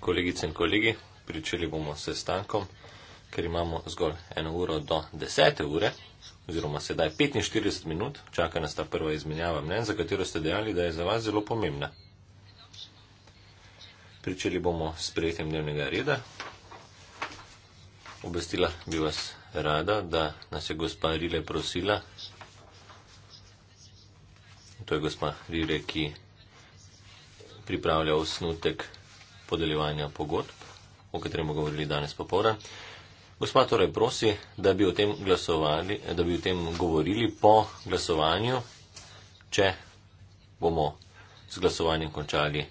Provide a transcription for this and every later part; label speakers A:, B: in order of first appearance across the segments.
A: Kolegice in kolegi, pričeli bomo s stankom, ker imamo zgolj eno uro do desete ure, oziroma sedaj 45 minut, čaka nas ta prva izmenjava mnen, za katero ste dejali, da je za vas zelo pomembna. Pričeli bomo s prejetjem dnevnega reda. Obvestila bi vas rada, da nas je gospa Rile prosila. To je gospa Rile, ki pripravlja osnutek podeljevanja pogodb, o katerem bomo govorili danes popovdan. Gospa torej prosi, da bi, da bi o tem govorili po glasovanju, če bomo z glasovanjem končali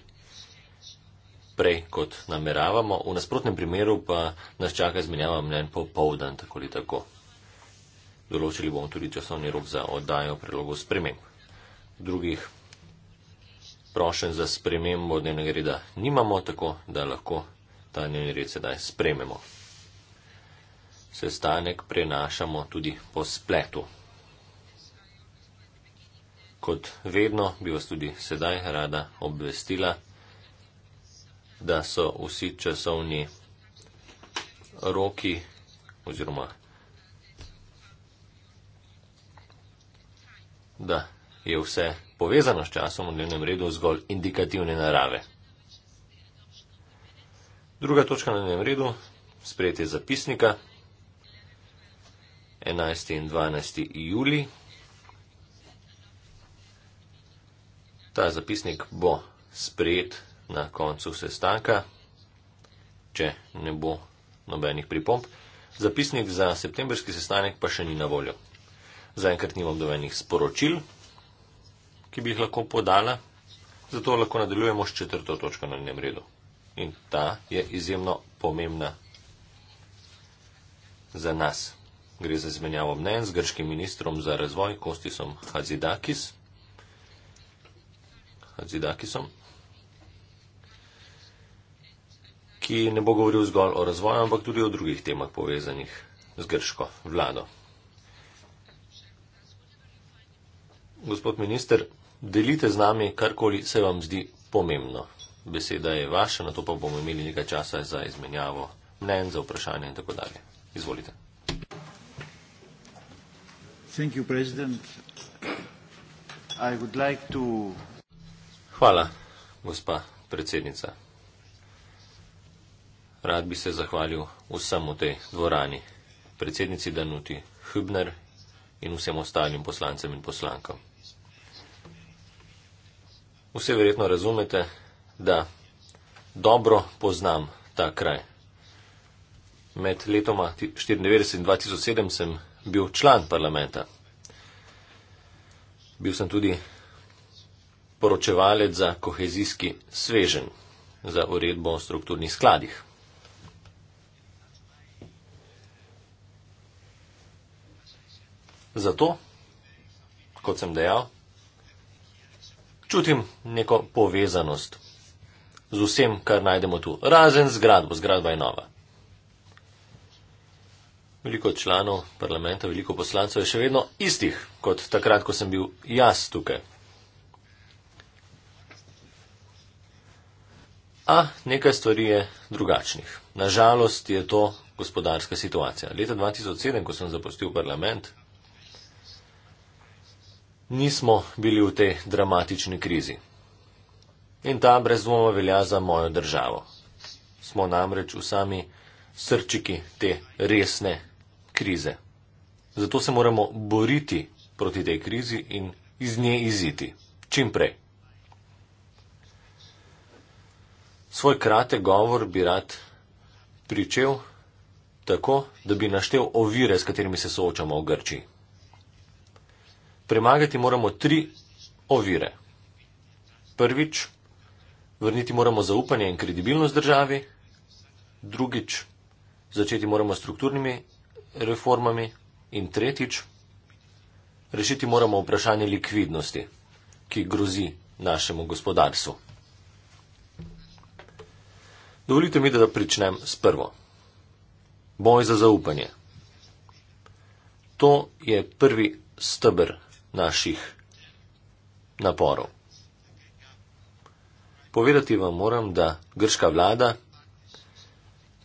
A: prej, kot nameravamo. V nasprotnem primeru pa nas čaka izmenjava mnen popovdan, tako ali tako. Določili bomo tudi časovni rok za oddajo predlogov sprememb. Drugih prošen za spremembo dnevnega reda nimamo, tako da lahko ta dnevni red sedaj sprememo. Sestanek prenašamo tudi po spletu. Kot vedno bi vas tudi sedaj rada obvestila, da so vsi časovni roki oziroma da je vse povezano s časom v dnevnem redu zgolj indikativne narave. Druga točka na dnevnem redu, sprejetje zapisnika 11. in 12. juli. Ta zapisnik bo sprejet na koncu sestanka, če ne bo nobenih pripomp. Zapisnik za septembrski sestanek pa še ni na voljo. Zaenkrat nimam dovenih sporočil ki bi jih lahko podala, zato lahko nadaljujemo s četrto točko na njem redu. In ta je izjemno pomembna za nas. Gre za izmenjavo mnen z grškim ministrom za razvoj Kostisom Hazidakis. Hazidakisom ki ne bo govoril zgolj o razvoju, ampak tudi o drugih temah povezanih z grško vlado. Gospod minister, delite z nami, karkoli se vam zdi pomembno. Beseda je vaša, na to pa bomo imeli nekaj časa za izmenjavo mnen, za vprašanje in tako dalje. Izvolite.
B: You, like to...
A: Hvala, gospa predsednica. Rad bi se zahvalil vsem v tej dvorani, predsednici Danuti Hübner in vsem ostalim poslancem in poslankam. Vse verjetno razumete, da dobro poznam ta kraj. Med letoma 1994 in 2007 sem bil član parlamenta. Bil sem tudi poročevalec za kohezijski svežen za uredbo o strukturnih skladih. Zato, kot sem dejal, čutim neko povezanost z vsem, kar najdemo tu, razen zgradbo, zgradba je nova. Veliko članov parlamenta, veliko poslancev je še vedno istih, kot takrat, ko sem bil jaz tukaj. A nekaj stvari je drugačnih. Nažalost je to gospodarska situacija. Leta 2007, ko sem zapustil parlament, nismo bili v tej dramatični krizi. In ta brez dvoma velja za mojo državo. Smo namreč v sami srčiki te resne krize. Zato se moramo boriti proti tej krizi in iz nje iziti. Čim prej. Svoj kratek govor bi rad pričel tako, da bi naštel ovire, s katerimi se soočamo v Grčiji. Premagati moramo tri ovire. Prvič, vrniti moramo zaupanje in kredibilnost državi. Drugič, začeti moramo strukturnimi reformami. In tretjič, rešiti moramo vprašanje likvidnosti, ki grozi našemu gospodarstvu. Dovolite mi, da pričnem s prvo. Boj za zaupanje. To je prvi stebr naših naporov. Povedati vam moram, da grška vlada,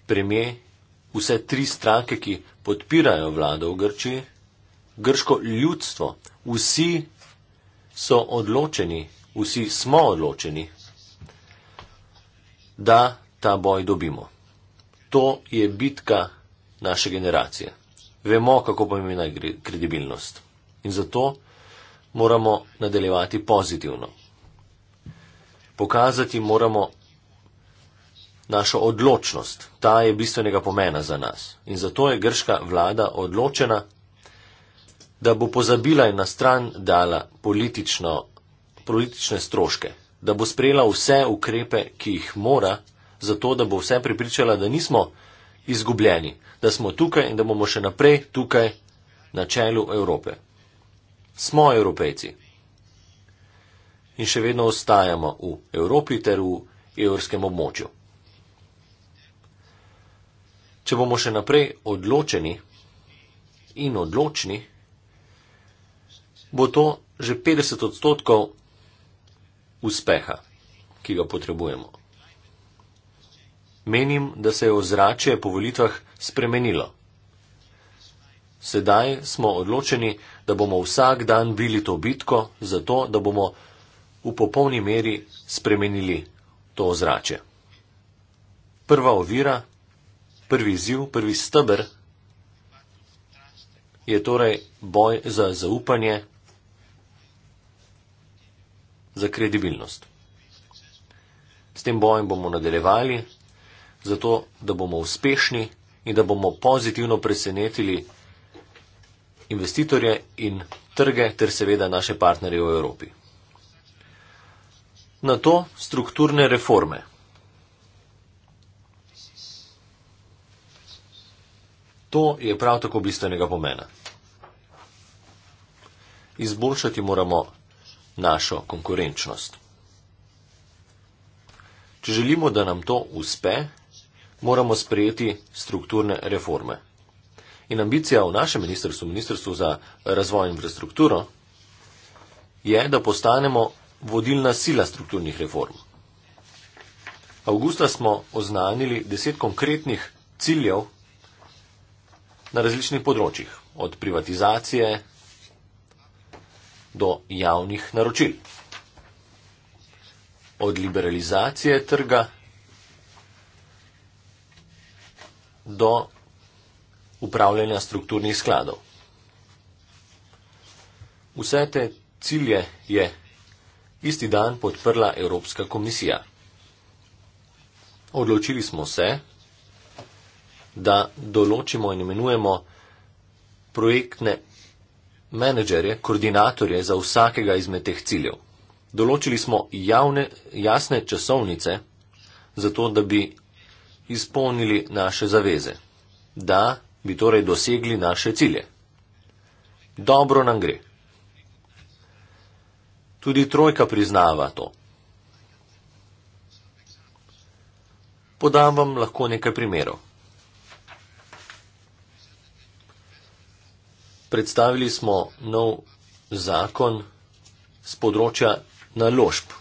A: premije, vse tri stranke, ki podpirajo vlado v Grčiji, grško ljudstvo, vsi so odločeni, vsi smo odločeni, da ta boj dobimo. To je bitka naše generacije. Vemo, kako pomeni kredibilnost. In zato moramo nadaljevati pozitivno. Pokazati moramo našo odločnost, ta je bistvenega pomena za nas. In zato je grška vlada odločena, da bo pozabila in na stran dala politične stroške, da bo sprejela vse ukrepe, ki jih mora, zato da bo vse pripričala, da nismo izgubljeni, da smo tukaj in da bomo še naprej tukaj na čelu Evrope smo evropejci. In še vedno ostajamo v Evropi ter v evrskem območju. Če bomo še naprej odločeni in odločni, bo to že 50 odstotkov uspeha, ki ga potrebujemo. Menim, da se je ozračje po volitvah spremenilo. Sedaj smo odločeni, da bomo vsak dan bili to bitko, zato da bomo v popolni meri spremenili to ozračje. Prva ovira, prvi ziv, prvi stebr je torej boj za zaupanje, za kredibilnost. S tem bojem bomo nadaljevali, zato da bomo uspešni in da bomo pozitivno presenetili investitorje in trge ter seveda naše partnerje v Evropi. Na to strukturne reforme. To je prav tako bistvenega pomena. Izboljšati moramo našo konkurenčnost. Če želimo, da nam to uspe, moramo sprejeti strukturne reforme. In ambicija v našem ministrstvu, Ministrstvu za razvoj in infrastrukturo, je, da postanemo vodilna sila strukturnih reform. Augusta smo oznanili deset konkretnih ciljev na različnih področjih, od privatizacije do javnih naročil, od liberalizacije trga do upravljanja strukturnih skladov. Vse te cilje je isti dan podprla Evropska komisija. Odločili smo se, da določimo in imenujemo projektne menedžerje, koordinatorje za vsakega izmed teh ciljev. Določili smo javne, jasne časovnice, zato da bi izpolnili naše zaveze, da bi torej dosegli naše cilje. Dobro nam gre. Tudi trojka priznava to. Podam vam lahko nekaj primerov. Predstavili smo nov zakon z področja naložb,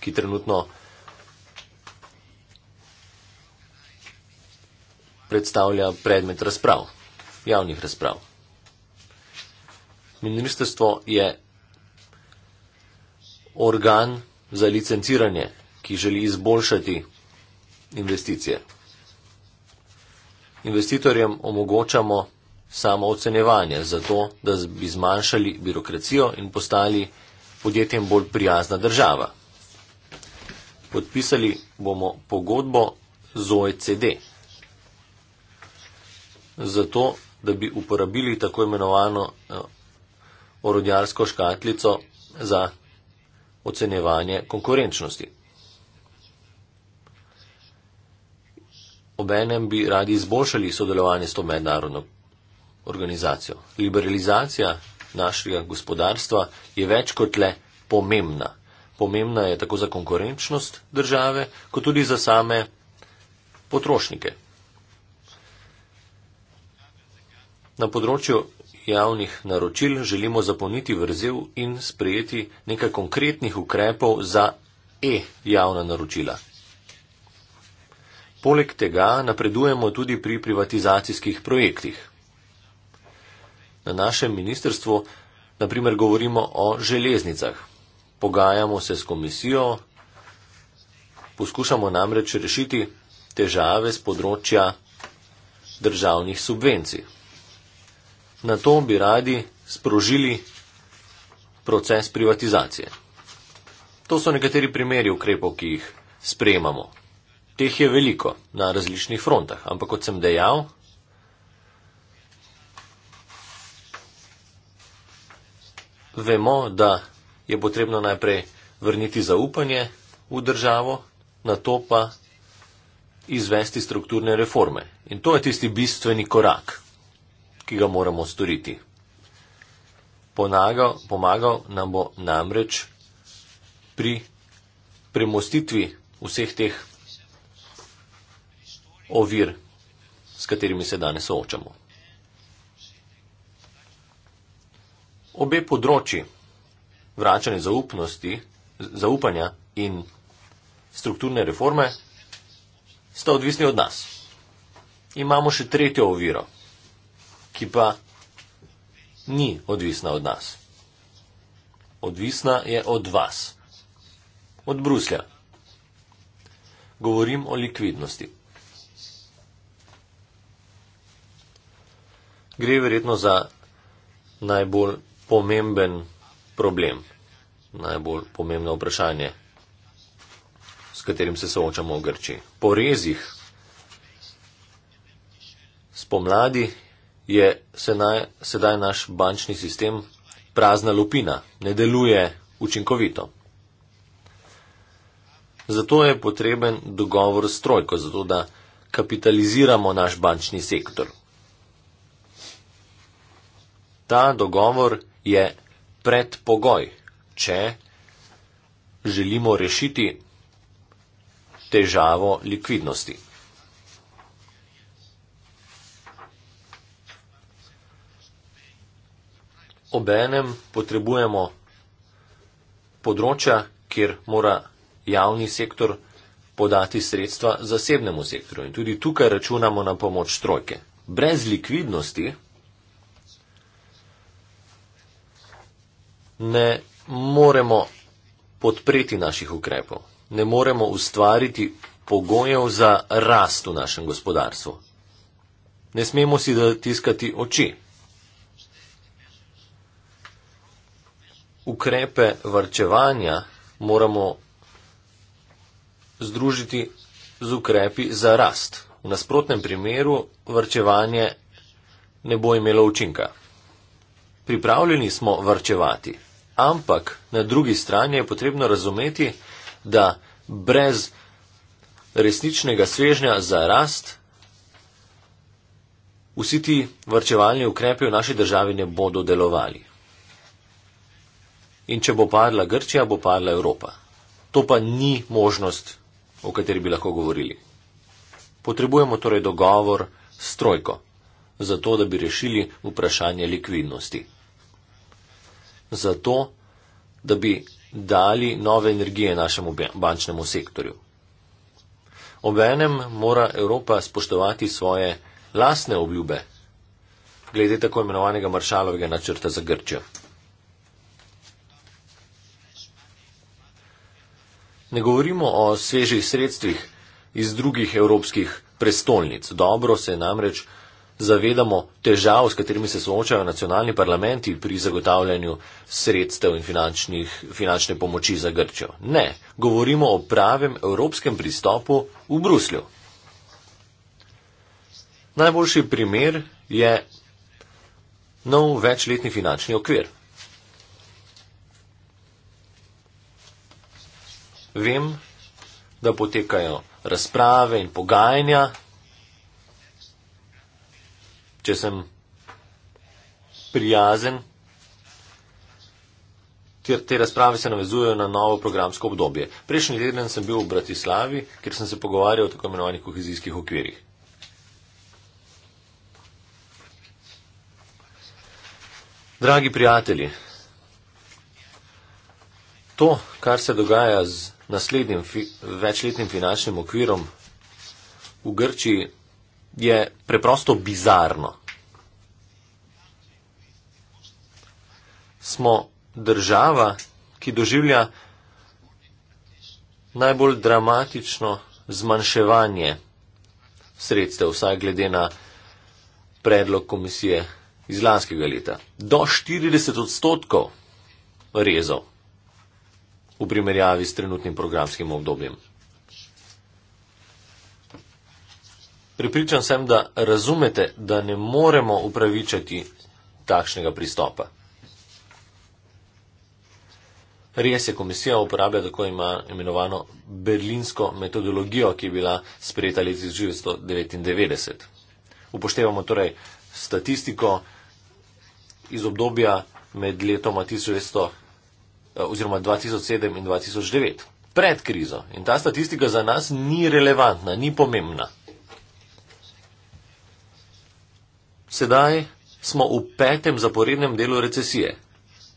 A: ki trenutno predstavlja predmet razprav javnih razprav. Ministrstvo je organ za licenciranje, ki želi izboljšati investicije. Investitorjem omogočamo samo ocenevanje, zato da bi zmanjšali birokracijo in postali podjetjem bolj prijazna država. Podpisali bomo pogodbo z OECD. Zato da bi uporabili tako imenovano eh, orodjarsko škatlico za ocenevanje konkurenčnosti. Obenem bi radi izboljšali sodelovanje s to mednarodno organizacijo. Liberalizacija našega gospodarstva je več kot le pomembna. Pomembna je tako za konkurenčnost države, kot tudi za same potrošnike. Na področju javnih naročil želimo zapolniti vrzel in sprejeti nekaj konkretnih ukrepov za e-javna naročila. Poleg tega napredujemo tudi pri privatizacijskih projektih. Na našem ministrstvu, naprimer, govorimo o železnicah. Pogajamo se s komisijo, poskušamo namreč rešiti težave z področja državnih subvencij. Na to bi radi sprožili proces privatizacije. To so nekateri primeri ukrepov, ki jih sprejemamo. Teh je veliko na različnih frontah, ampak kot sem dejal, vemo, da je potrebno najprej vrniti zaupanje v državo, na to pa izvesti strukturne reforme. In to je tisti bistveni korak ki ga moramo storiti. Ponagal, pomagal nam bo namreč pri premostitvi vseh teh ovir, s katerimi se danes soočamo. Obe področji, vračanje zaupnosti, zaupanja in strukturne reforme, sta odvisni od nas. Imamo še tretjo oviro ki pa ni odvisna od nas. Odvisna je od vas, od Bruslja. Govorim o likvidnosti. Gre verjetno za najbolj pomemben problem, najbolj pomembno vprašanje, s katerim se soočamo v Grči. Po rezih spomladi je senaj, sedaj naš bančni sistem prazna lupina, ne deluje učinkovito. Zato je potreben dogovor s trojko, zato da kapitaliziramo naš bančni sektor. Ta dogovor je predpogoj, če želimo rešiti težavo likvidnosti. obenem potrebujemo področja, kjer mora javni sektor podati sredstva zasebnemu sektorju. In tudi tukaj računamo na pomoč trojke. Brez likvidnosti ne moremo podpreti naših ukrepov, ne moremo ustvariti pogojev za rast v našem gospodarstvu. Ne smemo si zatiskati oči. ukrepe varčevanja moramo združiti z ukrepi za rast. V nasprotnem primeru varčevanje ne bo imelo učinka. Pripravljeni smo varčevati, ampak na drugi strani je potrebno razumeti, da brez resničnega svežnja za rast vsi ti varčevalni ukrepi v naši državi ne bodo delovali. In če bo padla Grčija, bo padla Evropa. To pa ni možnost, o kateri bi lahko govorili. Potrebujemo torej dogovor s trojko, zato da bi rešili vprašanje likvidnosti. Zato, da bi dali nove energije našemu bančnemu sektorju. Obenem mora Evropa spoštovati svoje lastne obljube glede tako imenovanega maršalovega načrta za Grčijo. Ne govorimo o svežih sredstvih iz drugih evropskih prestolnic. Dobro se namreč zavedamo težav, s katerimi se soočajo nacionalni parlamenti pri zagotavljanju sredstev in finančne pomoči za Grčjo. Ne, govorimo o pravem evropskem pristopu v Bruslju. Najboljši primer je nov večletni finančni okvir. vem, da potekajo razprave in pogajanja. Če sem prijazen, te, te razprave se navezujejo na novo programsko obdobje. Prejšnji teden sem bil v Bratislavi, kjer sem se pogovarjal o tako imenovanih kohezijskih okvirih. Dragi prijatelji, to, kar se dogaja z naslednjim fi, večletnim finančnim okvirom v Grčiji je preprosto bizarno. Smo država, ki doživlja najbolj dramatično zmanjševanje sredstev, vsaj glede na predlog komisije iz lanskega leta. Do 40 odstotkov rezov v primerjavi s trenutnim programskim obdobjem. Pripričan sem, da razumete, da ne moremo upravičati takšnega pristopa. Res je, komisija uporablja tako imenovano berlinsko metodologijo, ki je bila sprejeta leta 1999. Upoštevamo torej statistiko iz obdobja med letoma 1900. Eh, oziroma 2007 in 2009, pred krizo. In ta statistika za nas ni relevantna, ni pomembna. Sedaj smo v petem zaporednem delu recesije,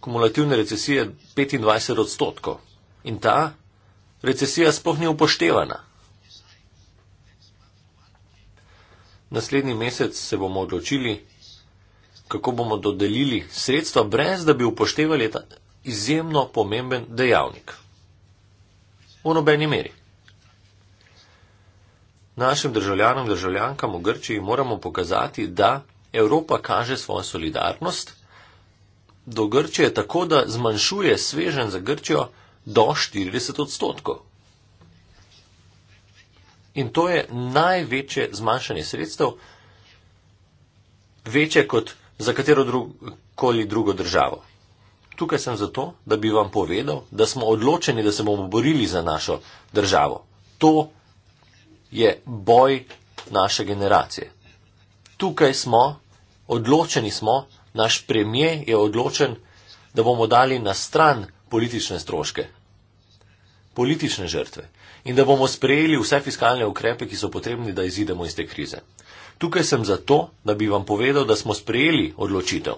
A: kumulativne recesije 25 odstotkov. In ta recesija sploh ni upoštevana. Naslednji mesec se bomo odločili, kako bomo dodelili sredstva, brez da bi upoštevali ta, izjemno pomemben dejavnik. V nobeni meri. Našim državljanom in državljankam v Grčiji moramo pokazati, da Evropa kaže svojo solidarnost do Grčije tako, da zmanjšuje svežen za Grčijo do 40 odstotkov. In to je največje zmanjšanje sredstev, večje kot za katero drug, koli drugo državo tukaj sem zato, da bi vam povedal, da smo odločeni, da se bomo borili za našo državo. To je boj naše generacije. Tukaj smo, odločeni smo, naš premije je odločen, da bomo dali na stran politične stroške, politične žrtve in da bomo sprejeli vse fiskalne ukrepe, ki so potrebni, da izidemo iz te krize. Tukaj sem zato, da bi vam povedal, da smo sprejeli odločitev.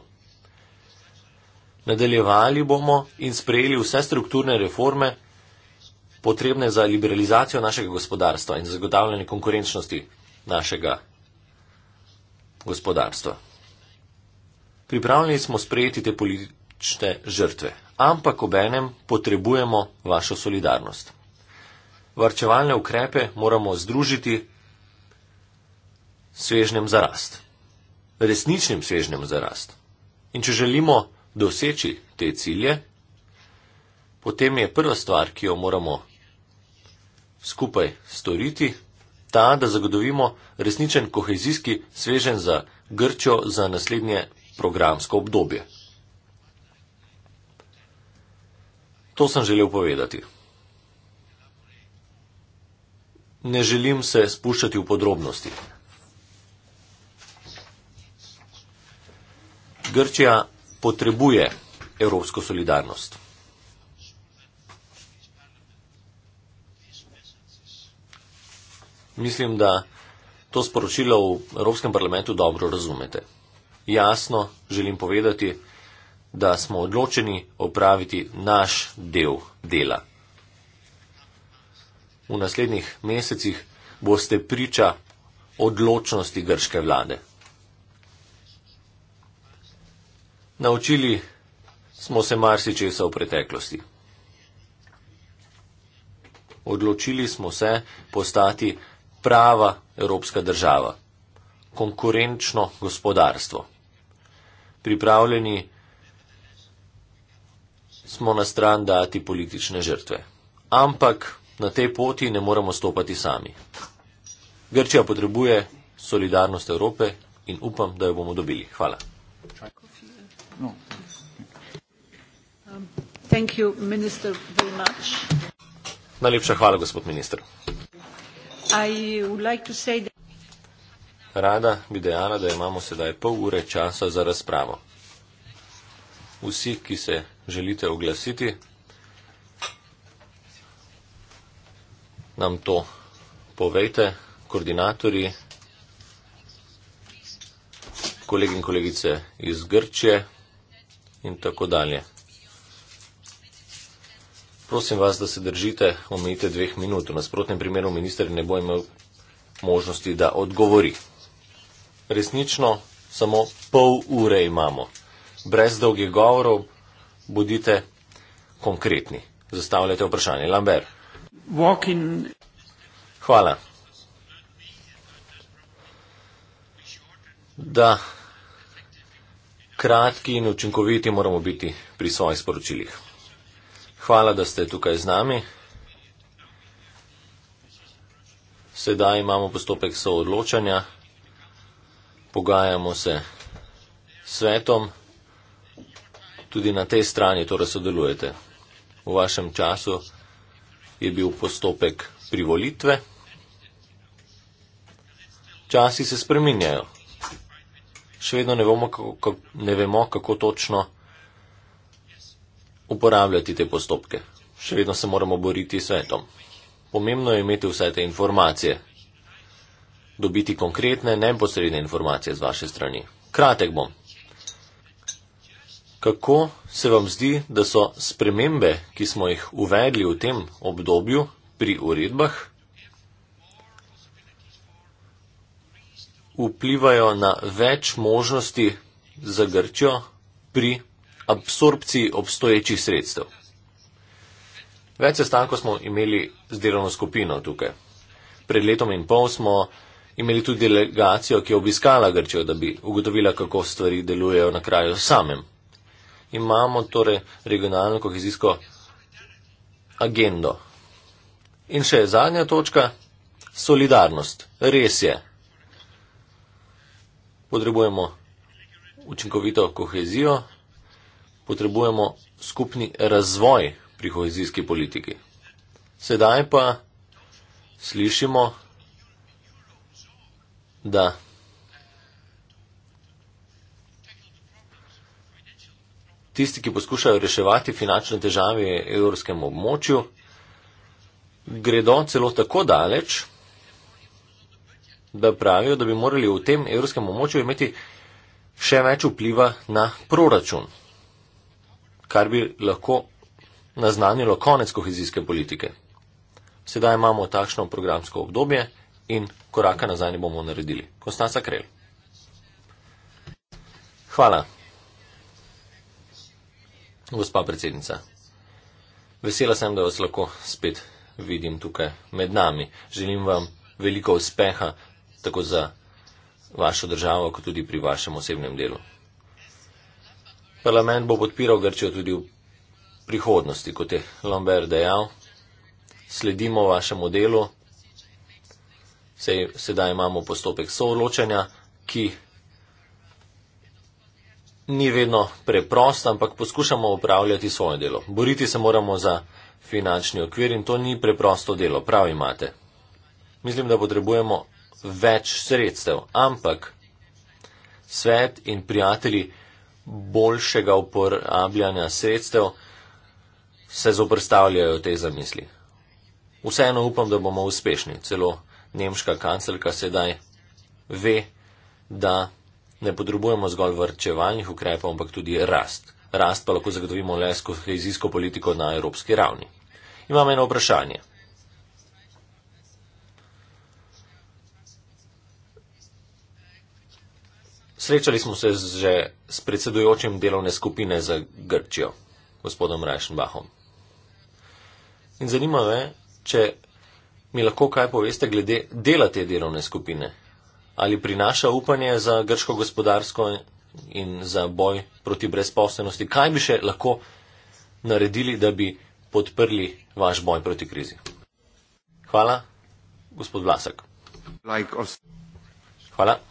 A: Nadaljevali bomo in sprejeli vse strukturne reforme, potrebne za liberalizacijo našega gospodarstva in zagotavljanje konkurenčnosti našega gospodarstva. Pripravljeni smo sprejeti te politične žrtve, ampak obenem potrebujemo vašo solidarnost. Varčevalne ukrepe moramo združiti svežnjem za rast, resničnim svežnjem za rast. In če želimo, doseči te cilje, potem je prva stvar, ki jo moramo skupaj storiti, ta, da zagotovimo resničen kohezijski svežen za Grčjo za naslednje programsko obdobje. To sem želel povedati. Ne želim se spuščati v podrobnosti. Grčija potrebuje evropsko solidarnost. Mislim, da to sporočilo v Evropskem parlamentu dobro razumete. Jasno želim povedati, da smo odločeni opraviti naš del dela. V naslednjih mesecih boste priča odločnosti grške vlade. Naučili smo se marsičesa v preteklosti. Odločili smo se postati prava evropska država, konkurenčno gospodarstvo. Pripravljeni smo na stran dati politične žrtve. Ampak na tej poti ne moremo stopati sami. Grčija potrebuje solidarnost Evrope in upam, da jo bomo dobili. Hvala.
B: No.
C: Um, thank you, minister, very much.
A: Najlepša hvala, gospod minister. Rada bi dejala, da imamo sedaj pol ure časa za razpravo. Vsi, ki se želite oglasiti, nam to povejte, koordinatori, kolegi in kolegice iz Grčije, in tako dalje. Prosim vas, da se držite omejitve dveh minut. V nasprotnem primeru minister ne bo imel možnosti, da odgovori. Resnično samo pol ure imamo. Brez dolgih govorov bodite konkretni. Zastavljate vprašanje. Lambert.
B: Walking.
A: Hvala. Da kratki in učinkoviti moramo biti pri svojih sporočilih. Hvala, da ste tukaj z nami. Sedaj imamo postopek soodločanja, pogajamo se s svetom, tudi na tej strani torej sodelujete. V vašem času je bil postopek privolitve. Časi se spreminjajo še vedno ne vemo, kako, ne vemo, kako točno uporabljati te postopke. Še vedno se moramo boriti s svetom. Pomembno je imeti vse te informacije, dobiti konkretne, neposredne informacije z vaše strani. Kratek bom. Kako se vam zdi, da so spremembe, ki smo jih uvedli v tem obdobju pri uredbah, vplivajo na več možnosti za Grčjo pri absorpciji obstoječih sredstev. Več sestankov smo imeli z delovno skupino tukaj. Pred letom in pol smo imeli tudi delegacijo, ki je obiskala Grčjo, da bi ugotovila, kako stvari delujejo na kraju samem. Imamo torej regionalno kohezijsko agendo. In še zadnja točka, solidarnost. Res je, Potrebujemo učinkovito kohezijo, potrebujemo skupni razvoj pri kohezijski politiki. Sedaj pa slišimo, da tisti, ki poskušajo reševati finančne težave v evropskem območju, gredo celo tako daleč, da pravijo, da bi morali v tem evropskem območju imeti še več vpliva na proračun, kar bi lahko naznanilo konec kohezijske politike. Sedaj imamo takšno programsko obdobje in koraka nazaj ne bomo naredili. Konstanta Krel. Hvala, gospa predsednica. Vesela sem, da vas lahko spet vidim tukaj med nami. Želim vam veliko uspeha tako za vašo državo, kot tudi pri vašem osebnem delu. Parlament bo podpiral Grčijo tudi v prihodnosti, kot je Lambert dejal. Sledimo vašemu delu. Sej, sedaj imamo postopek soodločanja, ki ni vedno preprost, ampak poskušamo upravljati svoje delo. Boriti se moramo za finančni okvir in to ni preprosto delo, prav imate. Mislim, da potrebujemo več sredstev, ampak svet in prijatelji boljšega uporabljanja sredstev se zoprstavljajo te zamisli. Vseeno upam, da bomo uspešni. Celo nemška kancelka sedaj ve, da ne potrebujemo zgolj vrčevalnih ukrepov, ampak tudi rast. Rast pa lahko zagotovimo le s kohezijsko politiko na evropski ravni. Imam eno vprašanje. Srečali smo se že s predsedujočim delovne skupine za Grčijo, gospodom Reichenbachom. In zanima me, če mi lahko kaj poveste glede dela te delovne skupine. Ali prinaša upanje za grško gospodarsko in za boj proti brezposobnosti? Kaj bi še lahko naredili, da bi podprli vaš boj proti krizi? Hvala, gospod Vlasek. Like Hvala.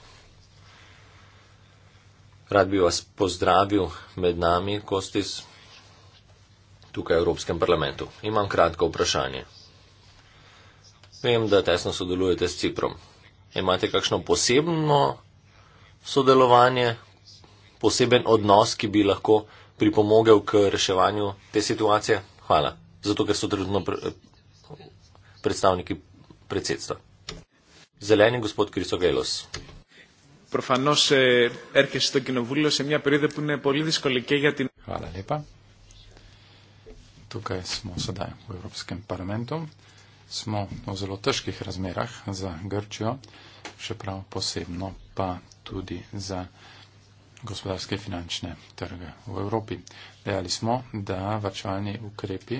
A: Rad bi vas pozdravil med nami, Kostis, tukaj v Evropskem parlamentu. Imam kratko vprašanje. Vem, da tesno sodelujete s Ciprom. Imate kakšno posebno sodelovanje, poseben odnos, ki bi lahko pripomogel k reševanju te situacije? Hvala. Zato, ker so trenutno predstavniki predsedstva. Zeleni gospod Kristo Gelos
B: προφανώ ε, έρχεσαι στο κοινοβούλιο σε μια περίοδο που είναι πολύ δύσκολη και για την. Hvala lepa. Tukaj smo sedaj v Evropskem parlamentu. Smo v zelo težkih razmerah za Grčijo, še prav posebno pa tudi za gospodarske finančne trge v Evropi. Dejali smo, da vačalni ukrepi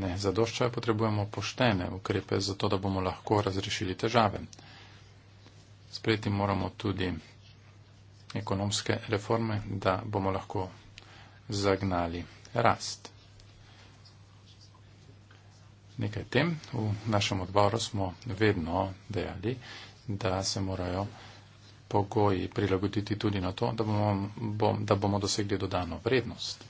B: ne zadoščajo, potrebujemo poštene ukrepe, zato da bomo lahko razrešili težave. Sprejeti moramo tudi ekonomske reforme, da bomo lahko zagnali rast. Nekaj tem v našem odboru smo vedno dejali, da se morajo pogoji prilagoditi tudi na to, da bomo, bom, da bomo dosegli dodano vrednost.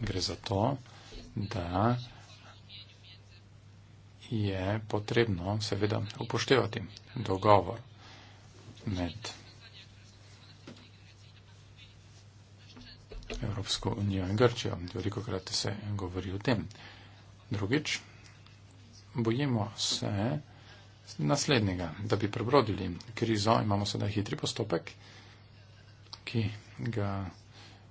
B: Gre za to, da je potrebno seveda upoštevati dogovor med Evropsko unijo in Grčijo. Veliko krat se govori o tem. Drugič, bojimo se naslednjega, da bi prebrodili krizo. Imamo sedaj hitri postopek, ki ga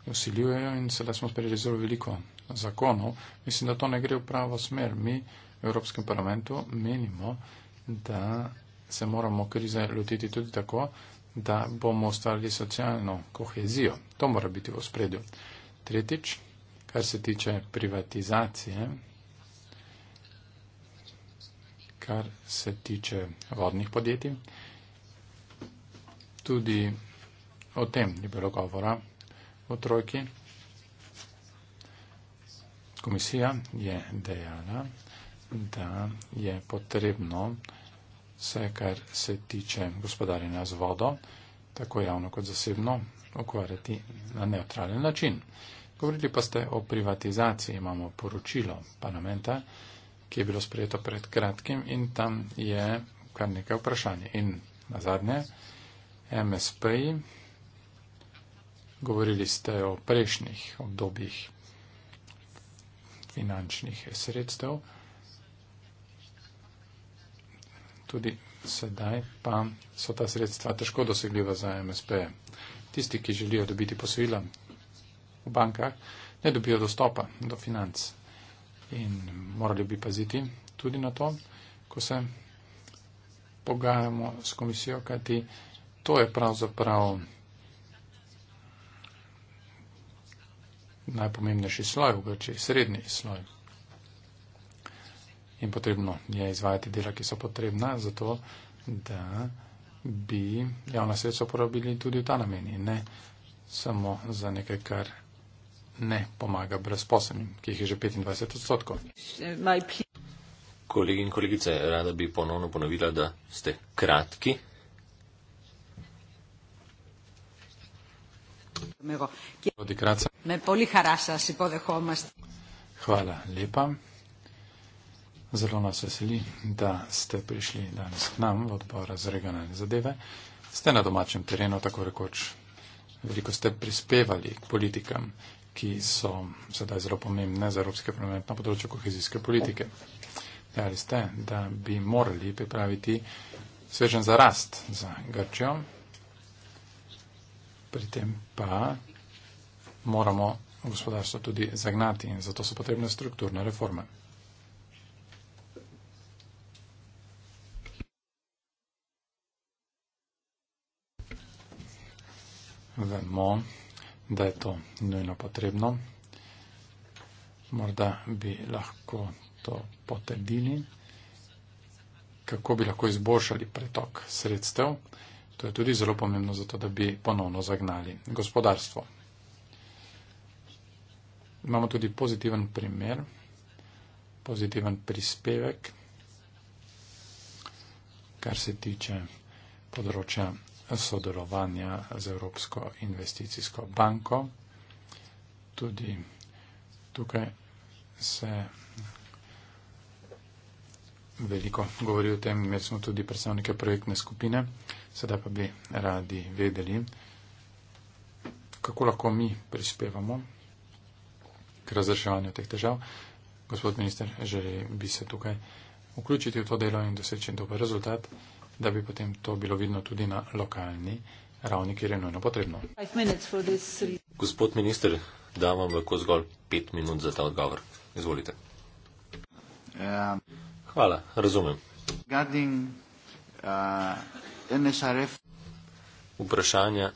B: usiljujejo in sedaj smo sprejeli zelo veliko zakonov. Mislim, da to ne gre v pravo smer. Mi Evropskem parlamentu menimo, da se moramo krize lotiti tudi tako, da bomo ustvarili socialno kohezijo. To mora biti v spredju. Tretjič, kar se tiče privatizacije, kar se tiče vodnih podjetij, tudi o tem je bilo govora o trojki. Komisija je dejala, da je potrebno vse, kar se tiče gospodarjenja z vodo, tako javno kot zasebno, ukvarjati na neutralen način. Govorili pa ste o privatizaciji. Imamo poročilo parlamenta, ki je bilo sprejeto pred kratkim in tam je kar nekaj vprašanj. In na zadnje, MSP-ji, govorili ste o prejšnjih obdobjih finančnih sredstev. tudi sedaj pa so ta sredstva težko dosegljiva za MSP. Tisti, ki želijo dobiti posojila v bankah, ne dobijo dostopa do financ in morali bi paziti tudi na to, ko se pogajamo s komisijo, kajti to je pravzaprav najpomembnejši sloj v Grčiji, srednji sloj in potrebno je izvajati dela, ki so potrebna, zato da bi javna sredstva uporabili tudi v ta namen in ne samo za nekaj, kar ne pomaga brezposobnim, ki jih je že 25 odstotkov.
A: Kolegi in kolegice, rada bi ponovno ponovila, da ste kratki.
B: Hvala lepa. Zelo nas veseli, da ste prišli danes k nam v odbor za regionalne zadeve. Ste na domačem terenu, tako rekoč. Veliko ste prispevali k politikam, ki so sedaj zelo pomembne za evropske promet na področju kohezijske politike. Dejali ste, da bi morali pripraviti svežen za rast za Grčijo. Pri tem pa moramo gospodarstvo tudi zagnati in zato so potrebne strukturne reforme. vemo, da je to nujno potrebno. Morda bi lahko to potrdili, kako bi lahko izboljšali pretok sredstev. To je tudi zelo pomembno, zato da bi ponovno zagnali gospodarstvo. Imamo tudi pozitiven primer, pozitiven prispevek, kar se tiče področja sodelovanja z Evropsko investicijsko banko. Tudi tukaj se veliko govori o tem, imeli smo tudi predstavnike projektne skupine, sedaj pa bi radi vedeli, kako lahko mi prispevamo k razreševanju teh težav. Gospod minister, želi bi se tukaj vključiti v to delo in doseči dober rezultat da bi potem to bilo vidno tudi na lokalni ravni, kjer je nujno potrebno.
A: Gospod minister, dam vam lahko zgolj pet minut za ta odgovor. Izvolite. Ja. Hvala, razumem. Uh, Vprašanja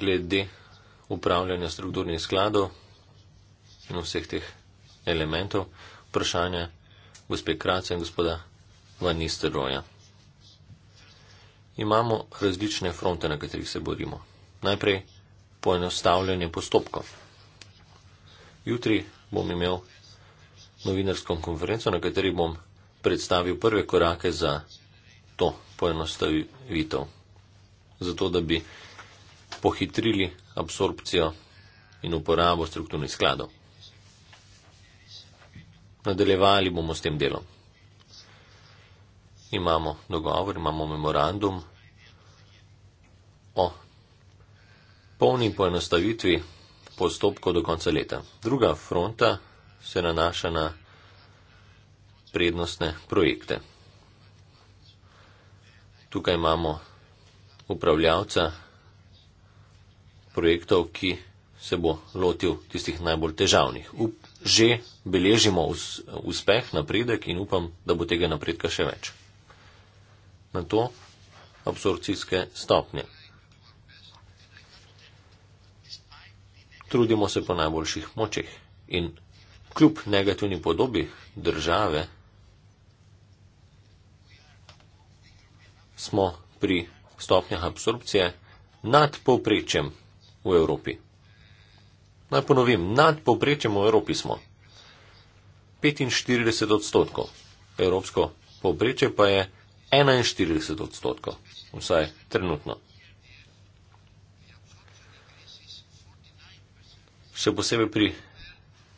A: glede upravljanja strukturnih skladov in vseh teh elementov. Vprašanja gospe Kraca in gospoda Van Nistelrooja imamo različne fronte, na katerih se borimo. Najprej poenostavljanje postopkov. Jutri bom imel novinarsko konferenco, na kateri bom predstavil prve korake za to poenostavitev, zato da bi pohitrili absorpcijo in uporabo strukturnih skladov. Nadaljevali bomo s tem delom imamo dogovor, imamo memorandum o polni poenostavitvi postopkov do konca leta. Druga fronta se nanaša na prednostne projekte. Tukaj imamo upravljavca projektov, ki se bo lotil tistih najbolj težavnih. Up, že beležimo us, uspeh, napredek in upam, da bo tega napredka še več na to absorpcijske stopnje. Trudimo se po najboljših močeh in kljub negativni podobi države smo pri stopnjah absorpcije nad povprečjem v Evropi. Naj ponovim, nad povprečjem v Evropi smo. 45 odstotkov. Evropsko povprečje pa je 41 odstotkov, vsaj trenutno. Še posebej pri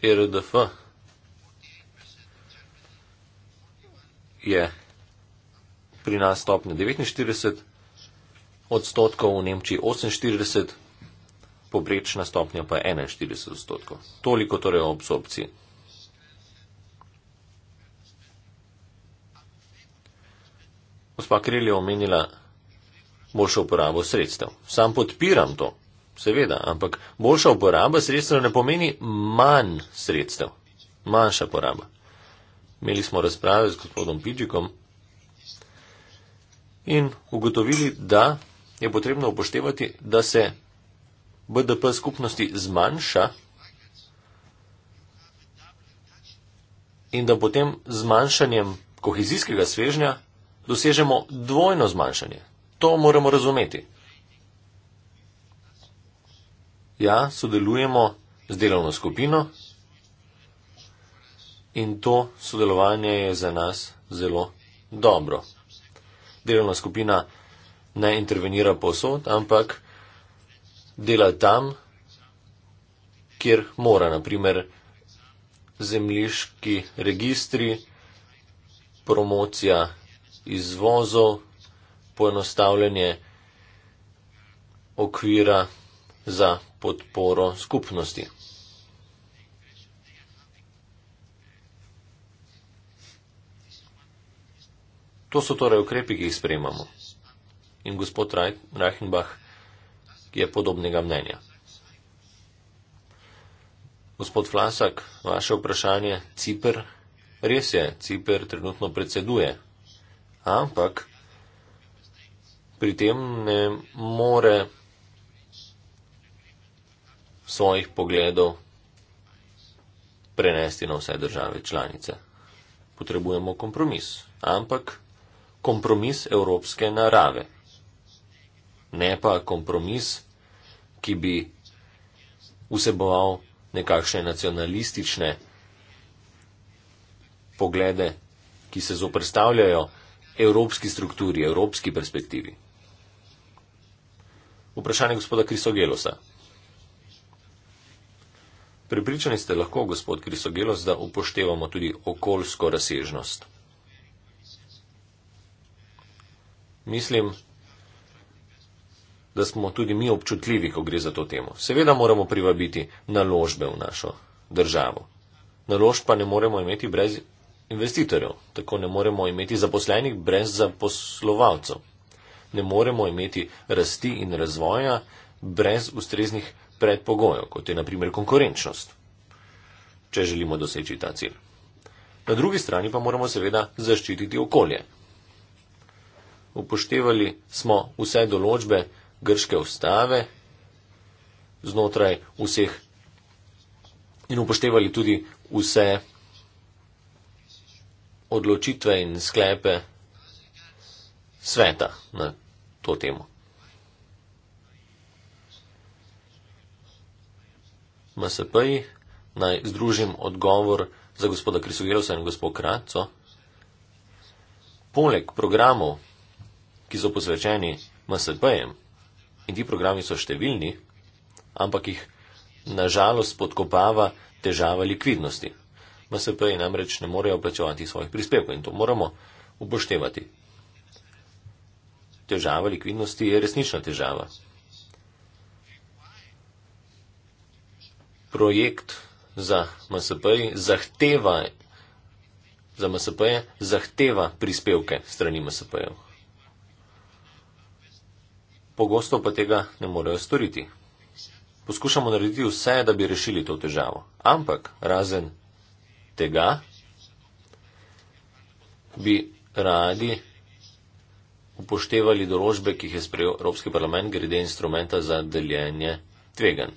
A: e RDF je pri nas stopnja 49 odstotkov, v Nemčiji 48, povprečna stopnja pa 41 odstotkov. Toliko torej o absorpciji. Gospa Kril je omenila boljšo uporabo sredstev. Sam podpiram to, seveda, ampak boljša uporaba sredstev ne pomeni manj sredstev, manjša poraba. Imeli smo razprave z gospodom Pidžikom in ugotovili, da je potrebno upoštevati, da se BDP skupnosti zmanjša in da potem zmanjšanjem kohezijskega svežnja dosežemo dvojno zmanjšanje. To moramo razumeti. Ja, sodelujemo z delovno skupino in to sodelovanje je za nas zelo dobro. Delovna skupina ne intervenira posod, ampak dela tam, kjer mora, naprimer zemljiški registri, promocija izvozov, poenostavljanje okvira za podporo skupnosti. To so torej ukrepi, ki jih sprejemamo. In gospod Reichenbach je podobnega mnenja. Gospod Flasak, vaše vprašanje, Cipr, res je, Cipr trenutno predseduje ampak pri tem ne more svojih pogledov prenesti na vse države članice. Potrebujemo kompromis, ampak kompromis evropske narave, ne pa kompromis, ki bi vseboval nekakšne nacionalistične poglede, ki se zoprstavljajo evropski strukturi, evropski perspektivi. Vprašanje gospoda Krisogelosa. Pripričani ste lahko, gospod Krisogelos, da upoštevamo tudi okoljsko razsežnost. Mislim, da smo tudi mi občutljivi, ko gre za to temo. Seveda moramo privabiti naložbe v našo državo. Naložb pa ne moremo imeti brez investitorjev. Tako ne moremo imeti zaposlenih brez zaposlovalcev. Ne moremo imeti rasti in razvoja brez ustreznih predpogojev, kot je naprimer konkurenčnost, če želimo doseči ta cilj. Na drugi strani pa moramo seveda zaščititi okolje. Upoštevali smo vse določbe grške ustave znotraj vseh in upoštevali tudi vse odločitve in sklepe sveta na to temo. MSP-ji naj združim odgovor za gospoda Krisogirosa in gospod Kratco. Poleg programov, ki so posvečeni MSP-jem, in ti programi so številni, ampak jih nažalost podkopava težava likvidnosti. MSP-ji namreč ne morejo plačevati svojih prispevkov in to moramo upoštevati. Težava likvidnosti je resnična težava. Projekt za MSP-je zahteva, za MSP zahteva prispevke strani MSP-jev. Pogosto pa tega ne morejo storiti. Poskušamo narediti vse, da bi rešili to težavo. Ampak razen tega, bi radi upoštevali določbe, ki jih je sprejel Evropski parlament, glede instrumenta za deljenje tvegan.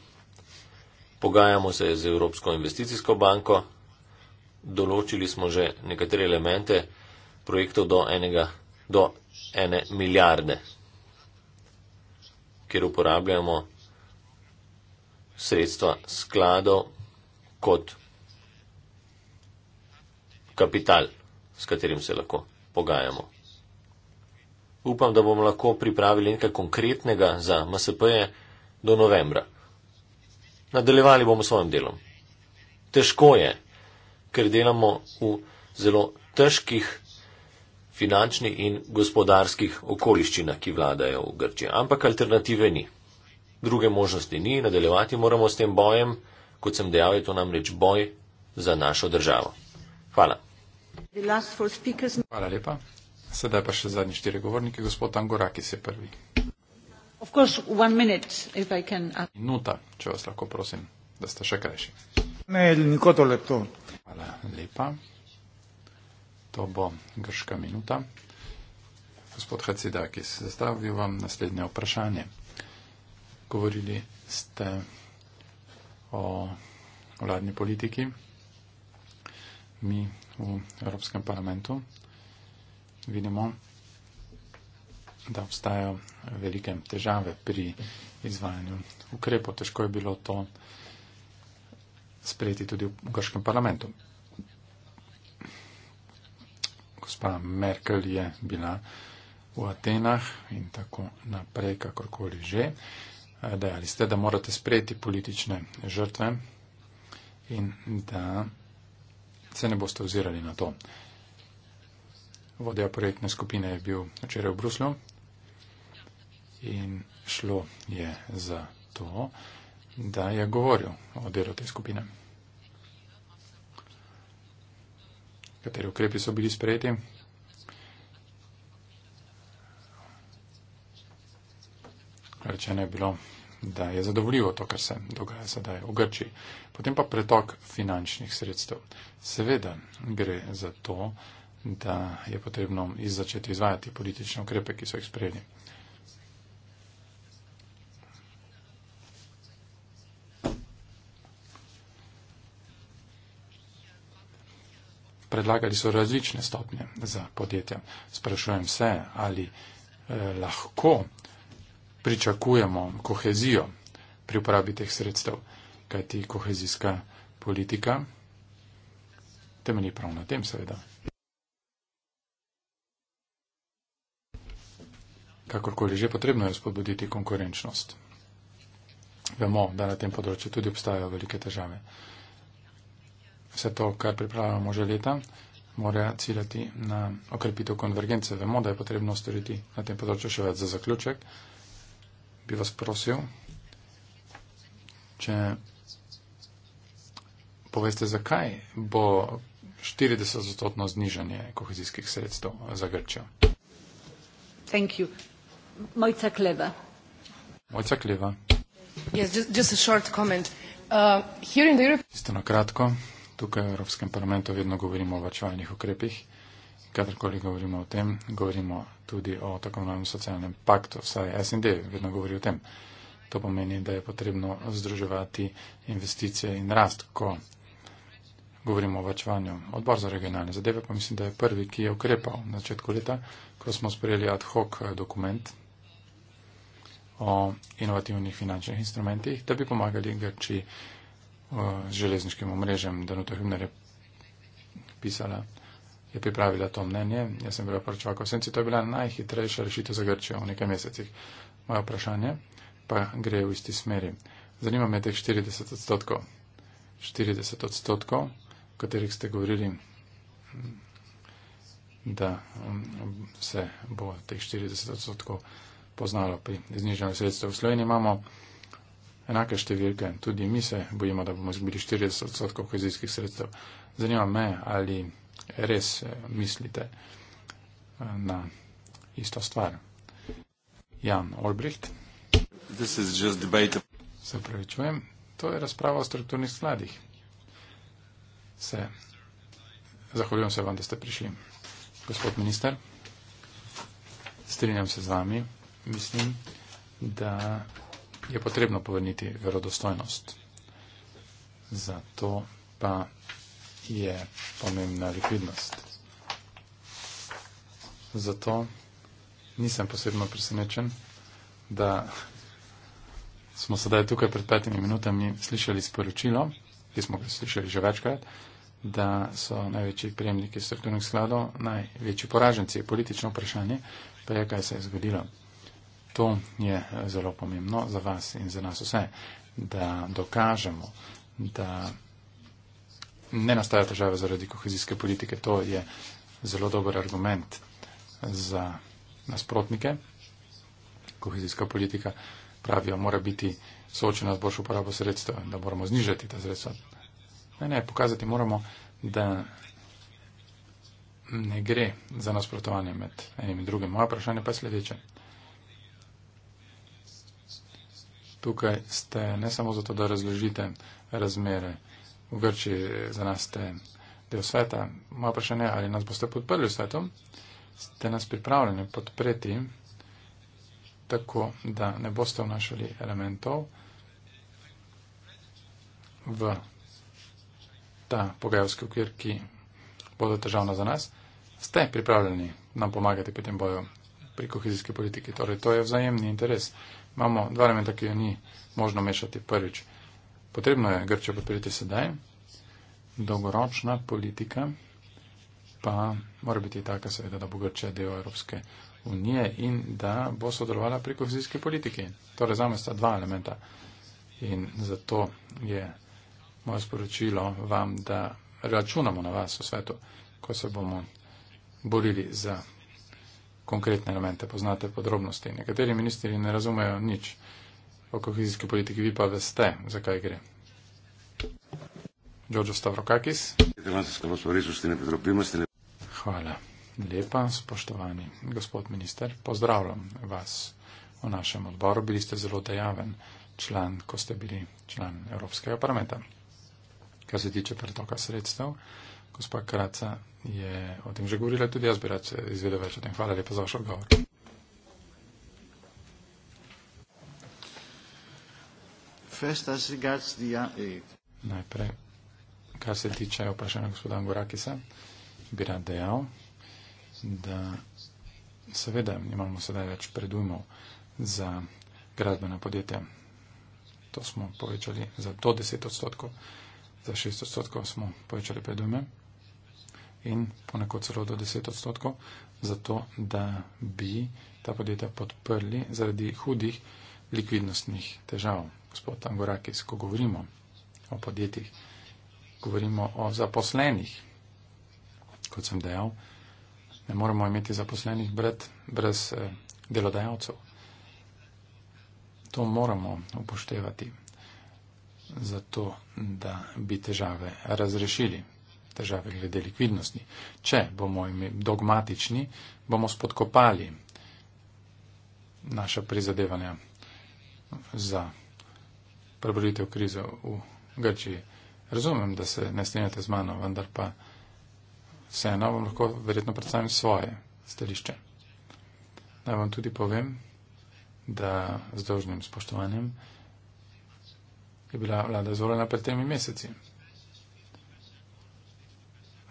A: Pogajamo se z Evropsko investicijsko banko, določili smo že nekatere elemente projektov do, enega, do ene milijarde, kjer uporabljamo sredstva skladov kot kapital, s katerim se lahko pogajamo. Upam, da bomo lahko pripravili nekaj konkretnega za MSP-je do novembra. Nadaljevali bomo s svojim delom. Težko je, ker delamo v zelo težkih finančnih in gospodarskih okoliščinah, ki vladajo v Grčiji. Ampak alternative ni. Druge možnosti ni, nadaljevati moramo s tem bojem, kot sem dejal, je to namreč boj za našo državo. Hvala.
B: Hvala lepa. Sedaj pa še zadnji štiri govornike. Gospod Angorakis je prvi. Minuta, če vas lahko prosim, da ste še krajši. Ne, nikoli to lepo. Hvala lepa. To bo grška minuta. Gospod Hacidakis, zastavil vam naslednje vprašanje. Govorili ste o vladni politiki. Mi v Evropskem parlamentu, vidimo, da obstajajo velike težave pri izvajanju ukrepov. Težko je bilo to sprejeti tudi v Grškem parlamentu. Gospa Merkel je bila v Atenah in tako naprej, kakorkoli že. Dejali ste, da morate sprejeti politične žrtve in da se ne boste ozirali na to. Vodja projektne skupine je bil včeraj v Bruslju in šlo je za to, da je govoril o delu te skupine. Kateri ukrepi so bili sprejeti? Rečeno je bilo, da je zadovoljivo to, kar se dogaja sedaj v Grčiji. Potem pa pretok finančnih sredstev. Seveda gre za to, da je potrebno izačeti izvajati politične ukrepe, ki so jih sprejeli. Predlagali so različne stopnje za podjetja. Sprašujem se, ali eh, lahko pričakujemo kohezijo pri uporabi teh sredstev, kajti kohezijska politika temelji prav na tem, seveda. Kakorkoli že potrebno je spodbuditi konkurenčnost. Vemo, da na tem področju tudi obstajajo velike težave. Vse to, kar pripravljamo že leta, mora ciljati na okrepitev konvergence. Vemo, da je potrebno storiti na tem področju še več za zaključek bi vas prosil, če poveste, zakaj bo 40-odstotno znižanje kohezijskih sredstev za Grčijo.
C: Thank you. Mojca Kleva.
B: Mojca Kleva. Yes, just, just a short comment. Uh, here in the Europe... Isto na kratko, tukaj v Evropskem parlamentu vedno govorimo o vačevalnih ukrepih kadarkoli govorimo o tem, govorimo tudi o tako imenovanem socialnem paktu, vsaj SND vedno govori o tem. To pomeni, da je potrebno združevati investicije in rast, ko govorimo o vačvanju. Odbor za regionalne zadeve pa mislim, da je prvi, ki je ukrepal na začetku leta, ko smo sprejeli ad hoc dokument o inovativnih finančnih instrumentih, da bi pomagali Grči z uh, železniškim omrežjem, da notohimnere pisala je pripravila to mnenje. Jaz sem bila poročevalka v senci. To je bila najhitrejša rešitev za Grčijo v nekaj mesecih. Moje vprašanje pa gre v isti smeri. Zanima me teh 40 odstotkov. 40 odstotkov, o katerih ste govorili, da um, se bo teh 40 odstotkov poznalo pri zniženju sredstev. V Sloveniji imamo enake številke, tudi mi se bojimo, da bomo izgubili 40 odstotkov kohezijskih sredstev. Zanima me, ali res eh, mislite eh, na isto stvar. Jan Olbricht. This is just debate. Se pravi, čujem. To je razprava o strukturnih skladih. Se. Zahvaljujem se vam, da ste prišli. Gospod minister, strinjam se z vami. Mislim, da je potrebno povrniti verodostojnost. Zato pa je pomembna likvidnost. Zato nisem posebno presenečen, da smo sedaj tukaj pred petimi minutami slišali sporočilo, ki smo ga slišali že večkrat, da so največji prejemniki strukturnih skladov največji poraženci. Politično vprašanje pa je, kaj se je zgodilo. To je zelo pomembno za vas in za nas vse, da dokažemo, da ne nastaja težave zaradi kohezijske politike. To je zelo dober argument za nasprotnike. Kohezijska politika pravijo, mora biti soočena z boljšo uporabo sredstev in da moramo znižati ta sredstva. Ne, ne, pokazati moramo, da ne gre za nasprotovanje med enim in drugim. Moja vprašanja pa je sledeče. Tukaj ste ne samo zato, da razložite razmere v Grči za nas ste del sveta. Moje vprašanje je, ali nas boste podprli v svetu? Ste nas pripravljeni podpreti, tako da ne boste vnašali elementov v ta pogajalski okvir, ki bodo težavna za nas? Ste pripravljeni nam pomagati pri tem boju pri kohezijski politiki? Torej, to je vzajemni interes. Imamo dva elementa, ki jo ni možno mešati prvič. Potrebno je Grčijo podpreti sedaj, dolgoročna politika pa mora biti taka, seveda, da bo Grčija del Evropske unije in da bo sodelovala pri kohezijski politiki. Torej, zame sta dva elementa in zato je moje sporočilo vam, da računamo na vas v svetu, ko se bomo borili za konkretne elemente, poznate podrobnosti. Nekateri ministri ne razumejo nič o kohezijski politiki, vi pa veste, zakaj gre. Đorđo Stavrokakis. Hvala lepa, spoštovani gospod minister. Pozdravljam vas v našem odboru. Bili ste zelo dejaven član, ko ste bili član Evropskega parlamenta. Kar se tiče pretoka sredstev, gospod Kraca je o tem že govorila, tudi jaz bi rad izvedel več o tem. Hvala lepa za vaš odgovor. Uh, Najprej, kar se tiče vprašanja gospoda Angorakisa, bi rad dejal, da seveda imamo sedaj več predujmov za gradbena podjetja. To smo povečali za do 10 odstotkov, za 6 odstotkov smo povečali predujme in ponekod celo do 10 odstotkov, zato da bi ta podjetja podprli zaradi hudih likvidnostnih težav. Gospod Angorakis, ko govorimo o podjetjih, govorimo o zaposlenih, kot sem dejal, ne moramo imeti zaposlenih brez, brez eh, delodajalcev. To moramo upoštevati, zato da bi težave razrešili, težave glede likvidnosti. Če bomo dogmatični, bomo spodkopali naše prizadevanja za preboritev krize v Grčiji. Razumem, da se ne strinjate z mano, vendar pa vseeno vam lahko verjetno predstavim svoje stališče. Naj vam tudi povem, da z dožnim spoštovanjem je bila vlada izvoljena pred temi meseci.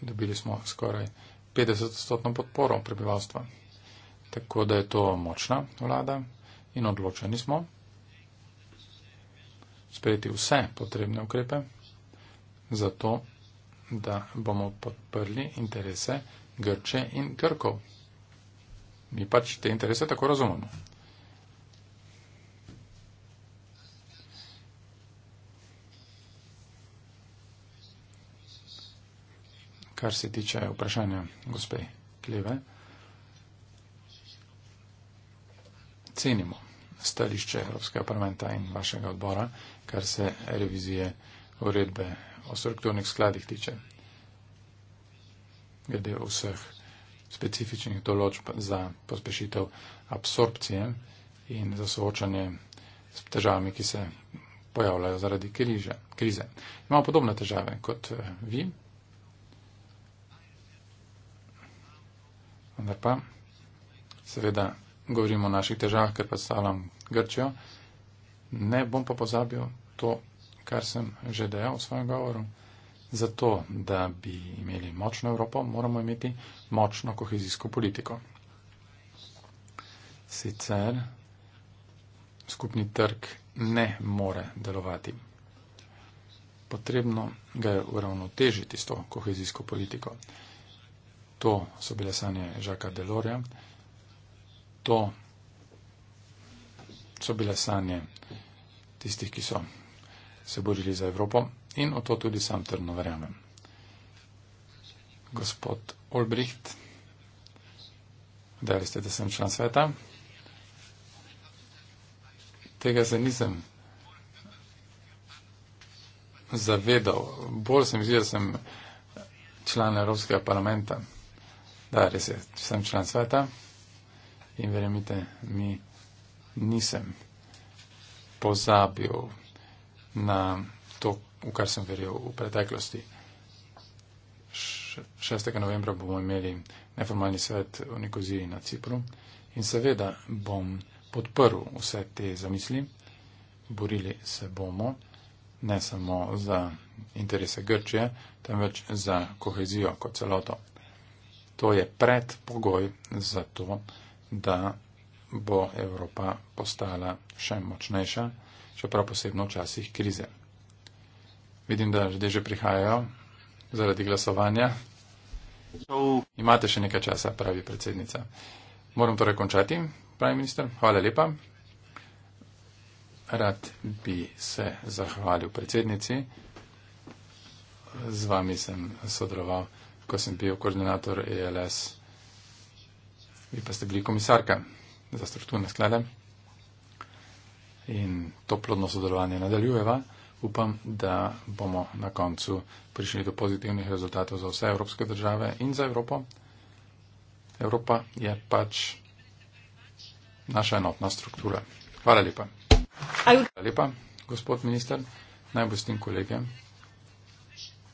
B: Dobili smo skoraj 50-stotno podporo prebivalstva. Tako da je to močna vlada in odločeni smo sprejeti vse potrebne ukrepe za to, da bomo podprli interese Grče in Grkov. Mi pač te interese tako razumemo. Kar se tiče vprašanja gospe Kleve, cenimo stališče Evropskega parlamenta in vašega odbora, kar se revizije uredbe o strukturnih skladih tiče, glede vseh specifičnih določb za pospešitev absorpcije in za soočanje s težavami, ki se pojavljajo zaradi križe, krize. Imamo podobne težave kot eh, vi, vendar pa seveda govorim o naših težavah, ker predstavljam Grčijo. Ne bom pa pozabil to, kar sem že dejal v svojem govoru. Zato, da bi imeli močno Evropo, moramo imeti močno kohezijsko politiko. Sicer skupni trg ne more delovati. Potrebno ga je uravnotežiti s to kohezijsko politiko. To so bile sanje Žaka Delorja to so bile sanje tistih, ki so se borili za Evropo in o to tudi sam trdno verjamem. Gospod Olbricht, da ste, da sem član sveta, tega se nisem zavedal. Bolj sem zdi, da sem član Evropskega parlamenta. Da, res je, sem član sveta. In verjemite mi, nisem pozabil na to, v kar sem verjel v preteklosti. 6. novembra bomo imeli neformalni svet v Nikoziji na Cipru in seveda bom podprl vse te zamisli. Borili se bomo ne samo za interese Grčije, temveč za kohezijo kot celoto. To je predpogoj za to, da da bo Evropa postala še močnejša, čeprav posebno v časih krize. Vidim, da ljudje že prihajajo zaradi glasovanja. Imate še nekaj časa, pravi predsednica. Moram torej končati, pravi minister. Hvala lepa. Rad bi se zahvalil predsednici. Z vami sem sodeloval, ko sem bil koordinator ELS vi pa ste bili komisarka za strukturne sklade in to plodno sodelovanje nadaljujeva. Upam, da bomo na koncu prišli do pozitivnih rezultatov za vse evropske države in za Evropo. Evropa je pač naša enotna struktura. Hvala lepa. Hvala lepa, gospod minister. Najbolj kolege,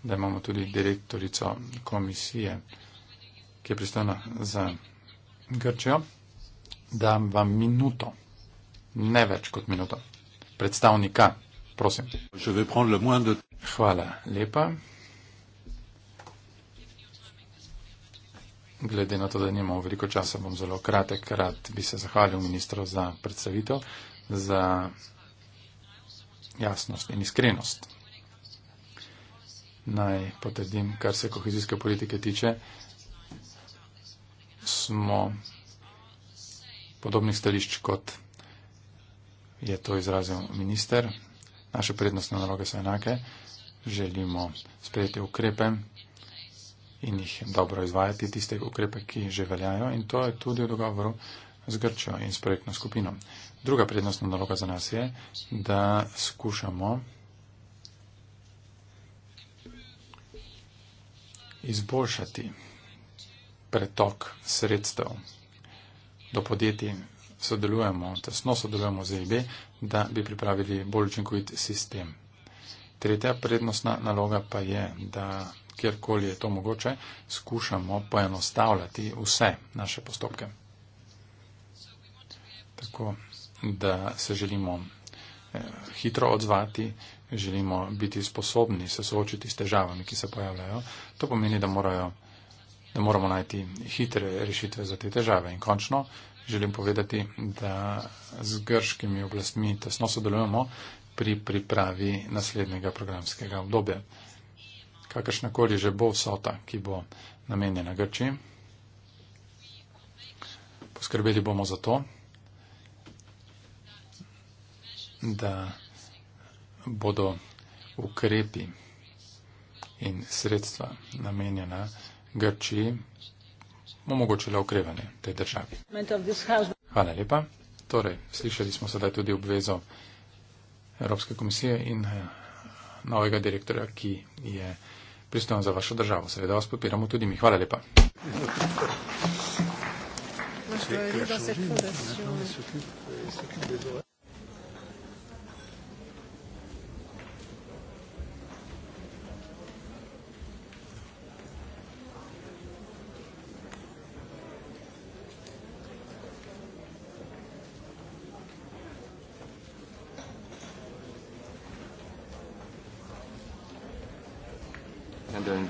B: da imamo tudi direktorico komisije, ki je pristojna za Grčijo, dam vam minuto, ne več kot minuto. Predstavnika, prosim. Hvala lepa. Glede na to, da nimamo veliko časa, bom zelo kratek. Rad bi se zahvalil ministru za predstavitev, za jasnost in iskrenost. Naj potrdim, kar se kohezijske politike tiče, smo podobnih stališč, kot je to izrazil minister. Naše prednostne naloge so enake. Želimo sprejeti ukrepe in jih dobro izvajati, tiste ukrepe, ki že veljajo in to je tudi v dogovoru z Grčjo in s projektno skupino. Druga prednostna naloga za nas je, da skušamo izboljšati pretok sredstev do podjetij. Sodelujemo, tesno sodelujemo z EIB, da bi pripravili bolj učinkovit sistem. Tretja prednostna naloga pa je, da kjerkoli je to mogoče, skušamo poenostavljati vse naše postopke. Tako da se želimo eh, hitro odzvati, želimo biti sposobni se soočiti s težavami, ki se pojavljajo. To pomeni, da morajo da moramo najti hitre rešitve za te težave. In končno želim povedati, da z grškimi oblastmi tesno sodelujemo pri pripravi naslednjega programskega obdobja. Kakršnakoli že bo vsota, ki bo namenjena Grči, poskrbeli bomo za to, da bodo ukrepi in sredstva namenjena. Grčiji omogočila okrevanje tej državi. Hvala lepa. Torej, slišali smo sedaj tudi obvezo Evropske komisije in eh, novega direktorja, ki je pristojen za vašo državo. Seveda vas podpiramo tudi mi. Hvala lepa. Moi, je vais aller dans cette fondation.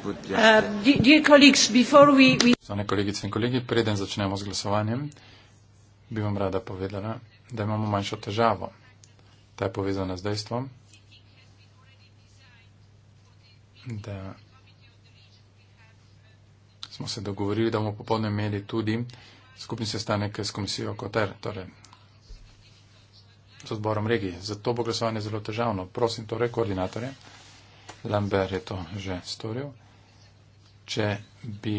B: Uh, Spoštovane kolegice in kolegi, preden začnemo z glasovanjem, bi vam rada povedala, da imamo manjšo težavo. Ta je povezana z dejstvom, da smo se dogovorili, da bomo popolne imeli tudi skupni sestanek s komisijo Koter, torej z odborom regije. Zato bo glasovanje zelo težavno. Prosim torej koordinatorje, Lambert je to že storil če bi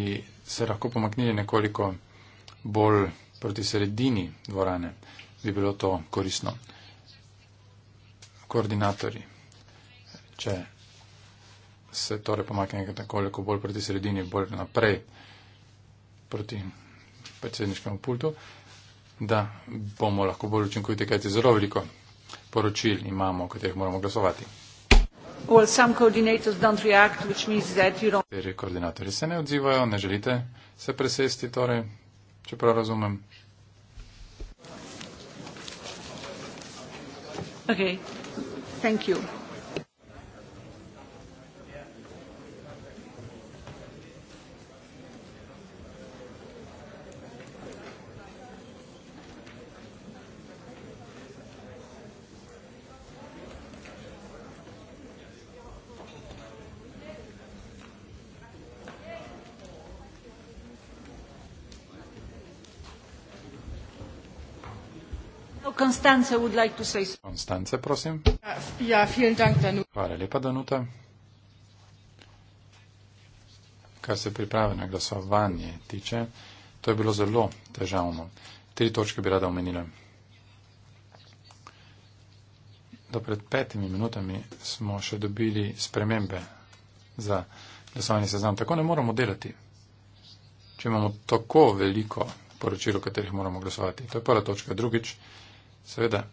B: se lahko pomaknili nekoliko bolj proti sredini dvorane, bi bilo to korisno. Koordinatori, če se torej pomaknemo nekoliko bolj proti sredini, bolj naprej proti predsedniškemu pultu, da bomo lahko bolj učinkoviti, kajti zelo veliko poročil imamo, o katerih moramo glasovati.
C: Well, some coordinators don't react, which means that you don't...
B: Teri koordinatorji se ne odzivajo, ne želite se presesti, torej, čeprav razumem.
C: Okay, thank you. Konstance, would like
B: to say something. Konstance, prosim. Ja, ja, vielen Dank, Danuta. Hvala lepa, Danuta. Kar se priprave na glasovanje tiče, to je bilo zelo težavno. Tri točke bi rada omenila. Do pred petimi minutami smo še dobili spremembe za glasovanje seznam. Tako ne moramo delati, če imamo tako veliko poročilo, katerih moramo glasovati. To je prva točka. Drugič, Seveda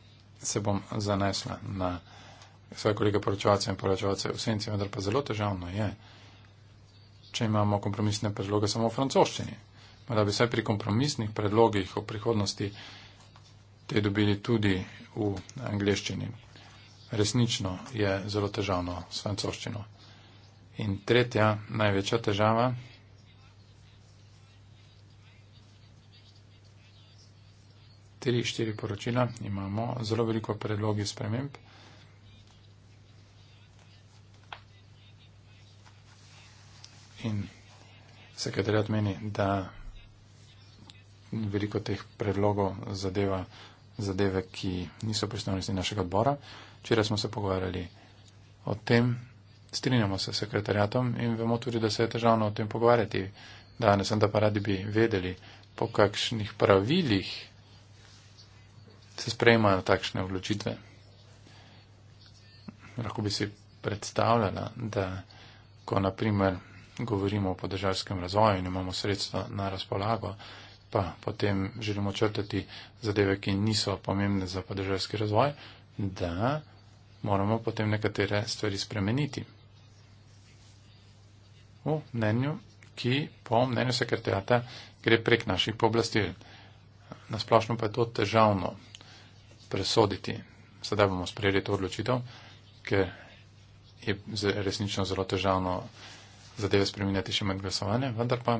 B: se bom zanesla na svoje kolege poročevalce in poročevalce v senci, vendar pa zelo težavno je, če imamo kompromisne predloge samo v francoščini. Morda bi vsaj pri kompromisnih predlogih o prihodnosti te dobili tudi v angleščini. Resnično je zelo težavno s francoščino. In tretja največja težava tri, štiri poročila, imamo zelo veliko predlogi sprememb. In sekretariat meni, da veliko teh predlogov zadeva zadeve, ki niso pristojnosti našega odbora. Včeraj smo se pogovarjali o tem, strinjamo se s sekretariatom in vemo tudi, da se je težavno o tem pogovarjati. Danes sem da pa radi bi vedeli, po kakšnih pravilih se sprejemajo takšne odločitve. Lahko bi si predstavljala, da ko naprimer govorimo o podržavskem razvoju in imamo sredstva na razpolago, pa potem želimo črtati zadeve, ki niso pomembne za podržavski razvoj, da moramo potem nekatere stvari spremeniti. V mnenju, ki po mnenju sekretarjata gre prek naših pooblastil. Nasplošno pa je to težavno presoditi. Sedaj bomo sprejeli to odločitev, ker je resnično zelo težavno zadeve spremenjati še med glasovanjem, vendar pa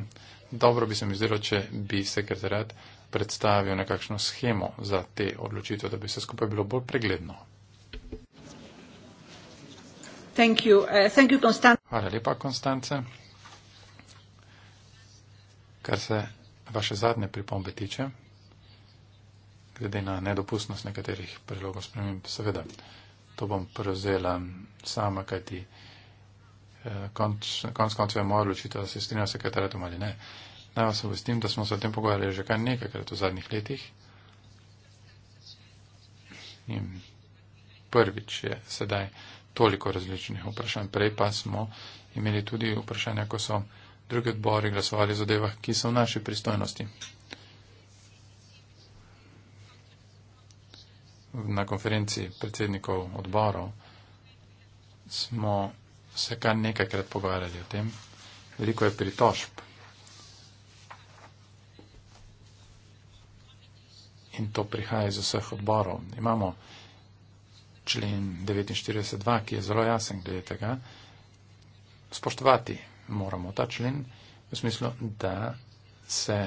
B: dobro bi se mi zdelo, če bi sekretariat predstavil nekakšno schemo za te odločitve, da bi se skupaj bilo bolj pregledno. Thank you. Uh, thank you, Hvala lepa, Konstance. Kar se vaše zadnje pripombe tiče glede na nedopustnost nekaterih predlogov sprememb. Seveda, to bom prevzela sama, kajti eh, konc koncev je moja odločitev, da se strinja sekretarjatom ali ne. Naj vas obvestim, da smo se o tem pogovarjali že kar nekajkrat v zadnjih letih. In prvič je sedaj toliko različnih vprašanj. Prej pa smo imeli tudi vprašanja, ko so drugi odbori glasovali o zadevah, ki so v naši pristojnosti. na konferenci predsednikov odborov, smo se kar nekajkrat pogovarjali o tem. Veliko je pritožb. In to prihaja iz vseh odborov. Imamo člen 49.2, ki je zelo jasen glede tega. Spoštovati moramo ta člen v smislu, da se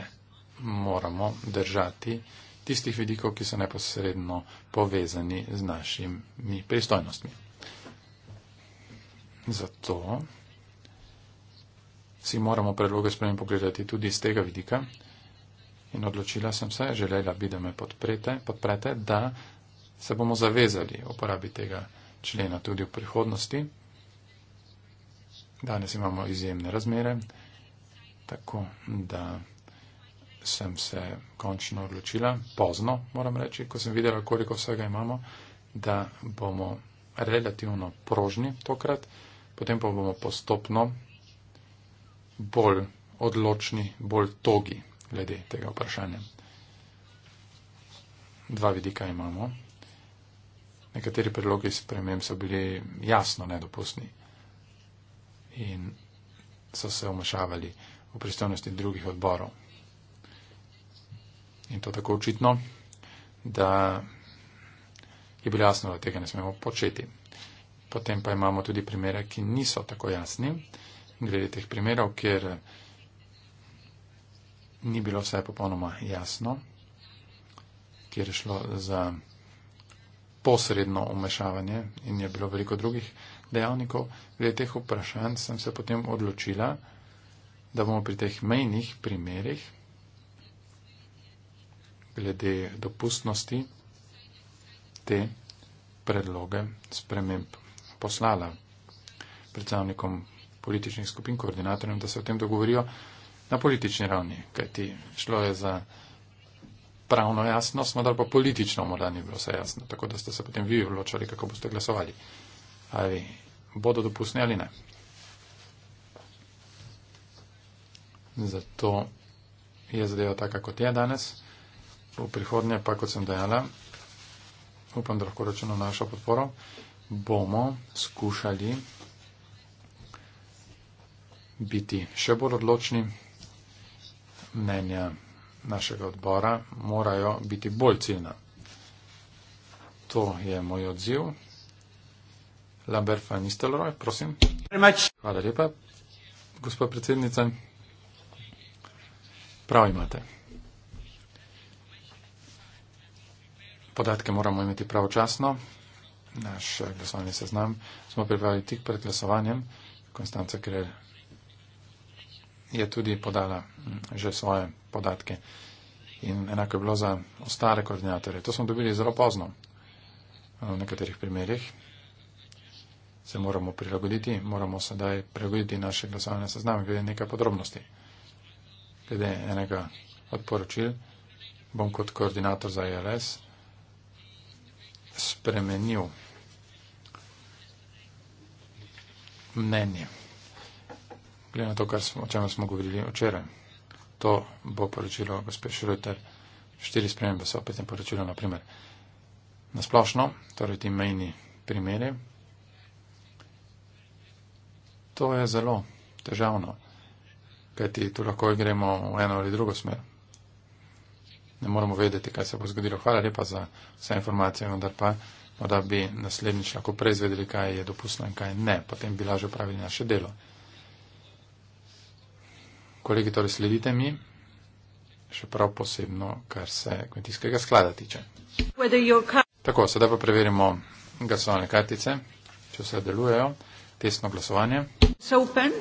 B: moramo držati tistih vidikov, ki so neposredno povezani z našimi pristojnostmi. Zato si moramo predloge spremem pogledati tudi z tega vidika in odločila sem se, želela bi, da me podprete, podprete, da se bomo zavezali uporabi tega člena tudi v prihodnosti. Danes imamo izjemne razmere, tako da sem se končno odločila, pozno moram reči, ko sem videla, koliko vsega imamo, da bomo relativno prožni tokrat, potem pa bomo postopno bolj odločni, bolj togi glede tega vprašanja. Dva vidika imamo. Nekateri predlogi sprememb so bili jasno nedopustni in so se umašavali v pristojnosti drugih odborov in to tako očitno, da je bilo jasno, da tega ne smemo početi. Potem pa imamo tudi primere, ki niso tako jasni. Glede teh primerov, kjer ni bilo vse popolnoma jasno, kjer je šlo za posredno umešavanje in je bilo veliko drugih dejavnikov, glede teh vprašanj sem se potem odločila, da bomo pri teh mejnih primerih glede dopustnosti te predloge sprememb poslala predstavnikom političnih skupin, koordinatorjem, da se o tem dogovorijo na politični ravni, kajti šlo je za pravno jasnost, morda pa politično morda ni bilo vse jasno, tako da ste se potem vi odločali, kako boste glasovali. Ali bodo dopustni ali ne. Zato je zadeva taka, kot je danes v prihodnje pa, kot sem dejala, upam, da lahko računam na našo podporo, bomo skušali biti še bolj odločni. Mnenja našega odbora morajo biti bolj ciljna. To je moj odziv. Lambert van Nistelrooy, prosim. Hvala lepa, gospod predsednica. Prav imate. Podatke moramo imeti pravočasno. Naš eh, glasovanje seznam smo pripravili tik pred glasovanjem. Konstanca Krel je tudi podala mm, že svoje podatke. In enako je bilo za ostale koordinatorje. To smo dobili zelo pozno. V nekaterih primerjih se moramo prilagoditi, moramo sedaj prilagoditi naše glasovanje sezname glede nekaj podrobnosti. Glede enega od poročil bom kot koordinator za ILS e spremenil mnenje. Glede na to, smo, o čem smo govorili včeraj, to bo poročilo gospe Šrujter. Štiri spremembe so opet in poročilo, naprimer, nasplošno, torej ti mejni primeri. To je zelo težavno, kajti tu lahko gremo v eno ali drugo smer ne moremo vedeti, kaj se bo zgodilo. Hvala lepa za vse informacije, vendar pa, da bi naslednjič lahko preizvedeli, kaj je dopustno in kaj ne. Potem bi lažje upravili naše delo. Kolegi, torej sledite mi, še prav posebno, kar se kmetijskega sklada tiče. Tako, sedaj pa preverimo glasovalne kartice, če vse delujejo. Tesno glasovanje.
C: So open.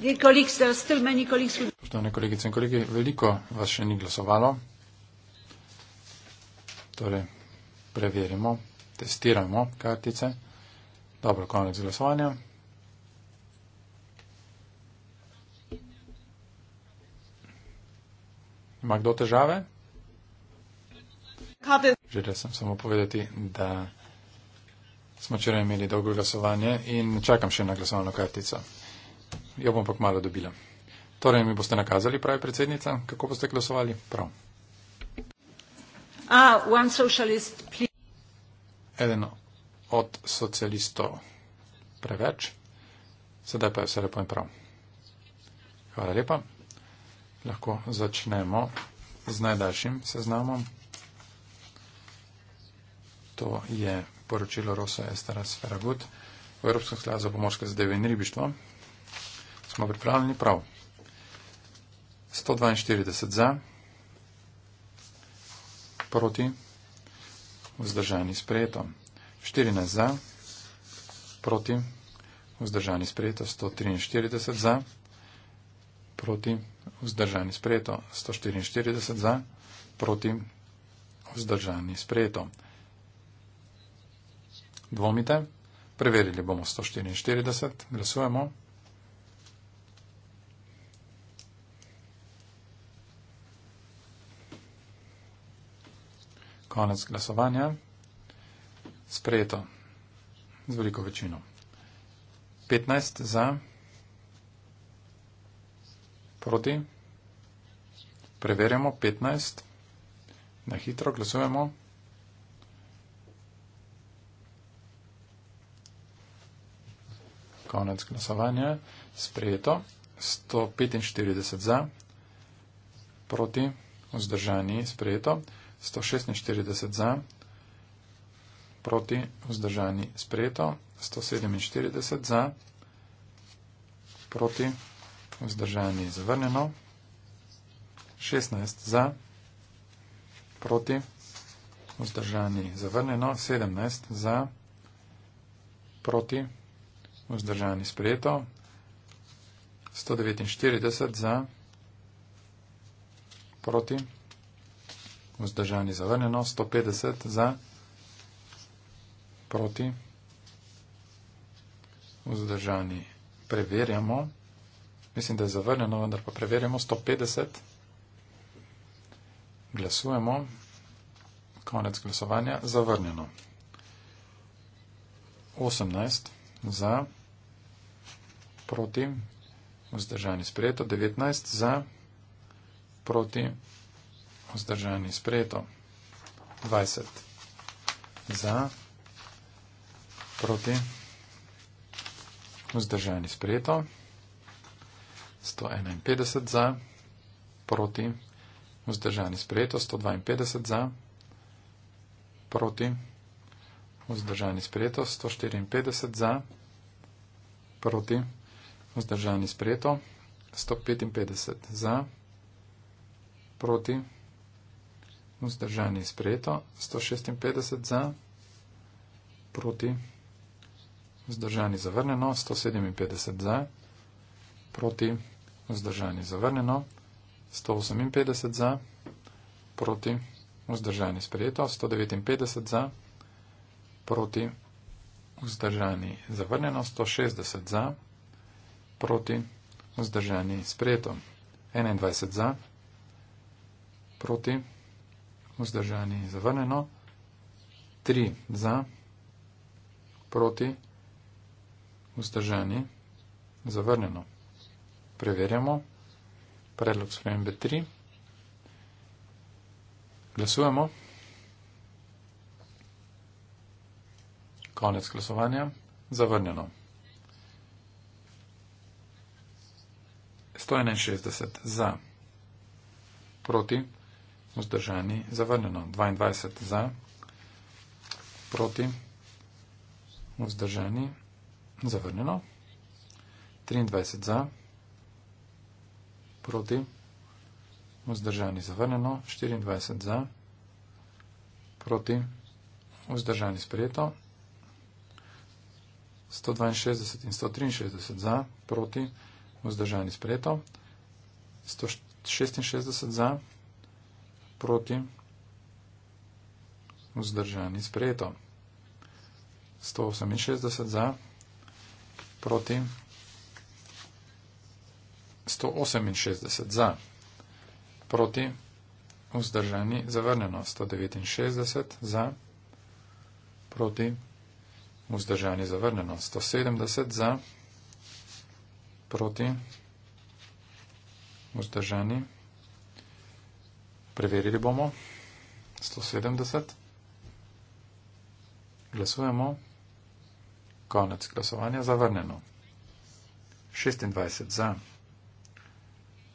C: Poštovane
B: kolegice in kolegi, veliko vas še ni glasovalo. Torej, preverimo, testiramo kartice. Dobro, konec glasovanja. Ima kdo težave? Želel sem samo povedati, da smo včeraj imeli dolgo glasovanje in čakam še na glasovalno kartico jo bom pa kmalo dobila. Torej, mi boste nakazali, pravi predsednica, kako boste glasovali? Prav. Eden od socialistov preveč, sedaj pa je vse lepo in prav. Hvala lepa. Lahko začnemo z najdaljšim seznamom. To je poročilo Rosa Estera Sferagut v Evropskem skladu za pomorske zadeve in ribištvo, smo pripravljeni prav. 142 za, proti, vzdržani sprejeto. 14 za, proti, vzdržani sprejeto. 143 za, proti, vzdržani sprejeto. 144 za, proti, vzdržani sprejeto. Dvomite? Preverili bomo 144. Glasujemo. konec glasovanja, sprejeto z veliko večino. 15 za, proti, preverjamo 15, na hitro glasujemo. Konec glasovanja, sprejeto, 145 za, proti, vzdržani, sprejeto. 146 za, proti vzdržani sprejeto, 147 za, proti vzdržani zavrnjeno, 16 za, proti vzdržani zavrnjeno, 17 za, proti vzdržani sprejeto, 149 za, proti vzdržani zavrnjeno, Proti vzdržani zavrnjeno, 150 za, proti, vzdržani preverjamo, mislim, da je zavrnjeno, vendar pa preverjamo, 150, glasujemo, konec glasovanja, zavrnjeno, 18 za, proti, vzdržani sprejeto, 19 za, proti, vzdržani sprejeto, vzdržani sprejeto. 20 za, proti, vzdržani sprejeto. 151 za, proti, vzdržani sprejeto. 152 za, proti, vzdržani sprejeto. 154 za, proti, vzdržani sprejeto. 155 za, proti, vzdržani sprejeto vzdržanje sprejeto, 156 za, proti, vzdržanje zavrneno, 157 za, proti, vzdržanje zavrneno, 158 za, proti, vzdržanje sprejeto, 159 za, proti, vzdržanje zavrneno, 160 za, proti, vzdržanje sprejeto, 21 za, proti, vzdržanje zavrneno, vzdržani in zavrneno, tri za, proti, vzdržani, zavrneno. Preverjamo, predlog spremembe tri, glasujemo, konec glasovanja, zavrneno. 161 za, proti, vzdržani, zavrnjeno. 22 za, proti, vzdržani, zavrnjeno. 23 za, proti, vzdržani, zavrnjeno. 24 za, proti, vzdržani, sprejeto. 162 in 163 za, proti, vzdržani, sprejeto. 166 za, proti, proti, vzdržani sprejeto. 168 za, proti, 168 za, proti, vzdržani, zavrnjeno, 169 za, proti, vzdržani, zavrnjeno, 170 za, proti, vzdržani, zavrnjeno, 170 za, proti, vzdržani, Preverili bomo. 170. Glasujemo. Konec glasovanja. Zavrnjeno. 26 za.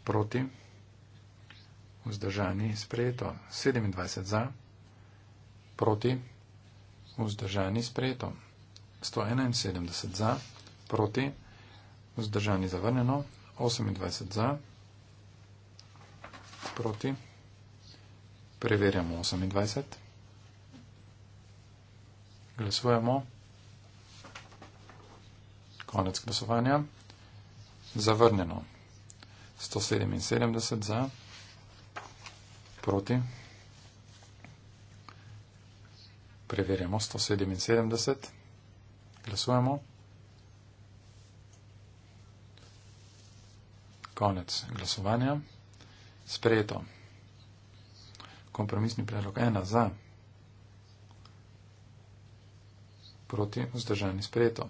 B: Proti. Vzdržani. Sprejeto. 27 za. Proti. Vzdržani. Sprejeto. 171 za. Proti. Vzdržani. Zavrnjeno. 28 za. Proti. Preverjamo 28. Glasujemo. Konec glasovanja. Zavrnjeno. 177 za. Proti. Preverjamo 177. Glasujemo. Konec glasovanja. Sprejeto kompromisni predlog. Ena za, proti vzdržani sprejeto.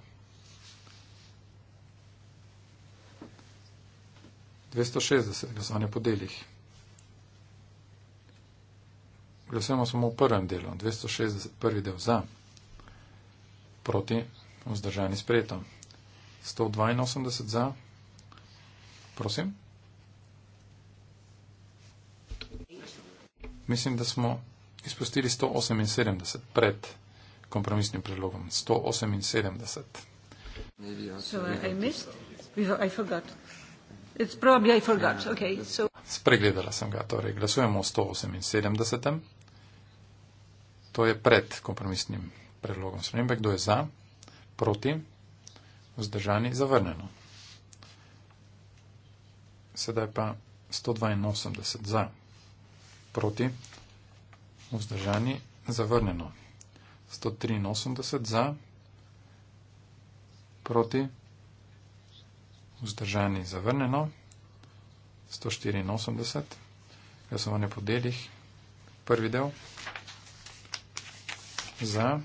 B: 260 glasovanja po delih. Glasujemo samo v prvem delu. 260 prvi del za, proti vzdržani sprejeto. 182 za, prosim. mislim, da smo izpustili 178 pred kompromisnim predlogom. 178. So, uh,
C: yeah, okay, so.
B: Spregledala sem ga, torej glasujemo o 178. To je pred kompromisnim predlogom. Spremembe, kdo je za, proti, vzdržani, zavrnjeno. Sedaj pa 182 za proti, vzdržani, zavrnjeno. 183 za, proti, vzdržani, zavrnjeno. 184, glasovanje po delih, prvi del, za,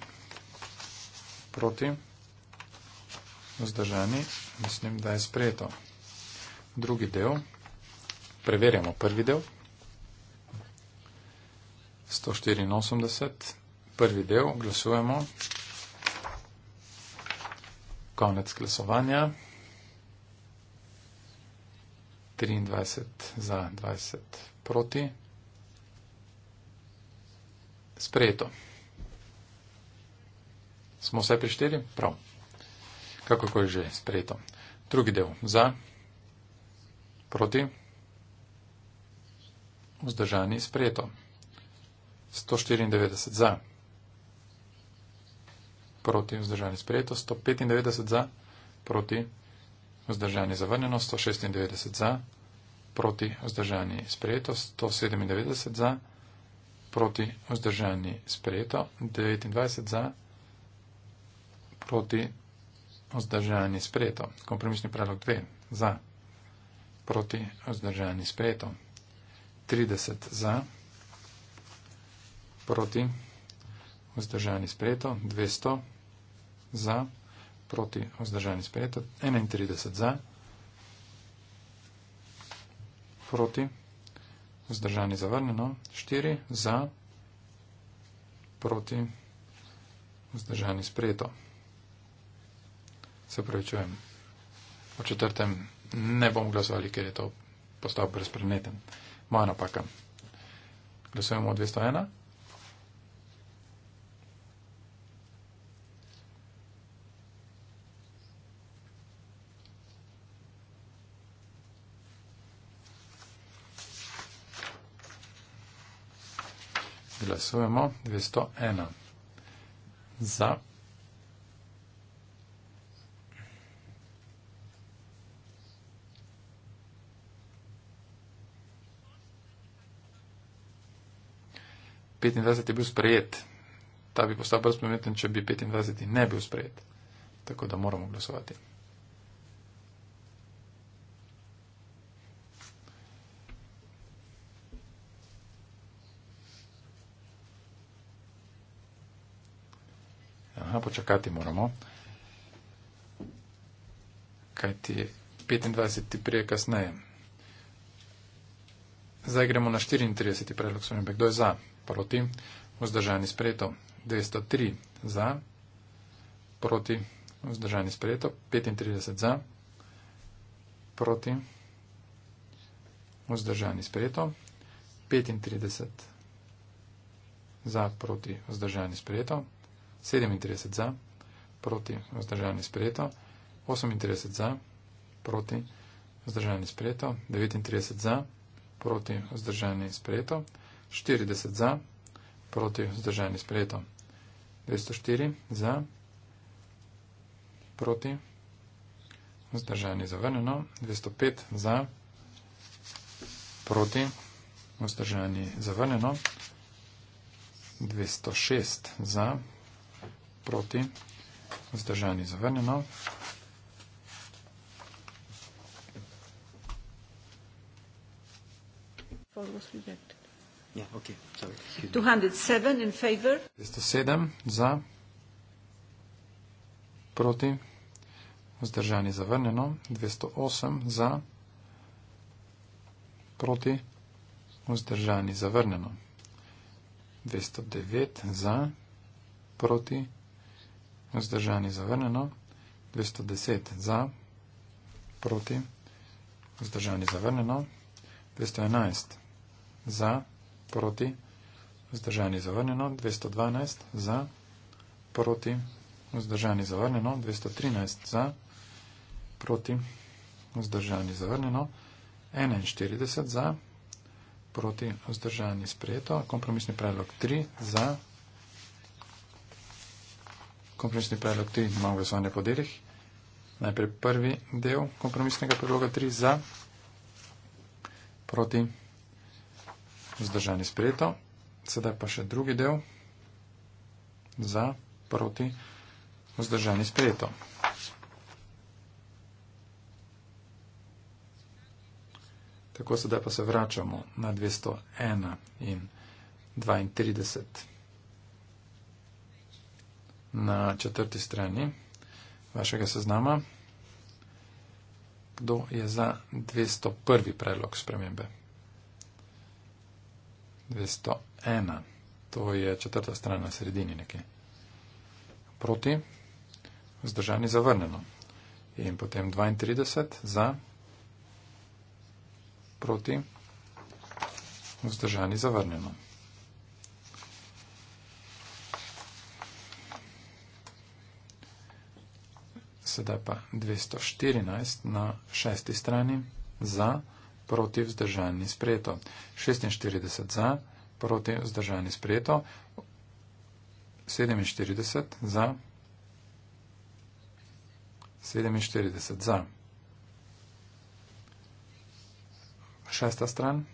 B: proti, vzdržani, mislim, da je sprejeto. Drugi del, preverjamo prvi del. 184, prvi del, glasujemo. Konec glasovanja. 23 za 20 proti. Sprejeto. Smo vse pri štiri? Prav. Kako je že sprejeto. Drugi del. Za. Proti. Vzdržani sprejeto. 194 za. Proti vzdržani sprejeto 195 za, proti vzdržani zavrnjeno 196 za, proti vzdržani sprejeto 197 za, proti vzdržani sprejeto 29 za, proti vzdržani sprejeto. Kompromisni predlog 2 za, proti vzdržani sprejeto 30 za proti, vzdržani sprejeto, 200 za, proti, vzdržani sprejeto, 31 za, proti, vzdržani zavrneno, 4 za, proti, vzdržani sprejeto. Se upravičujem, o četrtem ne bom glasovali, ker je to postal brezpredmeten. Moja napaka. Glasujemo o 201. glasujemo. 201 za. petindvajset je bil sprejet, ta bi postal brezpredmeten, če bi petindvajset ne bil sprejet. Tako da moramo glasovati. Aha, počakati moramo. Kaj ti je 25, ti prije, kasneje. Zdaj gremo na 34. predlog spremembe. Kdo je za? Proti. Vzdržani sprejeto. 203 za. Proti. Vzdržani sprejeto. 35 za. Proti. Vzdržani sprejeto. 35 za. Proti. Vzdržani sprejeto. 35 za. Proti. Vzdržani sprejeto. 37 za, proti vzdržanje sprejeto, 38 za, proti vzdržanje sprejeto, 39 za, proti vzdržanje sprejeto, 40 za, proti vzdržanje sprejeto, 204 za, proti vzdržanje zavrneno, 205 za, proti vzdržanje zavrneno, 206 za, proti vzdržanje zavrneno, 206 za, proti, vzdržani zavrnjeno. Yeah, okay.
C: 207
B: za, proti, vzdržani zavrnjeno, 208 za, proti, vzdržani zavrnjeno, 209 za, proti, vzdržani zavrnjeno. Vzdržani zavrnjeno. 210 za. Proti. Vzdržani zavrnjeno. 211 za. Proti. Vzdržani zavrnjeno. 212 za. Proti. Vzdržani zavrnjeno. 213 za. Proti. Vzdržani zavrnjeno. 41 za. Proti. Vzdržani sprejeto. Kompromisni predlog 3 za. Proti kompromisni predlog 3 na glasovanje po delih. Najprej prvi del kompromisnega predloga 3 za, proti, vzdržanje sprejeto. Sedaj pa še drugi del za, proti, vzdržanje sprejeto. Tako sedaj pa se vračamo na 201 in 32 na četrti strani vašega seznama, kdo je za 201. predlog spremembe. 201. To je četrta stran na sredini nekje. Proti. Vzdržani zavrnjeno. In potem 32 za. Proti. Vzdržani zavrnjeno. sedaj pa 214 na šesti strani za, proti vzdržani sprejeto. 46 za, proti vzdržani sprejeto. 47 za. 47 za. Šesta stran.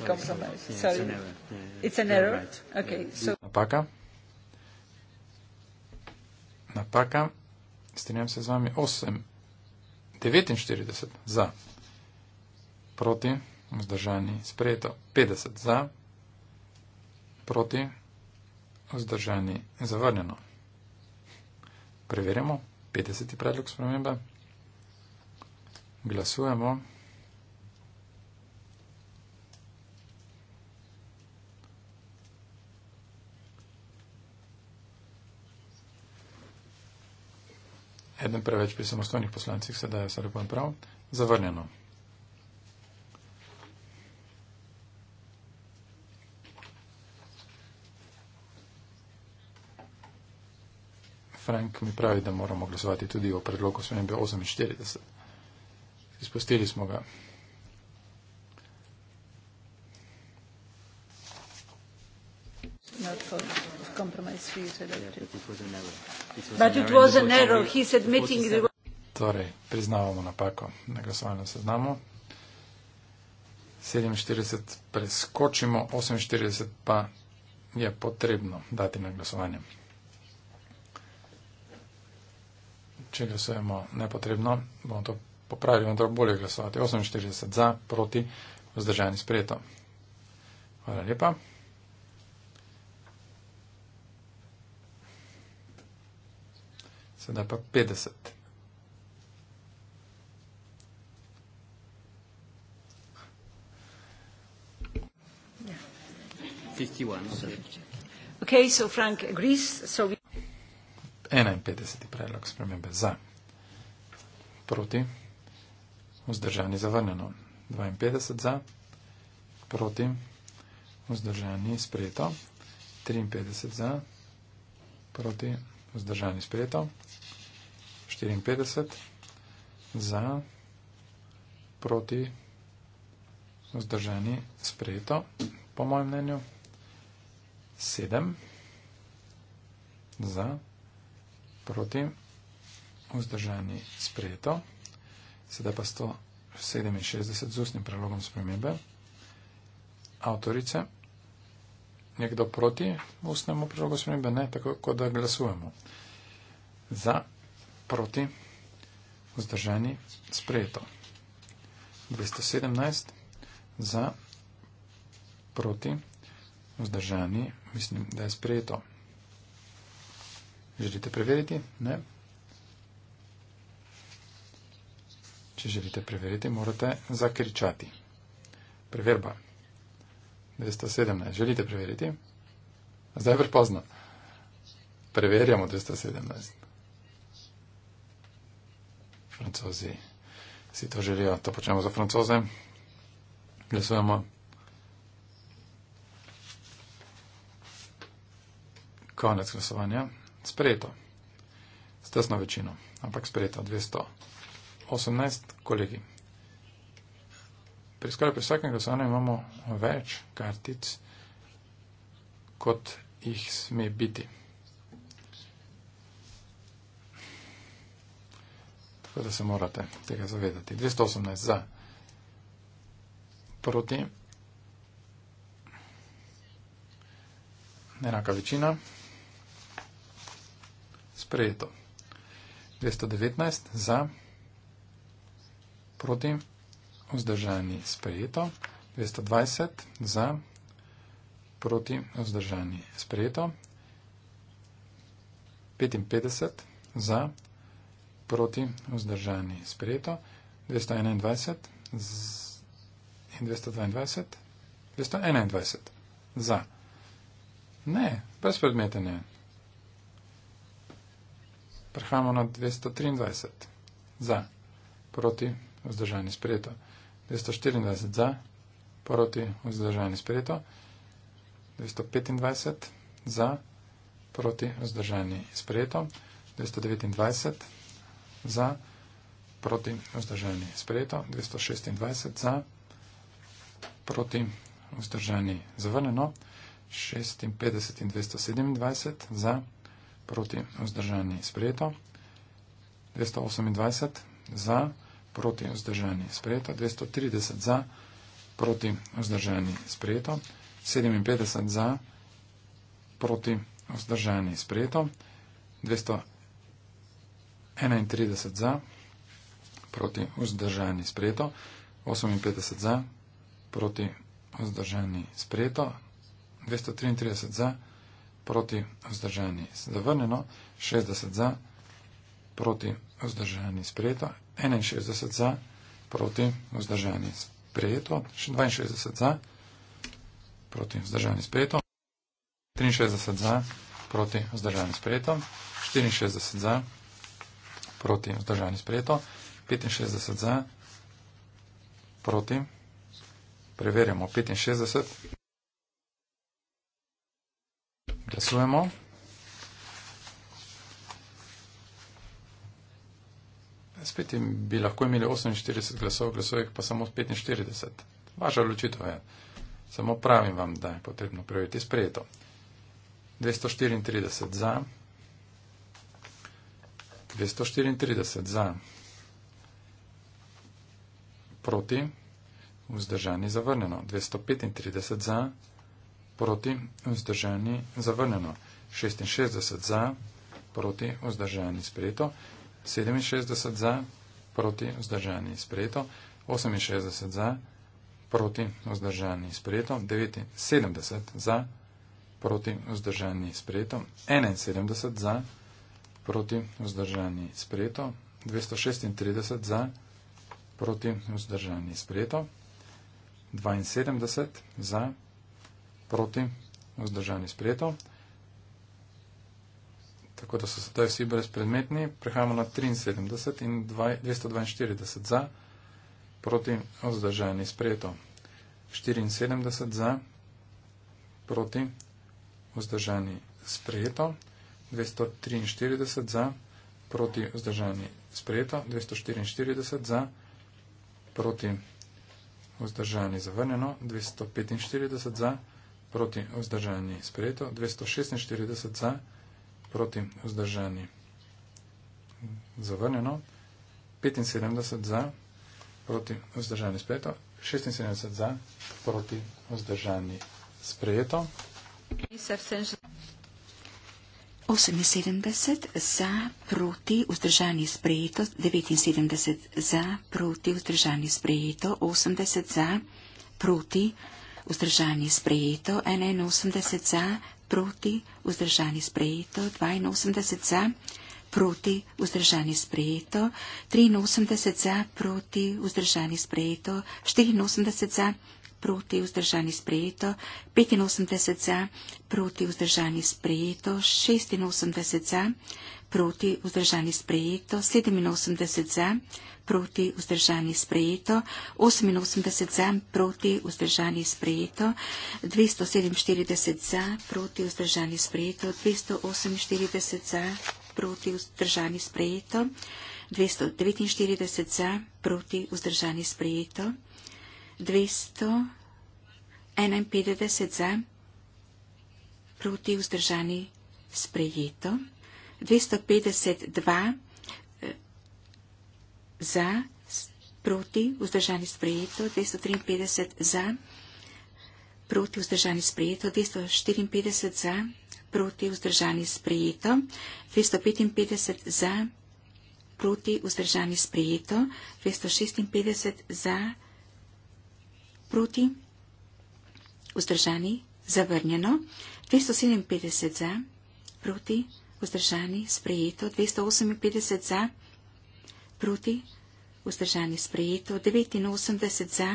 C: it's sorry, compromised. Sorry. Yeah, sorry. It's an error. Yeah, it's an error. Right. Okay. Yeah. So.
B: Napaka. Napaka. Strinjam se z vami. 8. 49 za. Proti. Vzdržani. Sprejeto. 50 za. Proti. Vzdržani. Zavrnjeno. Preverjamo. 50. predlog spremembe. Glasujemo. eden preveč pri samostojnih poslancih, sedaj je srpen prav, zavrnjeno. Frank mi pravi, da moramo glasovati tudi o predlogu spremembe 48. Izpustili smo ga. Torej, priznavamo napako na glasovalnem seznamu. 47 preskočimo, 48 pa je potrebno dati na glasovanje. Če glasujemo nepotrebno, bomo to popravili, bomo to torej bolje glasovati. 48 za, proti, vzdržani sprejeto. Hvala lepa. sedaj pa 50.
C: Okay, so Frank agrees, so we...
B: 51. predlog spremembe za. Proti. Vzdržani zavrnjeno. 52 za. Proti. Vzdržani sprejeto. 53 za. Proti. Vzdržani sprejeto. 54. Za. Proti. Vzdržani sprejeto. Po mojem mnenju. 7. Za. Proti. Vzdržani sprejeto. Sedaj pa 167 z ustnim prelogom spremembe. Autorice nekdo proti ustnemu predlogu spremembe? Ne, tako kot da glasujemo. Za, proti, vzdržani, sprejeto. 217, za, proti, vzdržani, mislim, da je sprejeto. Želite preveriti? Ne. Če želite preveriti, morate zakričati. Preverba. 217. 217. Želite preveriti? Zdaj je prepozno. Preverjamo 217. Francozi si to želijo. To počnemo za francoze. Glasujemo. Konec glasovanja. Sprejeto. S tesno večino. Ampak sprejeto. 218 kolegi pri skoraj pri vsakem glasovanju imamo več kartic, kot jih sme biti. Tako da se morate tega zavedati. 218 za. Proti. Enaka večina. Sprejeto. 219 za. Proti vzdržani sprejeto, 220 za, proti vzdržani sprejeto, 55 za, proti vzdržani sprejeto, 221 in 222, 221 za. Ne, brez predmeta ne. Prehajamo na 223 za, proti vzdržani sprejeto, 221. 224 za, proti vzdržanje sprejeto, 225 za, proti vzdržanje sprejeto, 229 za, proti vzdržanje sprejeto, 226 za, proti vzdržanje zavrneno, 56 in 227 za, proti vzdržanje sprejeto, 228 za, proti vzdržanje sprejeto, proti vzdržani sprejeto, 230 za proti vzdržani sprejeto, 57 za proti vzdržani sprejeto, 231 za proti vzdržani sprejeto, 58 za proti vzdržani sprejeto, 233 za proti vzdržani zavrnjeno, 60 za proti vzdržani sprejeto, 61 za, proti, vzdržanje sprejeto, 62 za, proti, vzdržanje sprejeto, 63 za, proti, vzdržanje sprejeto, 64 za, proti, vzdržanje sprejeto, 65 za, proti, preverjamo 65, glasujemo, spet jim bi lahko imeli 48 glasov, glasov je pa samo 45. Vaša odločitev je. Samo pravim vam, da je potrebno preveriti sprejeto. 234 za. 234 za. Proti. Vzdržani zavrnjeno. 235 za. Proti. Vzdržani zavrnjeno. 66 za. Proti. Vzdržani sprejeto. 67 za, proti vzdržani sprejeto, 68 za, proti vzdržani sprejeto, 79 za, proti vzdržani sprejeto, 71 za, proti vzdržani sprejeto, 236 za, proti vzdržani sprejeto, 72 za, proti vzdržani sprejeto, tako da so sedaj vsi brezpredmetni. Prehajamo na 73 in 242 za, proti vzdržani sprejeto. 74 za, proti vzdržani sprejeto. 243 za, proti vzdržani sprejeto. 244 za, proti vzdržani zavrnjeno. 245 za, proti vzdržani sprejeto. 246 za, proti vzdržani sprejeto proti vzdržani. Zavrnjeno. 75 za proti vzdržani sprejeto. 76 za proti vzdržani sprejeto.
C: 78 za proti vzdržani sprejeto, 79 za proti vzdržani sprejeto, 80 za proti vzdržani sprejeto, 81 za proti, vzdržani sprejeto, 82 za, proti, vzdržani sprejeto, 83 za, proti, vzdržani sprejeto, 84 za, proti vzdržani sprejeto, 85 za, proti vzdržani sprejeto, 86 za, proti vzdržani sprejeto, 87 za, proti vzdržani sprejeto, 88 za, proti vzdržani sprejeto, 247 za, proti vzdržani sprejeto, 248 za, proti vzdržani sprejeto, 249 za, proti vzdržani sprejeto. 251 za, proti vzdržani sprejeto, 252 eh, za, proti vzdržani sprejeto, 253 za, proti vzdržani sprejeto, 254 za, proti vzdržani sprejeto, 255 za, proti vzdržani sprejeto, 256 za, proti, vzdržani, zavrnjeno, 257 za, proti, vzdržani, sprejeto, 258 za, proti, vzdržani, sprejeto, 89 za,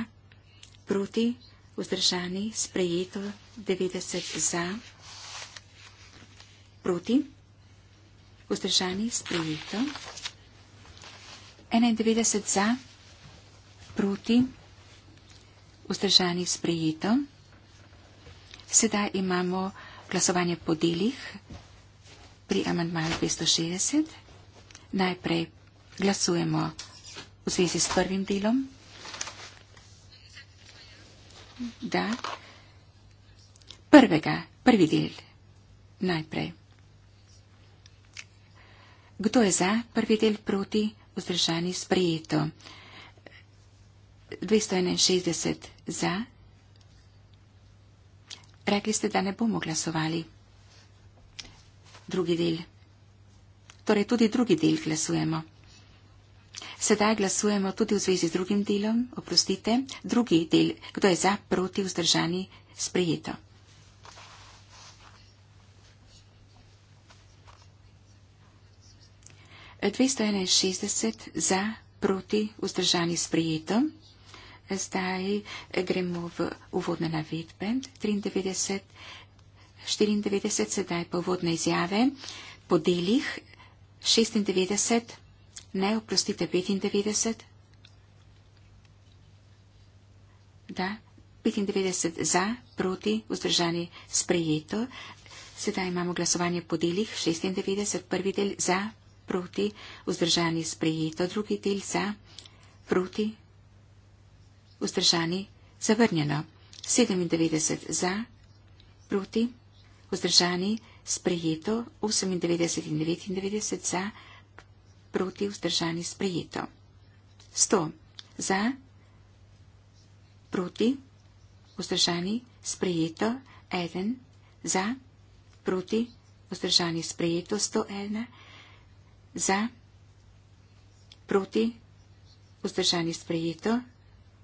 C: proti, vzdržani, sprejeto, 90 za, proti, vzdržani, sprejeto, 91 za, proti, vzdržani, sprejeto, 91 za, proti, vzdržani sprejeto. Sedaj imamo glasovanje po delih pri amantmaju 260. Najprej glasujemo v zvezi s prvim delom. Da. Prvega, prvi del. Najprej. Kdo je za prvi del proti? Vzdržani sprejeto. 261 za. Rekli ste, da ne bomo glasovali. Drugi del. Torej tudi drugi del glasujemo. Sedaj glasujemo tudi v zvezi z drugim delom. Oprostite. Drugi del. Kdo je za, proti, vzdržani, sprejeto. Dvesto enajstšestdeset za, proti, vzdržani, sprejeto. Zdaj eh, gremo v uvodne navedbe. 93, 94, sedaj pa uvodne izjave. Po delih 96, ne, oprostite, 95. Da, 95 za, proti, vzdržani, sprejeto. Sedaj imamo glasovanje po delih 96, prvi del za, proti, vzdržani, sprejeto, drugi del za, proti, vzdržani, zavrnjeno, 97 za, proti, vzdržani, sprejeto, 98 in 99 za, proti, vzdržani, sprejeto. 100 za, proti, vzdržani, sprejeto, 1 za, proti, vzdržani, sprejeto, 101 za, proti, vzdržani, sprejeto, 1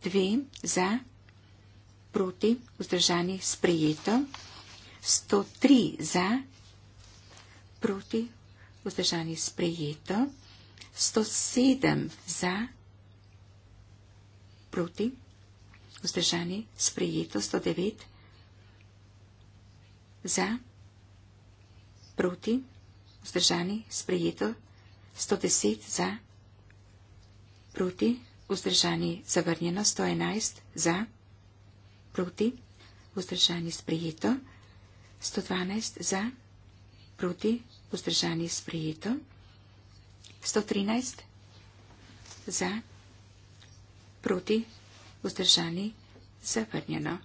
C: dve za, proti, vzdržani, sprejeto. 103 za, proti, vzdržani, sprejeto. 107 za, proti, vzdržani, sprejeto. 109 za, proti, vzdržani, sprejeto. 110 za, proti, Vzdržani zavrnjeno 111 za, proti, vzdržani sprejeto 112 za, proti, vzdržani sprejeto 113 za, proti, vzdržani zavrnjeno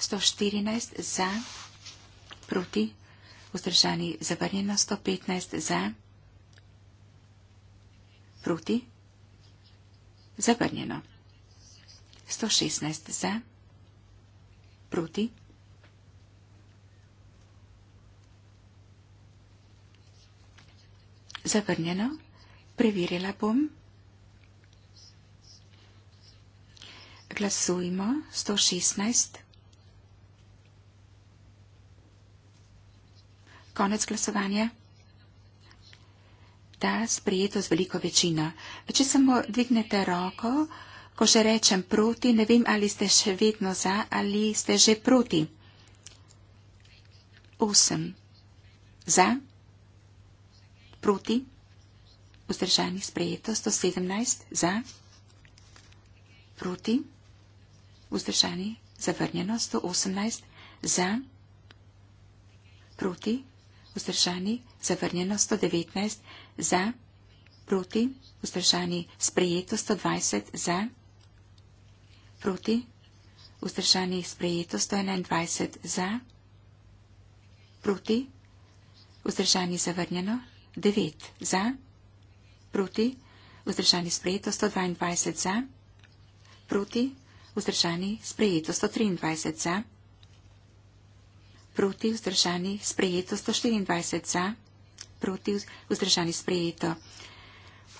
C: 114 za, proti, vzdržani zavrnjeno 115 za, proti, vzdržani zavrnjeno 115 za. Zavrnjeno. 116 za. Proti. 100. Zavrnjeno. Preverila bom. Glasujmo. 116. Konec glasovanja ta sprejeto z veliko večino. Če samo dvignete roko, ko že rečem proti, ne vem, ali ste še vedno za ali ste že proti. Osem. Za. Proti. Vzdržani sprejeto. 117. Za. Proti. Vzdržani. Zavrnjeno. 118. Za. Proti. Vzdržani. Zavrnjeno. 119 za, proti, vzdržani, sprejeto 120, za, proti, vzdržani, sprejeto 121, za, proti, vzdržani, zavrnjeno 9, za, proti, vzdržani, sprejeto 122, za, proti, vzdržani, sprejeto 123, za, proti, vzdržani, sprejeto 124, za, proti, proti vzdržani sprejeto.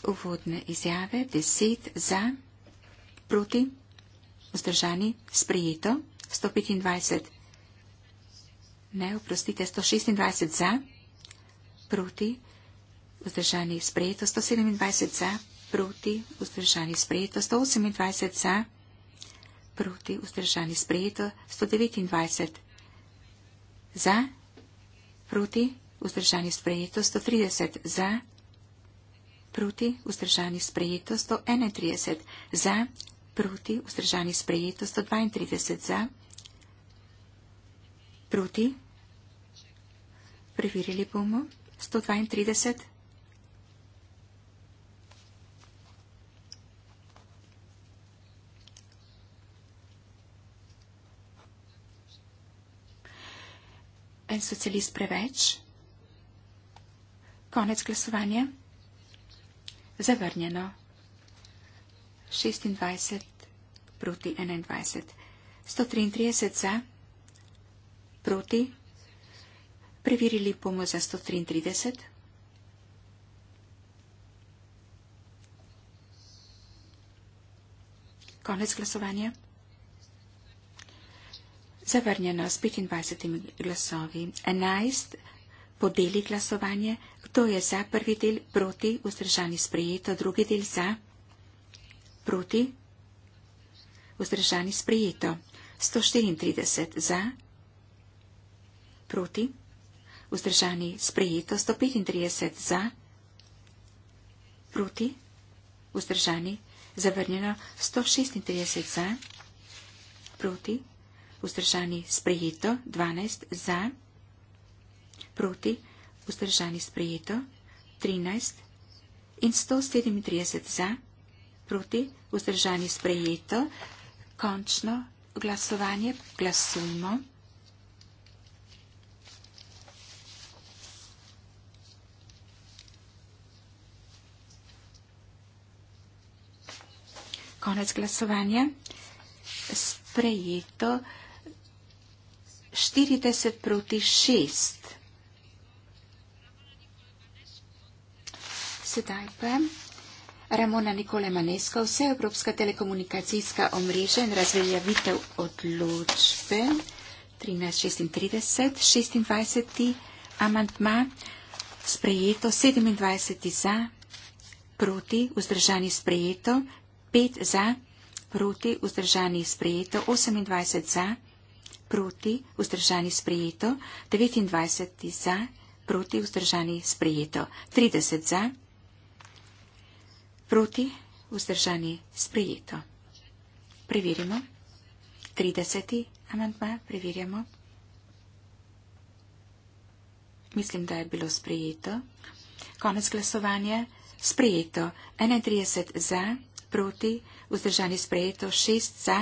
C: Uvodne izjave, deset za, proti vzdržani sprejeto, 125. Ne, oprostite, 126 za, proti vzdržani sprejeto, 127 za, proti vzdržani sprejeto, 128 za, proti vzdržani sprejeto, 129 za, proti vzdržani sprejeto vzdržani sprejeto 130 za, proti vzdržani sprejeto 131 za, proti vzdržani sprejeto 132 za, proti, preverili bomo 132 En socialist preveč, Konec glasovanja. Zavrnjeno. 26 proti 21. 133 za. Proti. Preverili bomo za 133. Konec glasovanja. Zavrnjeno s 25 glasovi. 11 proti podeli glasovanje, kdo je za prvi del, proti, vzdržani sprejeto, drugi del za, proti, vzdržani sprejeto, 134 za, proti, vzdržani sprejeto, 135 za, proti, vzdržani, zavrnjeno, 136 za, proti, vzdržani sprejeto, 12 za, proti, против, Уздържани сприето 13 и 137 за, против, Уздържани сприето, кончно гласование, гласуемо. Конец гласование, сприето 40 против 6. Sedaj pa Ramona Nikola Manesko, Vseevropska telekomunikacijska omrežja in razveljavitev odločbe 1336, 26. amantma, sprejeto 27. za, proti, vzdržani sprejeto, 5 za, proti, vzdržani sprejeto, 28 za, proti, vzdržani sprejeto, 29 za, proti, vzdržani sprejeto, 30 za, proti, proti, vzdržani, sprejeto. Preverimo. 30. amantma, preverjamo. Mislim, da je bilo sprejeto. Konec glasovanja. Sprejeto. 31 za, proti, vzdržani, sprejeto. 6 za,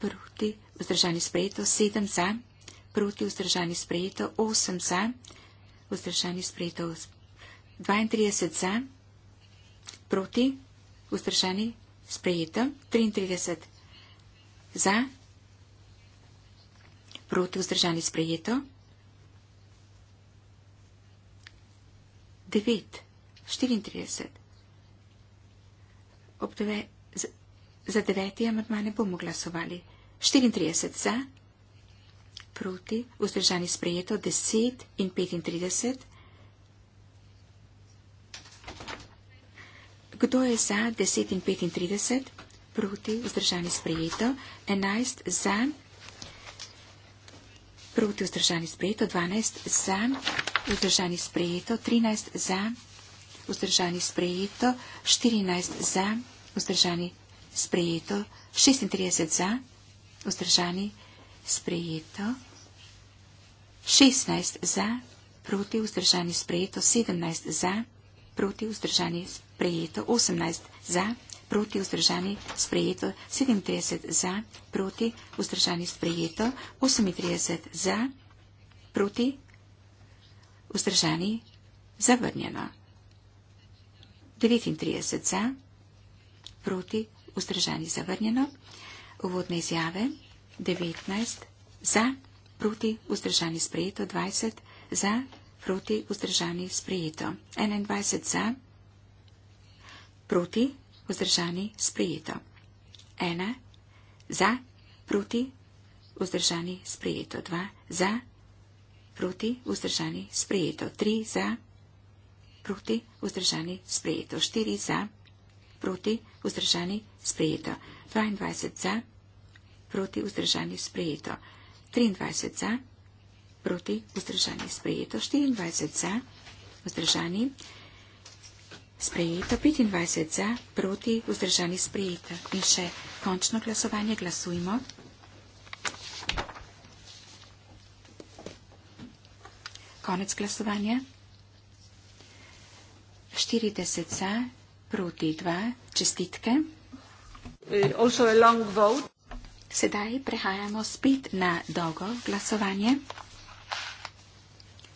C: proti, vzdržani, sprejeto. 7 za, proti, vzdržani, sprejeto. 8 za, vzdržani, sprejeto. 32 za, Proti, vzdržani, sprejeta. 33 za, proti, vzdržani, sprejeto. 9, 34. Ob dve, za, za deveti amatma ne bomo glasovali. 34 za, proti, vzdržani, sprejeto. 10 in 35. Kdo je za 10 in 35? Proti, vzdržani sprejeto. 11 za. Proti, vzdržani sprejeto. 12 za. Vzdržani sprejeto. 13 za. Vzdržani sprejeto. 14 za. Vzdržani sprejeto. 36 za. Vzdržani sprejeto. 16 za. Proti, vzdržani sprejeto. 17 za. Proti, vzdržani sprejeto prejeto 18 za, proti vzdržani sprejeto 37 za, proti vzdržani sprejeto 38 za, proti vzdržani zavrnjeno. 39 za, proti vzdržani zavrnjeno. Uvodne izjave 19 za, proti vzdržani sprejeto 20 za, proti vzdržani sprejeto 21 za proti, vzdržani, sprejeto. Ena, za, proti, vzdržani, sprejeto. Dva, za, proti, vzdržani, sprejeto. Tri, za, proti, vzdržani, sprejeto. Štiri, za, proti, vzdržani, sprejeto. 22 za, proti, vzdržani, sprejeto. 23 za, proti, vzdržani, sprejeto. 24 za, vzdržani, sprejeto sprejeta, 25 za, proti, vzdržani sprejeta. In še končno glasovanje, glasujmo. Konec glasovanja. 40 za, proti 2, čestitke. Eh, also a long vote. Sedaj prehajamo spet na dolgo glasovanje.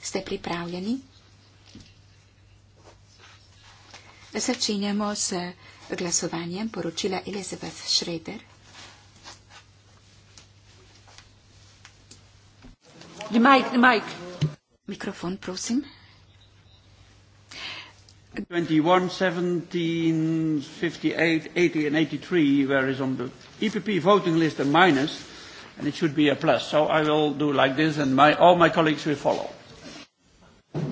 C: Ste pripravljeni? Začenjamo s glasovanjem poročila Elizabeth Schrader. Mike, Mike. Mikrofon, prosim. 21, 17, 58, 80 in 83, whereas on the EPP voting
A: list a minus, and it should be a plus. So I will do like this, and my, all my colleagues will follow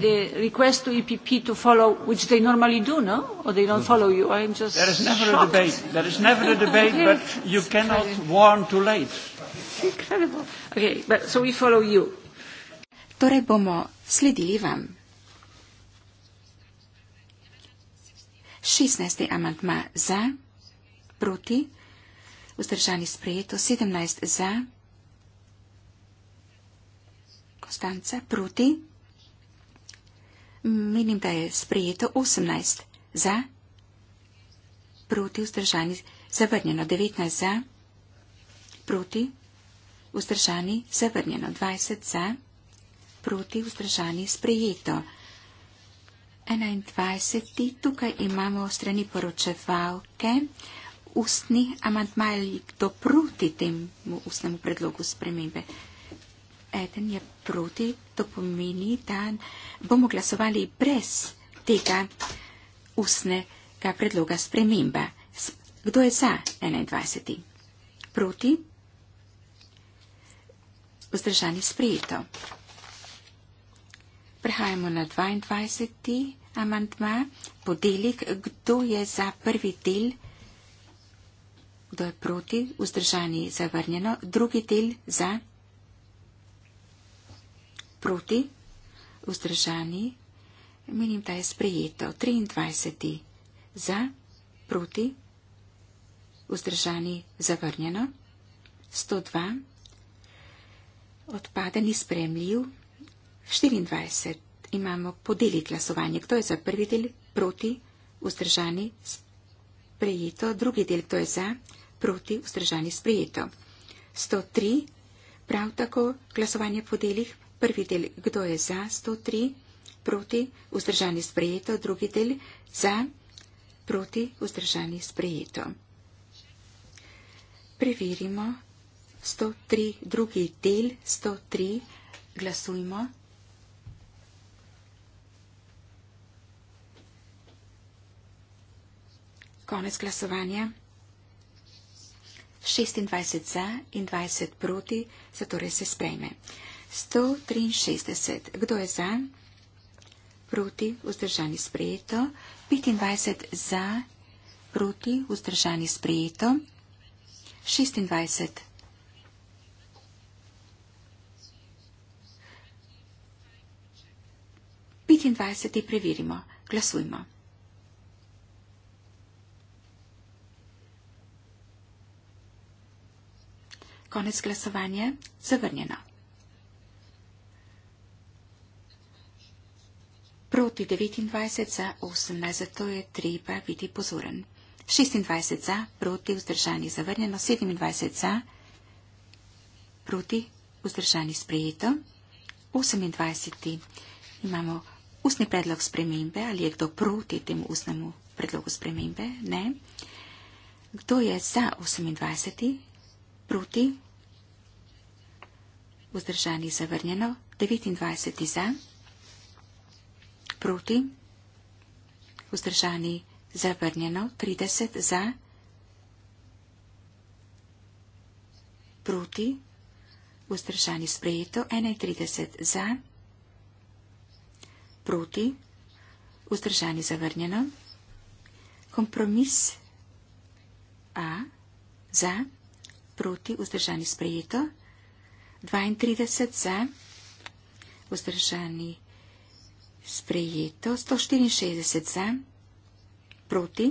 C: the request to EPP to follow, which they normally do, no? Or they don't follow you? I'm just There is never shocked. a debate. There is never a debate, okay. but
B: you it's cannot incredible. warn too late. It's
C: incredible. Okay, but, so we follow you. Torej bomo sledili vam. 16. amantma za, proti, vzdržani sprejeto, 17 za, Konstanca proti menim, da je sprejeto 18 za, proti vzdržani, zavrnjeno 19 za, proti vzdržani, zavrnjeno 20 za, proti vzdržani, sprejeto. 21. Tukaj imamo strani poročevalke ustni amantmaj, kdo proti temu ustnemu predlogu spremembe eden je proti, to pomeni, da bomo glasovali brez tega ustnega predloga spremembe. Kdo je za 21? Proti? Vzdržani sprejeto. Prehajamo na 22. amantma. Podelik, kdo je za prvi del? Kdo je proti? Vzdržani zavrnjeno. Drugi del za? proti, vzdržani, menim, da je sprejeto. 23. za, proti, vzdržani, zavrnjeno. 102. Odpade ni spremljiv. 24. Imamo podeli glasovanje. Kdo je za prvi del? Proti, vzdržani, sprejeto. Drugi del, kdo je za? Proti, vzdržani, sprejeto. 103. Prav tako glasovanje po delih prvi del kdo je za 103, proti, vzdržani sprejeto, drugi del za, proti, vzdržani sprejeto. Preverimo 103, drugi del 103, glasujmo. Konec glasovanja. 26 za in 20 proti, zatorej se sprejme. 163. Kdo je za? Proti, vzdržani sprejeto. 25 za, proti, vzdržani sprejeto. 26. Petindvajseti preverimo. Glasujmo. Konec glasovanja. Zavrnjeno. proti 29 za 18, zato je treba biti pozoren. 26 za, proti vzdržani zavrnjeno, 27 za, proti vzdržani sprejeto, 28 imamo ustni predlog spremembe, ali je kdo proti temu ustnemu predlogu spremembe, ne. Kdo je za 28, proti vzdržani zavrnjeno, 29 za proti, vzdržani zavrnjeno, 30 za, proti, vzdržani sprejeto, 31 za, proti, vzdržani zavrnjeno, kompromis A za, proti, vzdržani sprejeto, 32 za, vzdržani sprejeto, sprejeto 164 za, proti,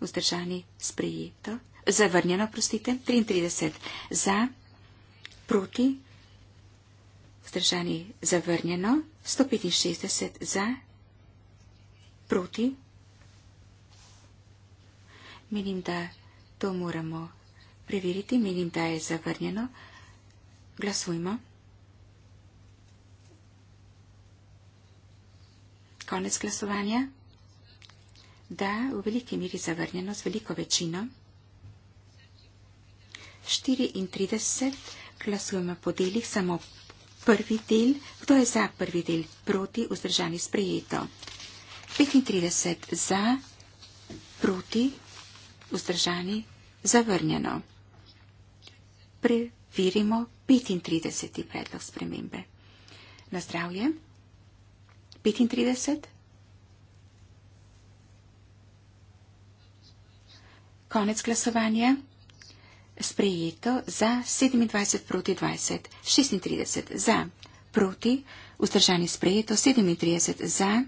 C: vzdržani sprejeto, zavrnjeno, prostite, 33 za, proti, vzdržani zavrnjeno, 165 za, proti. Menim, da to moramo preveriti, menim, da je zavrnjeno. Glasujmo. konec glasovanja? Da, v veliki miri zavrnjeno, z veliko večino. 34 glasujemo po delih, samo prvi del. Kdo je za prvi del? Proti, vzdržani, sprejeto. 35 za, proti, vzdržani, zavrnjeno. Preverimo 35. predlog spremembe. Na zdravje. 35? Konec glasovanja. Sprejeto za 27 proti 20, 36 za, proti, vzdržani sprejeto, 37 za,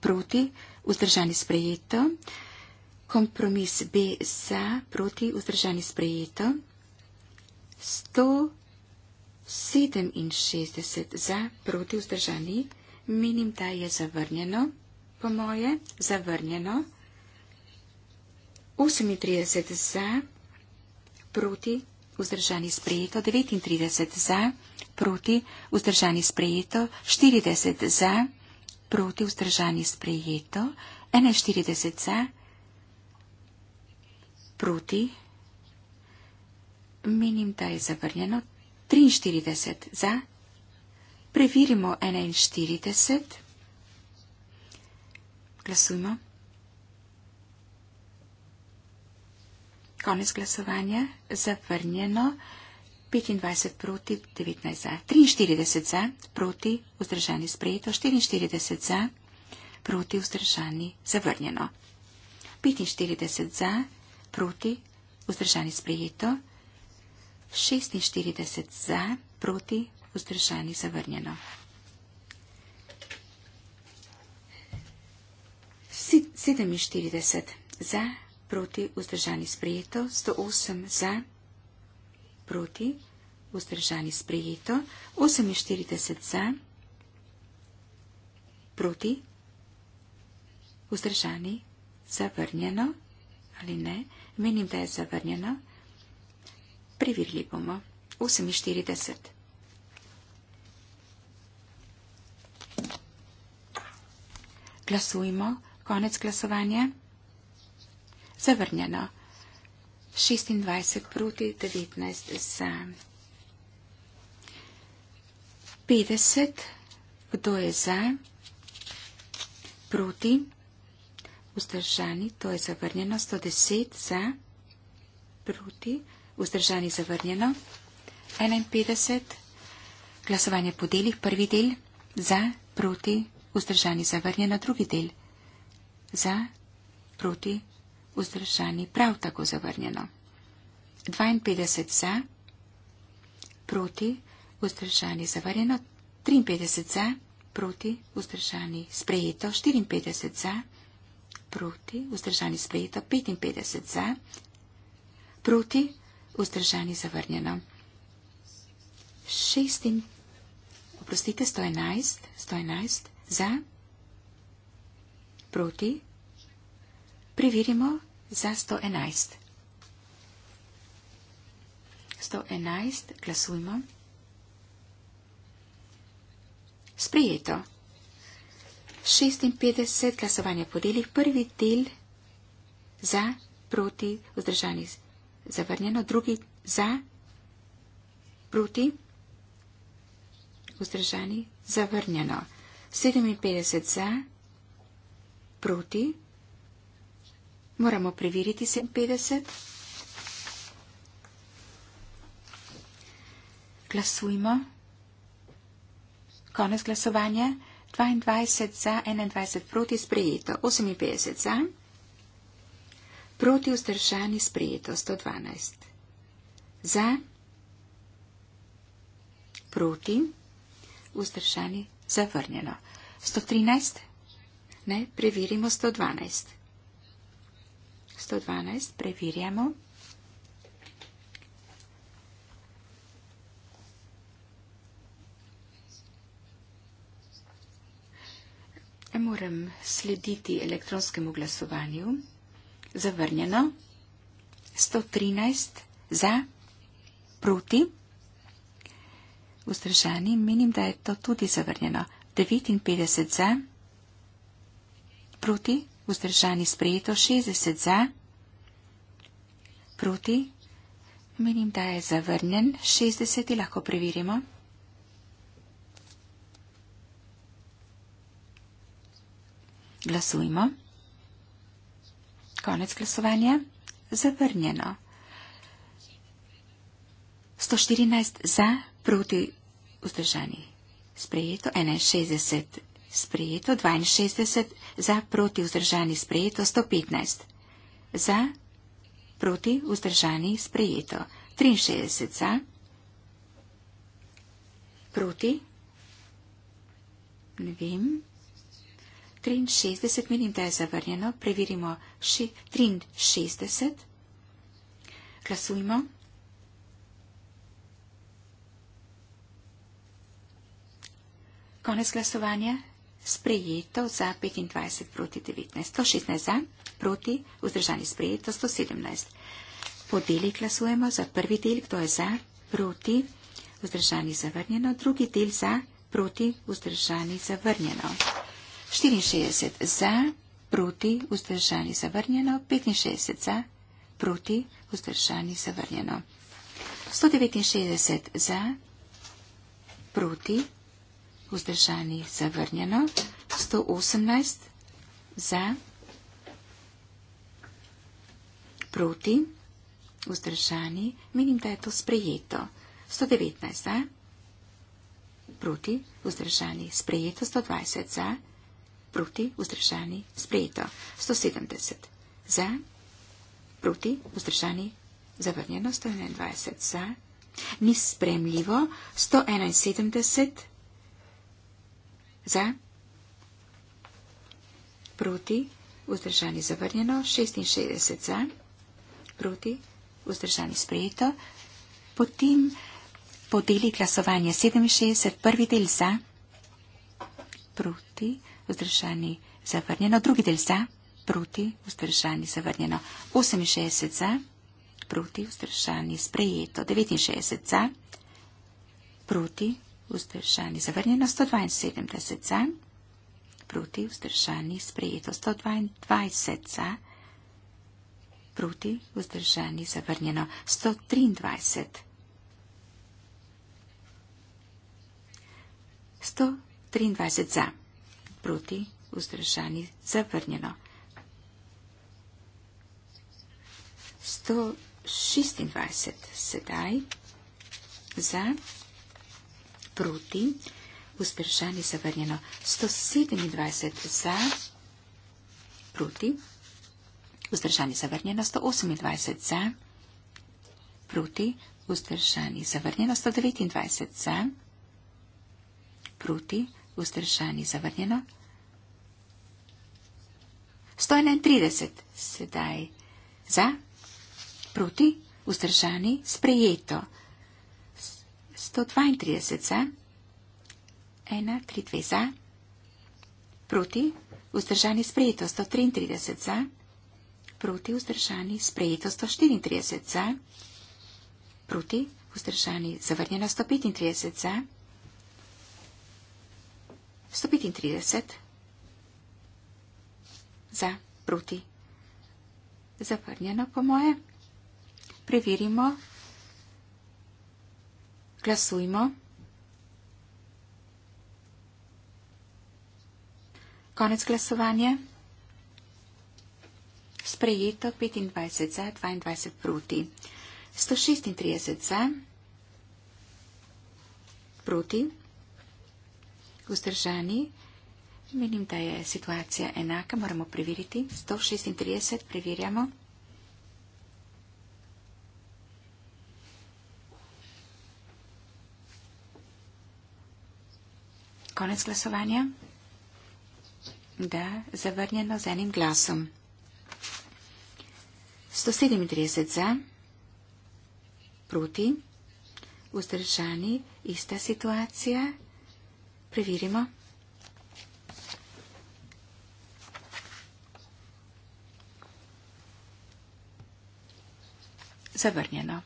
C: proti, vzdržani sprejeto, kompromis B za, proti, vzdržani sprejeto, 167 za, proti, vzdržani sprejeto menim, da je zavrnjeno, po moje, zavrnjeno, 38 za, proti, vzdržani sprejeto, 39 za, proti, vzdržani sprejeto, 40 za, proti, vzdržani sprejeto, 41 za, proti, menim, da je zavrnjeno, 43 za, Preverimo 41. Glasujmo. Konec glasovanja. Zavrnjeno. 25 proti, 19 za. 43 za, proti, vzdržani sprejeto. 44 za, proti, vzdržani zavrnjeno. 45 za, proti, vzdržani sprejeto. 46 za, proti, ustrešeni zavrnjeno. Si, 47 za, proti, vzdržani sprejeto, 108 za, proti, vzdržani sprejeto, 48 za, proti, vzdržani zavrnjeno ali ne, menim, da je zavrnjeno, preverili bomo, 48. Glasujmo. Konec glasovanja. Zavrnjeno. 26 proti 19 za. 50. Kdo je za? Proti. Vzdržani. To je zavrnjeno. 110 za. Proti. Vzdržani zavrnjeno. 51. Glasovanje po delih. Prvi del. Za. Proti vzdržani zavrnje na drugi del. Za, proti, vzdržani prav tako zavrnjeno. 52 za, proti, vzdržani zavrnjeno. 53 za, proti, vzdržani sprejeto. 54 za, proti, vzdržani sprejeto. 55 za, proti, vzdržani zavrnjeno. 6 in... Oprostite, 111, 111, za, proti, preverimo za 111. 111, glasujmo. Sprijeto. 56 glasovanja podelih, prvi del za, proti, vzdržani zavrnjeno, drugi za, proti, vzdržani zavrnjeno. 57 za, proti, moramo preveriti 57. Glasujmo. Konec glasovanja. 22 za, 21 proti, sprejeto. 58 za, proti vzdržani, sprejeto. 112. Za, proti, vzdržani, zavrnjeno. 113? Ne, preverimo 112. 112, preverjamo. Moram slediti elektronskemu glasovanju. Zavrnjeno. 113 za proti vzdrženi, menim, da je to tudi zavrnjeno. 59 za, proti, vzdrženi sprejeto, 60 za, proti, menim, da je zavrnjen, 60 lahko preverimo. Glasujmo. Konec glasovanja. Zavrnjeno. 114 za, proti vzdržani. Sprejeto 61, sprejeto 62, za proti vzdržani sprejeto 115, za proti vzdržani sprejeto 63 za, proti, ne vem, 63 menim, da je zavrnjeno, preverimo še 63, glasujmo. Konec glasovanja. Sprejeto za 25 proti 19. 116 za, proti, vzdržani sprejeto 117. Po delih glasujemo za prvi del, kdo je za, proti, vzdržani zavrnjeno. Drugi del za, proti, vzdržani zavrnjeno. 64 za, proti, vzdržani zavrnjeno. 65 za, proti, vzdržani zavrnjeno. 169 za, proti, vzdržani zavrnjeno vzdržani zavrnjeno, 118 za, proti, vzdržani, menim, da je to sprejeto, 119 za, proti, vzdržani, sprejeto, 120 za, proti, vzdržani, sprejeto, 170 za, proti, vzdržani, zavrnjeno, 121 za, ni spremljivo, 171 za, Za? Proti? Vzdržani zavrnjeno. 66 za. Proti? Vzdržani sprejeto. Potem podeli glasovanje 67. Prvi del za. Proti? Vzdržani zavrnjeno. Drugi del za. Proti? Vzdržani zavrnjeno. 68 za. Proti? Vzdržani sprejeto. 69 za. Proti? vzdržani, zavrnjeno 172 za, proti vzdržani, sprejeto 122 za, proti vzdržani, zavrnjeno 123. 123 za, proti vzdržani, zavrnjeno. 126 sedaj za proti, vzdržani zavrnjeno 127 za, proti, vzdržani zavrnjeno 128 za, proti, vzdržani zavrnjeno 129 za, proti, vzdržani zavrnjeno 131 sedaj za, proti, vzdržani sprejeto. 132, ena, tri, dve za, proti, vzdržani sprejeto 133 za, proti, vzdržani sprejeto 134 za, proti, vzdržani zavrnjeno 135 za, 135 za, proti, zavrnjeno po moje, preverimo, Glasujmo. Konec glasovanja. Sprejeto 25 za, 22 proti. 136 za, proti, vzdržani. Menim, da je situacija enaka, moramo preveriti. 136 preverjamo. Konec glasovanja? Da, zavrnjeno z enim glasom. 137 za, proti, vzdržani, ista situacija. Preverimo. Zavrnjeno.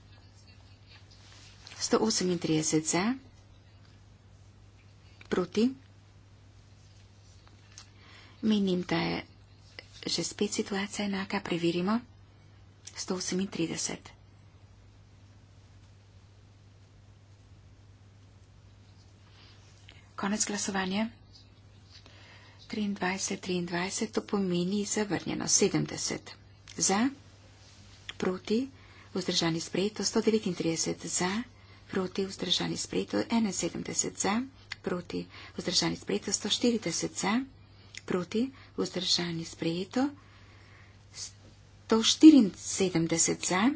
C: 138 za proti. Menim, da je že spet situacija enaka, preverimo. 138. Konec glasovanja. 23, 23, to pomeni zavrnjeno. 70. Za, proti, vzdržani sprejeto. 139. Za, proti, vzdržani sprejeto. 71. Za proti vzdržani sprejeto 140 za, proti vzdržani sprejeto 174 za,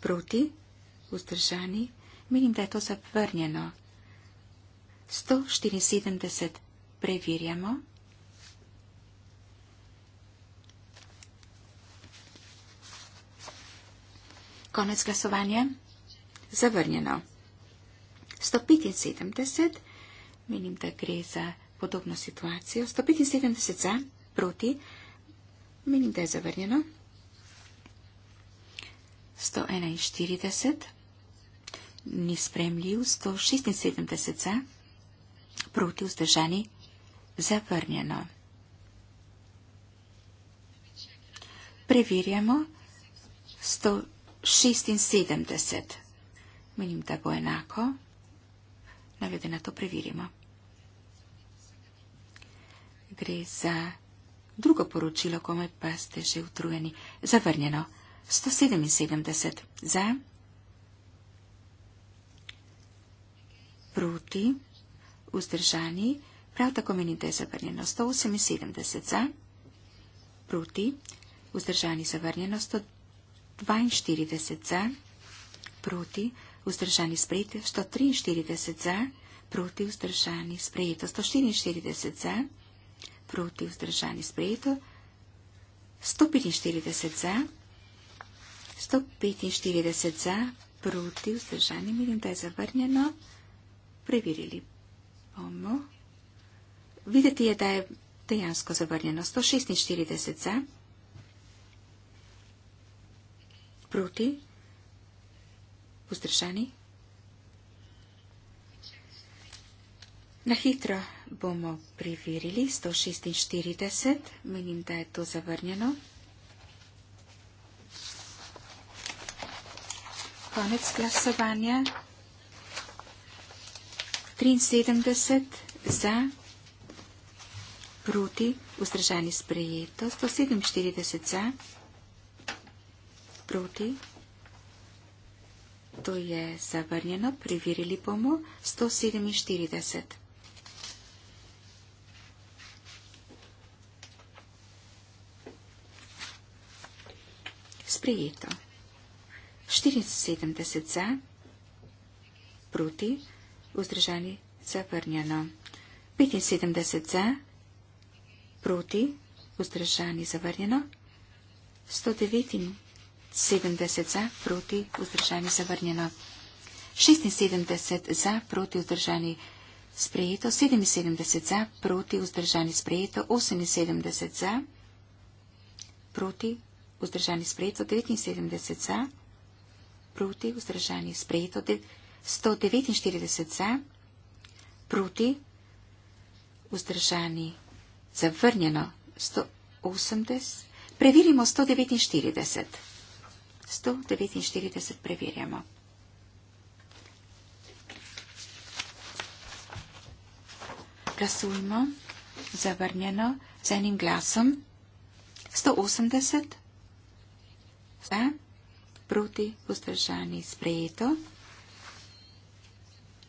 C: proti vzdržani, menim, da je to zavrnjeno. 174 preverjamo. Konec glasovanja. Zavrnjeno. 175 menim, da gre za podobno situacijo. 175 za, proti, menim, da je zavrnjeno. 141, ni spremljiv, 176 za, proti, vzdržani, zavrnjeno. Preverjamo 176. Menim, da bo enako. Navede na to preverimo gre za drugo poročilo, komaj pa ste že utrujeni. Zavrnjeno. 177. Za. Proti. Vzdržani. Prav tako meni, da je zavrnjeno. 178. Za. Proti. Vzdržani. Zavrnjeno. 142. Za. Proti. Vzdržani. Sprejeti. 143. Za. Proti. Vzdržani. Sprejeti. 144. Za proti vzdržani sprejeto, 145 za, 145 za, proti vzdržani, vidim, da je zavrnjeno, preverili bomo. Videti je, da je dejansko zavrnjeno, 146 za, proti vzdržani. Na hitro bomo preverili 146, menim, da je to zavrnjeno. Konec glasovanja. 73 za, proti, vzdržani sprejeto. 147 za, proti. To je zavrnjeno, preverili bomo 147. sprejeto. 74 za, proti, vzdržani, zavrnjeno. 75 za, proti, vzdržani, zavrnjeno. 179 za, proti, vzdržani, zavrnjeno. 76 za, proti, vzdržani, sprejeto. 77 za, proti, vzdržani, sprejeto. 78 za, proti, vzdržani sprejeto 79 za, proti vzdržani sprejeto 149 za, proti vzdržani zavrnjeno 180, preverimo 149. 149 preverjamo. Glasujmo, zavrnjeno, z enim glasom, 180, Vse proti vzdržani sprejeto.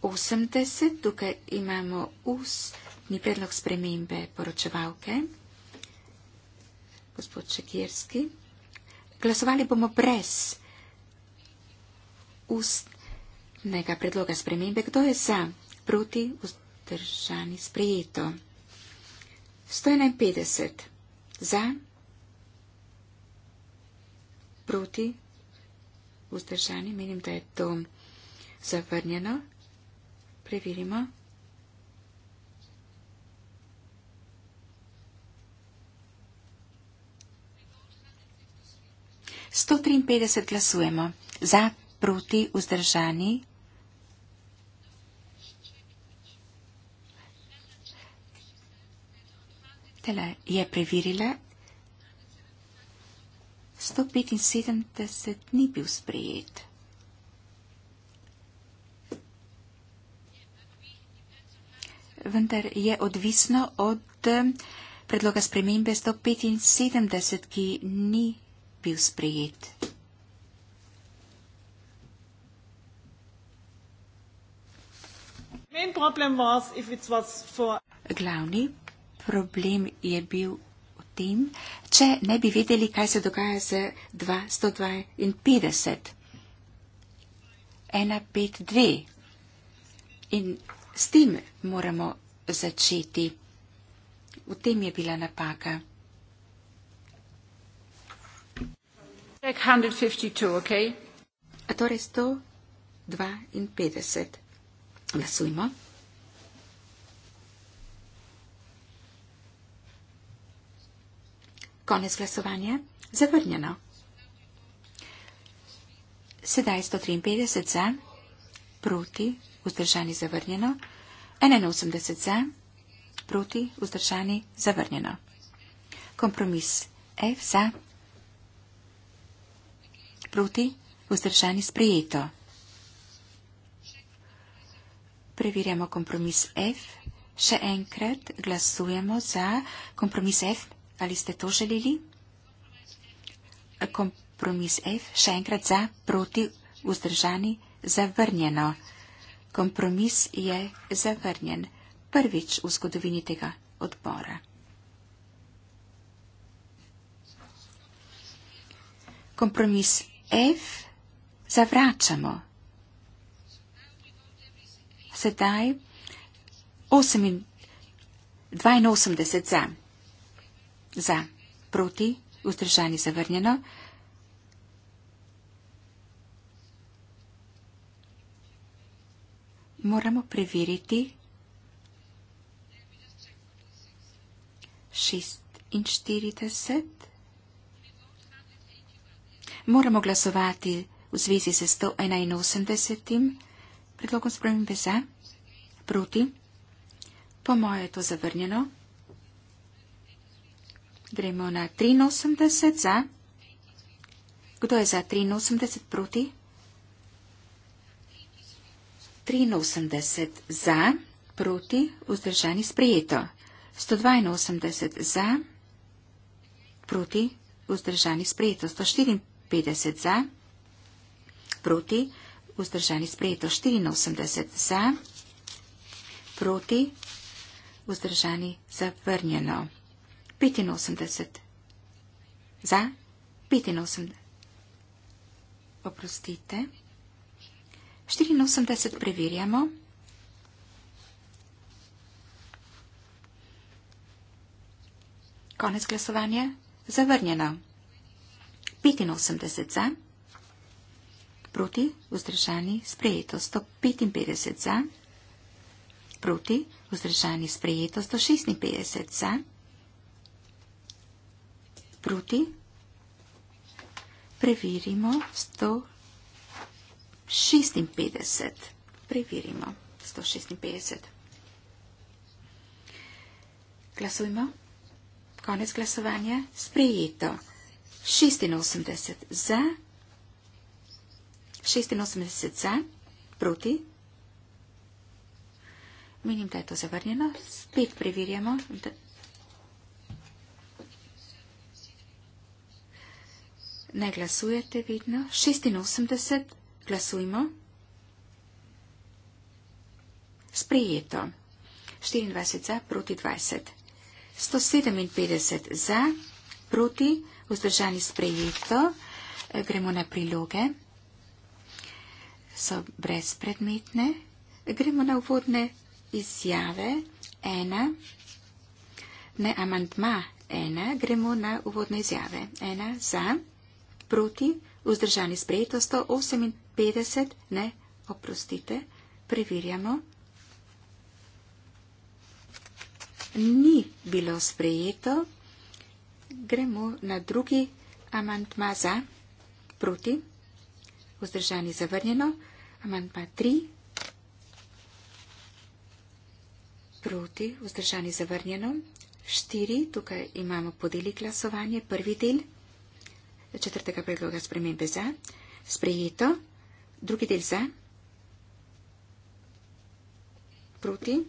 C: 80, tukaj imamo ustni predlog spremembe poročevalke. Gospod Čekirski. Glasovali bomo brez ustnega predloga spremembe. Kdo je za? Proti vzdržani sprejeto. 151. Za proti vzdržani, menim, da je to zavrnjeno. Preverimo. Sto triinpetdeset glasujemo za proti vzdržani. Tela je preverila 175 ni bil sprejet. Vendar je odvisno od eh, predloga spremembe 175, ki ni bil sprejet. Glavni problem je bil v tem, če ne bi videli, kaj se dogaja z 252. 152. In s tem moramo začeti. V tem je bila napaka. 152, ok. A torej 152. Glasujmo. Konec glasovanja. Zavrnjeno. Sedaj 153 za, proti, vzdržani, zavrnjeno. 81 za, proti, vzdržani, zavrnjeno. Kompromis F za, proti, vzdržani, sprejeto. Preverjamo kompromis F. Še enkrat glasujemo za kompromis F. Ali ste to želeli? Kompromis F, še enkrat za, proti, vzdržani, zavrnjeno. Kompromis je zavrnjen. Prvič v zgodovini tega odbora. Kompromis F zavračamo. Sedaj 82 za. Za. Proti. Vzdržani zavrnjeno. Moramo preveriti 46. Moramo glasovati v zvezi se 181. Predlogom spremembe za. Proti. Po moje je to zavrnjeno. Gremo na 83 za. Kdo je za 83 proti? 83 za, proti, vzdržani sprejeto. 182 za, proti, vzdržani sprejeto. 154 za, proti, vzdržani sprejeto. 84 za, proti, vzdržani zavrnjeno. 85. Za 85. Oprostite. 84 preverjamo. Konec glasovanja. Zavrnjeno. 85 za. Proti, vzdržani, sprejeto 155 za. Proti, vzdržani, sprejeto 156 za sproti. Preverimo 156. Preverimo 156. Glasujmo. Konec glasovanja. Sprejeto. 86 za. 86 za. Proti. Menim, da je to zavrnjeno. Spet preverjamo. Ne glasujete, vidno. 86. Glasujmo. Sprijeto. 24 za, proti 20. 157 za, proti, vzdržani sprijeto. E, gremo na priloge. So brezpredmetne. E, gremo na uvodne izjave. Ena. Ne amantma. Ena. Gremo na uvodne izjave. Ena za proti vzdržani sprejeto 158, ne, oprostite, preverjamo. Ni bilo sprejeto, gremo na drugi amantma za, proti, vzdržani zavrnjeno, amantma 3, proti, vzdržani zavrnjeno, 4, tukaj imamo podeli glasovanje, prvi del, 4, četrtega predloga spremembe za, sprejeto, drugi del za, proti,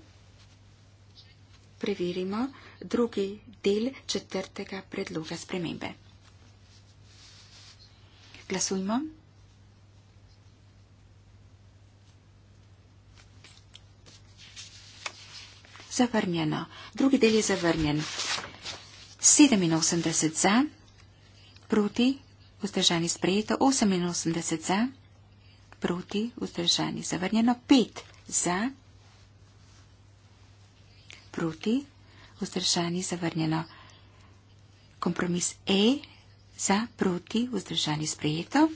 C: preverimo drugi del četrtega predloga spremembe. Glasujmo. Zavrnjeno. Drugi del je zavrnjen. 87 za, Proti, vzdržani sprejeto, 88 za. Proti, vzdržani zavrnjeno, 5 za. Proti, vzdržani zavrnjeno. Kompromis E, za, proti, vzdržani sprejeto.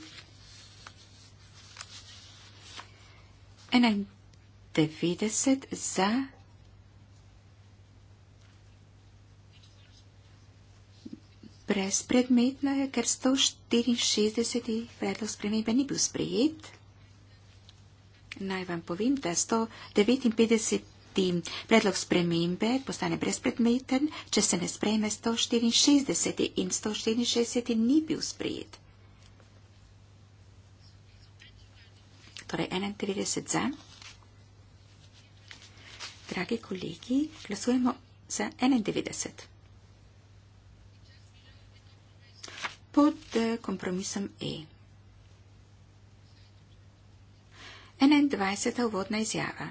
C: 91 za. brezpredmetna je, ker 164. predlog spremembe ni bil sprejet. Naj vam povem, da 159. predlog spremembe postane brezpredmeten, če se ne sprejme 164. in 164. ni bil sprejet. Torej 31 za. Dragi kolegi, glasujemo za 91. pod eh, kompromisom E. 21. uvodna izjava.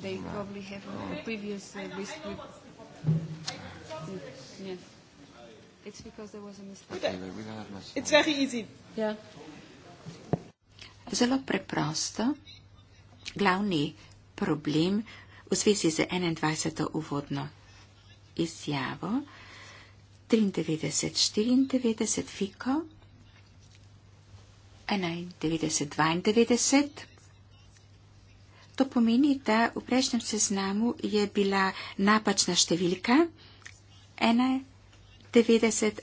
C: They probably have a previous uh, risk with... yeah. It's because there was a
B: mistake. It's
C: very easy. Yeah. Zelo preprosto, glavni problem v zvezi z 21. uvodno izjavo 93-94 fiko 91-92. To pomeni, da v prejšnjem seznamu je bila napačna številka 91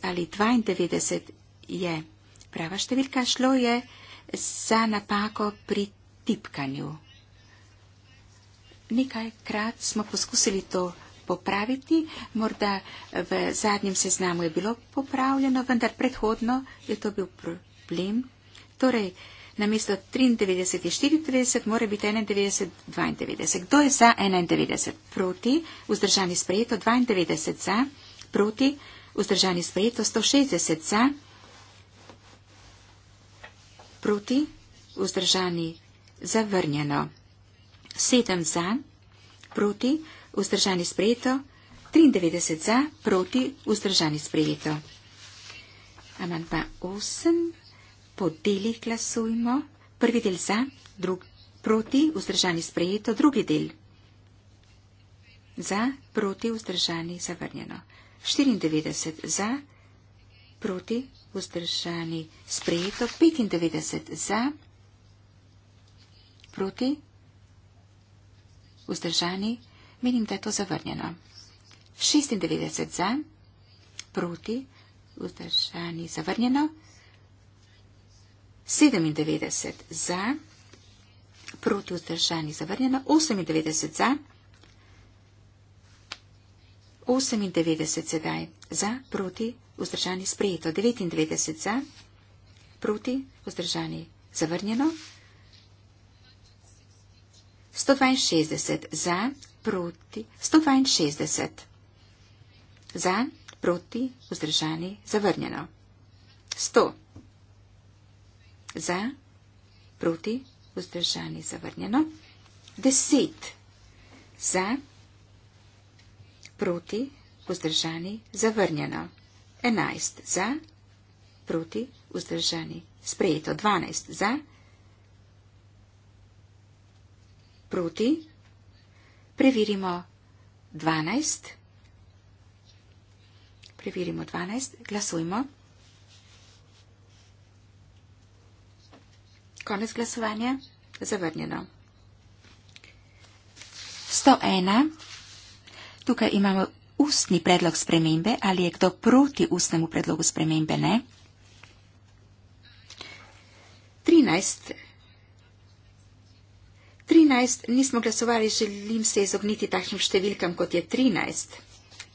C: ali 92 je prava številka, šlo je za napako pri tipkanju. Nekajkrat smo poskusili to popraviti, morda v zadnjem seznamu je bilo popravljeno, vendar predhodno je to bil problem. Torej, namesto 93 je 94, mora biti 91, 92. Kdo je za 91? Proti, vzdržani sprejeto, 92 za, proti, vzdržani sprejeto, 160 za proti, vzdržani, zavrnjeno. Sedem za, proti, vzdržani sprejeto, 93 za, proti, vzdržani sprejeto. Aman pa 8, po delih glasujmo, prvi del za, drug, proti, vzdržani sprejeto, drugi del za, proti, vzdržani, zavrnjeno. 94 za, proti, vzdržani, sprejeto 95 za, proti, vzdržani, menim, da je to zavrnjeno. 96 za, proti, vzdržani, zavrnjeno. 97 za, proti, vzdržani, zavrnjeno. 98 za. 98 sedaj za, proti, vzdržani sprejeto. 99 za, proti, vzdržani zavrnjeno. 162 za, proti, 162 za, proti, vzdržani zavrnjeno. 100 za, proti, vzdržani zavrnjeno. 10 za, proti, proti, vzdržani, zavrnjeno. 11 za, proti, vzdržani, sprejeto. 12 za, proti, preverimo 12, preverimo 12, glasujmo. Konec glasovanja, zavrnjeno. 101. Tukaj imamo ustni predlog spremembe, ali je kdo proti ustnemu predlogu spremembe, ne? 13. 13. Nismo glasovali, želim se izogniti takšnim številkam, kot je 13.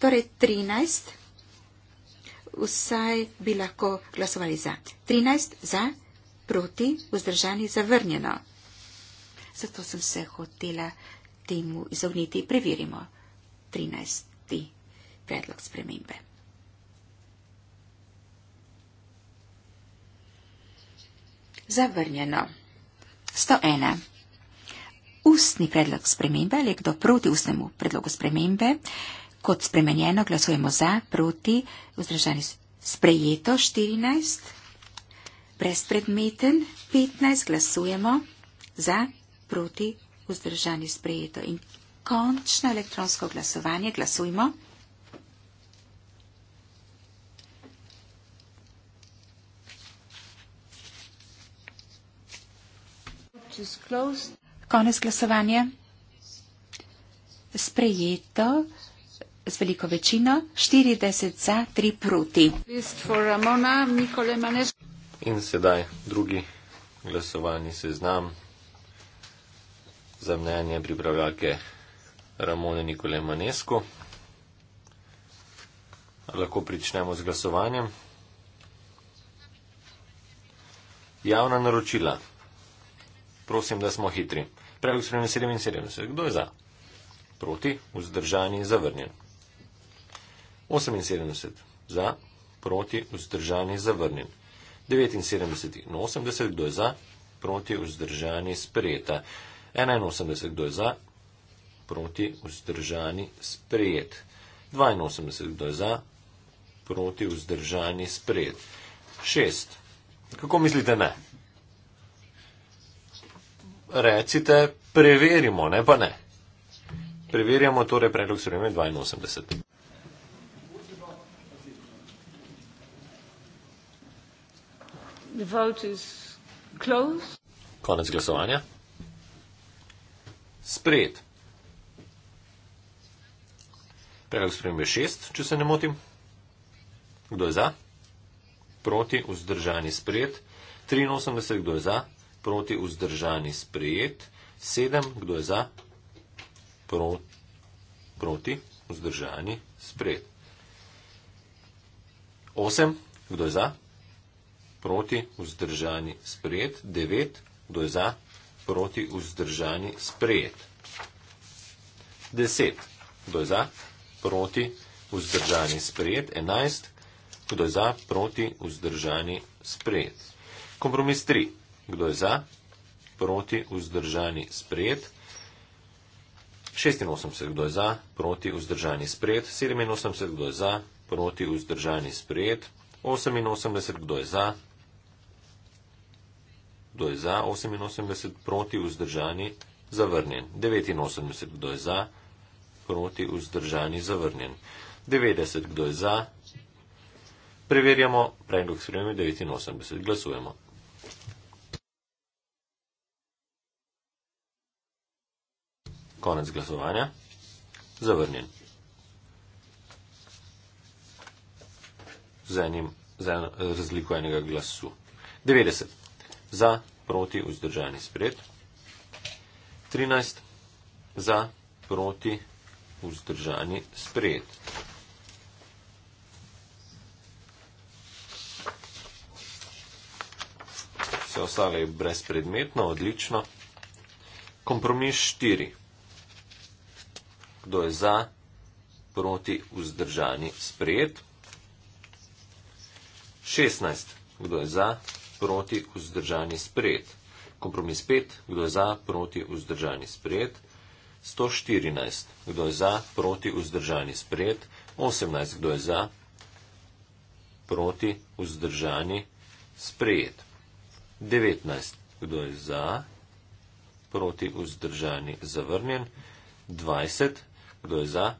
C: Torej 13. Vsaj bi lahko glasovali za. 13 za, proti, vzdržani, zavrnjeno. Zato sem se hotela temu izogniti. Preverimo. 13. predlog spremembe. Zavrnjeno. 101. Ustni predlog spremembe ali kdo proti ustnemu predlogu spremembe, kot spremenjeno glasujemo za, proti, vzdržani sprejeto 14, brezpredmeten 15, glasujemo za, proti, vzdržani sprejeto in končno elektronsko glasovanje. Glasujmo. Konec glasovanja. Sprejeto z veliko večino, 40 za, 3 proti.
A: In sedaj drugi glasovalni seznam za mnenje pripravljalke Ramone Nikole Manesko. Lahko pričnemo z glasovanjem. Javna naročila. Prosim, da smo hitri. Predlog spremlja 77. Kdo je za? Proti, vzdržani, zavrnjen. 78. Za, proti, vzdržani, zavrnjen. 79 in 80, kdo je za, proti, vzdržani, sprejeta. 81, kdo je za, proti, vzdržani, sprejet. 82, kdo je za, proti, vzdržani, sprejet. 6. Kako mislite ne? Recite, preverimo, ne pa ne. Preverjamo torej predlog sprejme 82. Konec glasovanja. Sprejet. Predlog spremembe je šest, če se ne motim. Kdo je za? Proti, vzdržani, sprejet. 83, kdo je za? Proti, vzdržani, sprejet. 7, kdo je za? Pro, proti, vzdržani, sprejet. 8, kdo je za? Proti, vzdržani, sprejet. 9, kdo je za? Proti, vzdržani, sprejet. 10, kdo je za? proti, vzdržani, sprejet, 11, kdo je za, proti, vzdržani, sprejet. Kompromis 3, kdo je za, proti, vzdržani, sprejet. 86, kdo je za, proti, vzdržani, sprejet. 87, kdo je za, proti, vzdržani, sprejet. 88, kdo je za, kdo je za, 88, proti, vzdržani, zavrnjen. 89, kdo je za, proti, vzdržani, sprejet proti, vzdržani, zavrnjen. 90, kdo je za? Preverjamo, predlog sprejme 89, glasujemo. Konec glasovanja. Zavrnjen. Z, enim, z eno razliko enega glasu. 90. Za, proti, vzdržani, spred. 13. Za, proti, vzdržani spred. Vse ostale je brezpredmetno, odlično. Kompromis 4. Kdo je za, proti, vzdržani, sprejet? 16. Kdo je za, proti, vzdržani, sprejet? Kompromis 5. Kdo je za, proti, vzdržani, sprejet? 114, kdo je za, proti, vzdržani, sprejet, 18, kdo je za, proti, vzdržani, sprejet, 19, kdo je za, proti, vzdržani, zavrnjen, 20, kdo je za,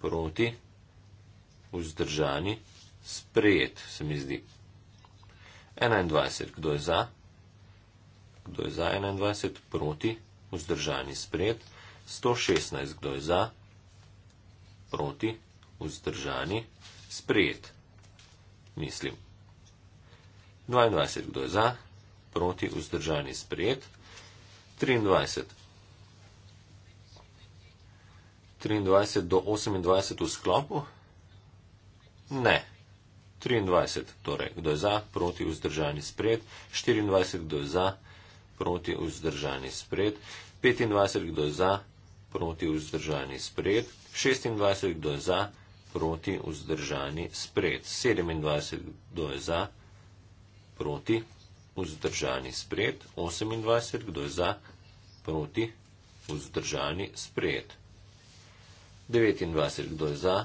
A: proti, vzdržani, sprejet, se mi zdi. 21, kdo je za, kdo je za 21, proti, vzdržani, sprejet vzdržani sprejet, 116 kdo je za, proti, vzdržani sprejet, mislim. 22 kdo je za, proti, vzdržani sprejet, 23. 23 do 28 v sklopu? Ne. 23, torej, kdo je za, proti, vzdržani sprejet, 24, kdo je za, proti proti vzdržani spred, 25 kdo za, proti vzdržani spred, 26 kdo za, proti vzdržani spred, 27 kdo je za, proti vzdržani spred, 28 kdo je za, proti vzdržani spred, 29 kdo je za,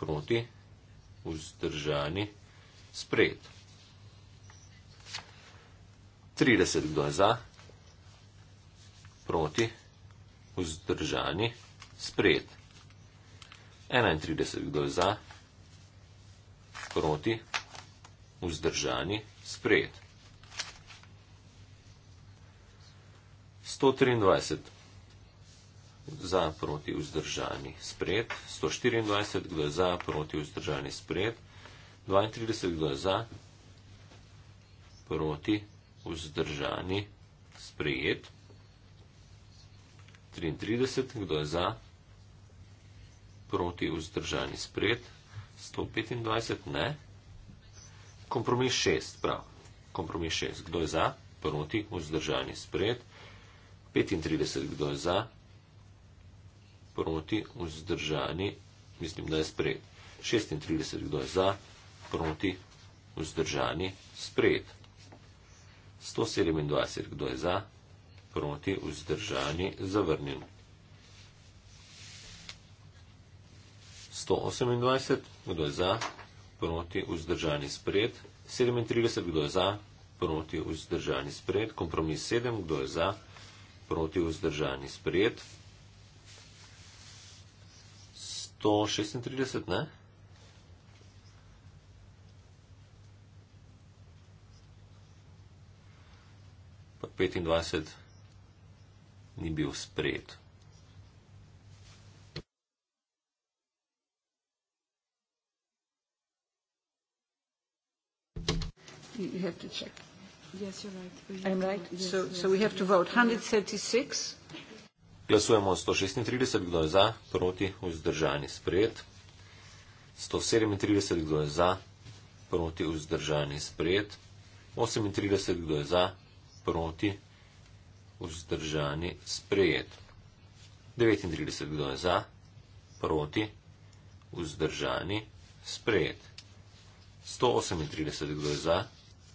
A: proti vzdržani spred. 30 kdo je za, proti, vzdržani, sprejet. 31 kdo je za, proti, vzdržani, sprejet. 123 za, proti, vzdržani, sprejet. 124 kdo je za, proti, vzdržani, sprejet. 32 kdo je za, proti, vzdržani, sprejet vzdržani, sprejet. 33, kdo je za, proti, vzdržani, sprejet. 125, ne. Kompromis 6, prav. Kompromis 6, kdo je za, proti, vzdržani, sprejet. 35, kdo je za, proti, vzdržani, mislim, da je sprejet. 36, kdo je za, proti, vzdržani, sprejet. 127, kdo je za, proti, vzdržani, zavrnjen. 128, kdo je za, proti, vzdržani, spred. 37, kdo je za, proti, vzdržani, spred. Kompromis 7, kdo je za, proti, vzdržani, spred. 136, ne? 25 ni bil sprejet.
B: You have to check.
C: Yes, you're right. You I'm right. Yes, so, yes. so we have to vote. 136.
A: Glasujemo 136, kdo je za, proti, vzdržani, sprejet. 137, kdo je za, proti, vzdržani, sprejet. 38, kdo je za, proti, vzdržani, sprejet. 39, kdo je za, proti, vzdržani, sprejet. 138, kdo je za,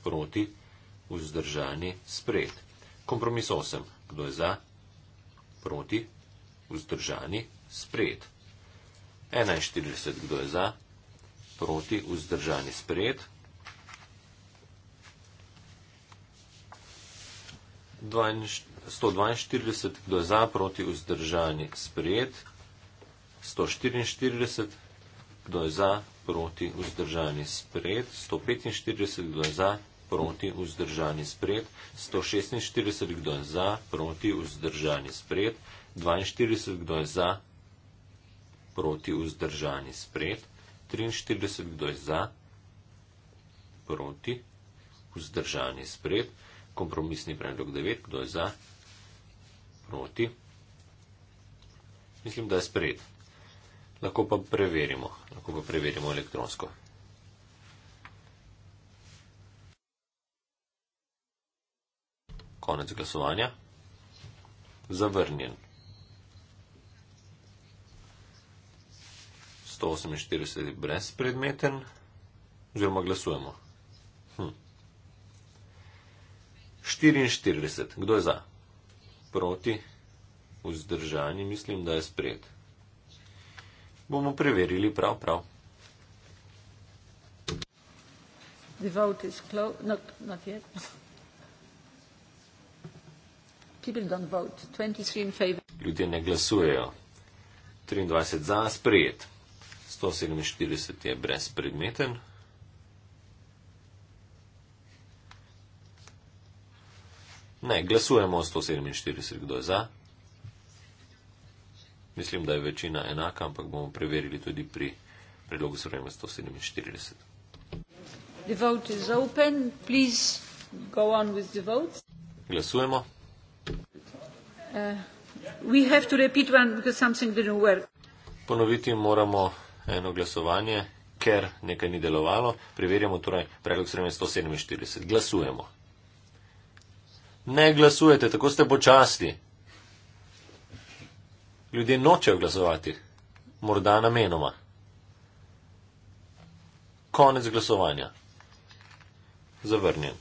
A: proti, vzdržani, sprejet. Kompromis 8, kdo je za, proti, vzdržani, sprejet. 41, kdo je za, proti, vzdržani, sprejet. 142, kdo je za, proti, vzdržani, sprejet. 144, kdo je za, proti, vzdržani, sprejet. 145, kdo je za, proti, vzdržani, sprejet. 146, kdo je za, proti, vzdržani, sprejet. 42, kdo je za, proti, vzdržani, sprejet. 43, kdo je za, proti, vzdržani, sprejet kompromisni predlog 9, kdo je za, proti. Mislim, da je sprejet. Lahko pa preverimo, lahko pa preverimo elektronsko. Konec glasovanja. Zavrnjen. 148 je brezpredmeten, oziroma glasujemo. Hm. 44. Kdo je za? Proti? Vzdržani? Mislim, da je sprejet. Bomo preverili prav, prav.
C: The vote is closed. Not, not yet. People don't vote. 23 in favor.
A: Ljudje ne glasujejo. 23 za, sprejet. 147 je brezpredmeten. Ne, glasujemo 147, kdo je za. Mislim, da je večina enaka, ampak bomo preverili tudi pri predlogu sprejema
C: 147. Glasujemo. Uh, one,
A: Ponoviti moramo eno glasovanje, ker nekaj ni delovalo. Preverjamo torej predlog sprejema 147. Glasujemo. Ne glasujete, tako ste počasni. Ljudje nočejo glasovati, morda namenoma. Konec glasovanja. Zavrnjen.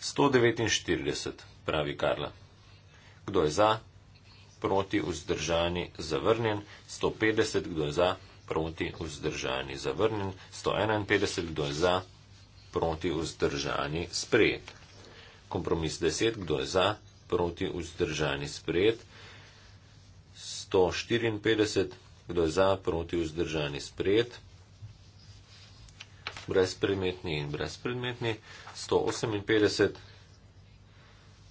A: Sto devetinštirideset, pravi Karla. Kdo je za? proti vzdržani zavrnjen, 150 kdo je za, proti vzdržani zavrnjen, 151 kdo je za, proti vzdržani sprejet. Kompromis 10 kdo je za, proti vzdržani sprejet, 154 kdo je za, proti vzdržani sprejet, brezpredmetni in brezpredmetni, 158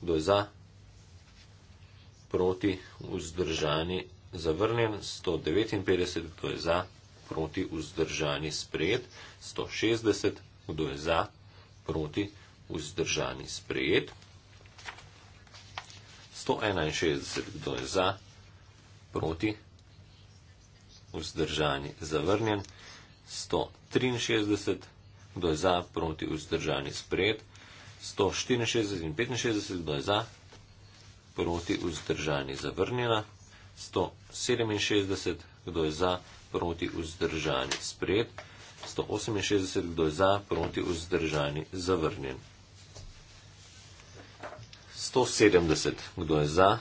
A: kdo je za, proti, vzdržani, zavrnjen, 159, kdo je za, proti, vzdržani, sprejet, 160, kdo je za, proti, vzdržani, sprejet, 161, kdo je za, proti, vzdržani, zavrnjen, 163, kdo je za, proti, vzdržani, sprejet, 164 in 65, kdo je za, proti, vzdržani zavrnjena, 167, kdo je za, proti, vzdržani sprejet, 168, kdo je za, proti, vzdržani zavrnjen. 170, kdo je za,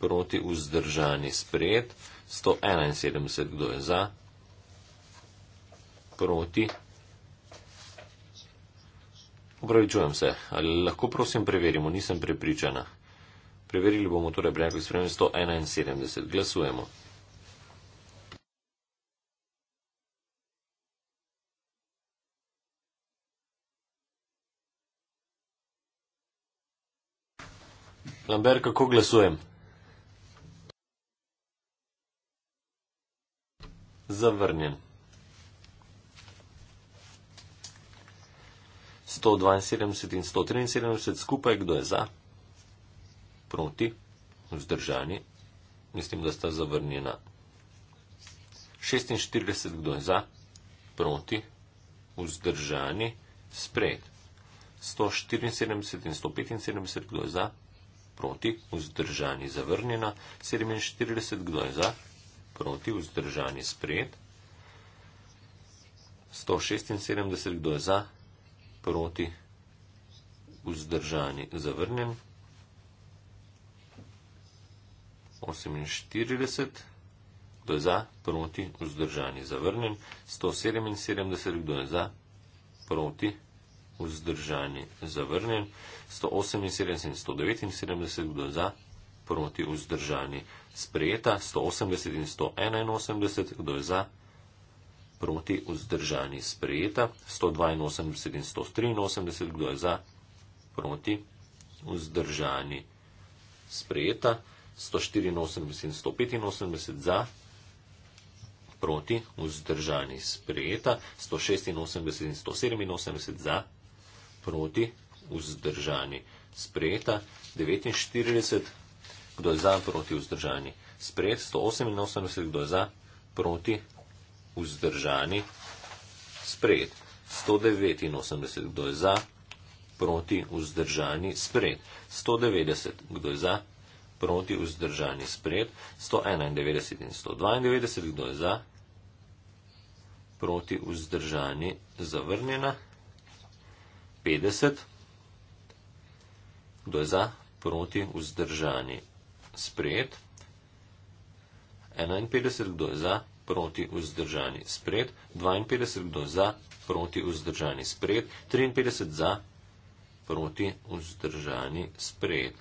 A: proti, vzdržani sprejet, 171, kdo je za, proti. Upravičujem se, ali lahko prosim preverimo, nisem prepričana. Preverili bomo torej Bradley Spremljen 171. Glasujemo. Lambert, kako glasujem? Zavrnjen. 172 in 173 skupaj, kdo je za? proti, vzdržani, mislim, da sta zavrnjena. 46, kdo je za, proti, vzdržani, sprejet. 174 in 175, kdo je za, proti, vzdržani, zavrnjena. 47, kdo je za, proti, vzdržani, sprejet. 176, kdo je za, proti, vzdržani, zavrnjen. 48, kdo je za, proti, vzdržani, zavrnjen, 177, kdo je za, proti, vzdržani, zavrnjen, 178 in 179, kdo je za, proti, vzdržani, sprejeta, 180 in 181, kdo je za, proti, vzdržani, sprejeta, 182 in 183, kdo je za, proti, vzdržani, sprejeta, 184 in 185 za, proti, vzdržani, sprejeta, 186 in 187 za, proti, vzdržani, sprejeta, 49, kdo je za, proti, vzdržani, sprejet, 188, kdo je za, proti, vzdržani, sprejet, 189, kdo je za, proti, vzdržani, sprejet, 190, kdo je za, proti, proti vzdržani spred 191 in 192, kdo je za, proti vzdržani zavrnjena 50, kdo je za, proti vzdržani spred 51, kdo je za, proti vzdržani spred 52, kdo je za, proti vzdržani spred 53 za, proti vzdržani spred.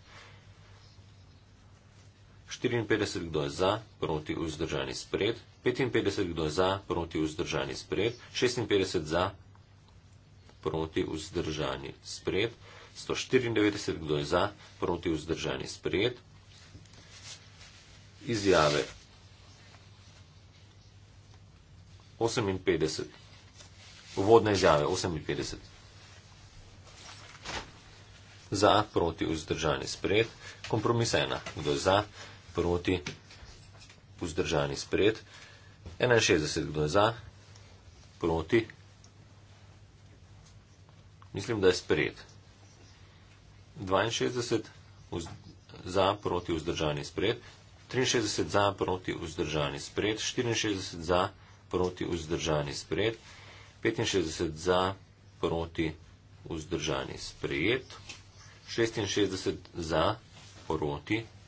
A: 54 kdo je za, proti vzdržani spred, 55 kdo je za, proti vzdržani spred, 56 za, proti vzdržani spred, 194 kdo je za, proti vzdržani spred. Izjave 58. Uvodne izjave 58. Za, proti, vzdržani, spred. Kompromis 1. Kdo je za? proti, vzdržani spred, 61, kdo je za, proti, mislim, da je spred, 62, vz, za, proti, vzdržani spred, 63 za, proti, vzdržani spred, 64 za, proti, vzdržani spred, 65 za, proti, vzdržani spred, 66 za, proti,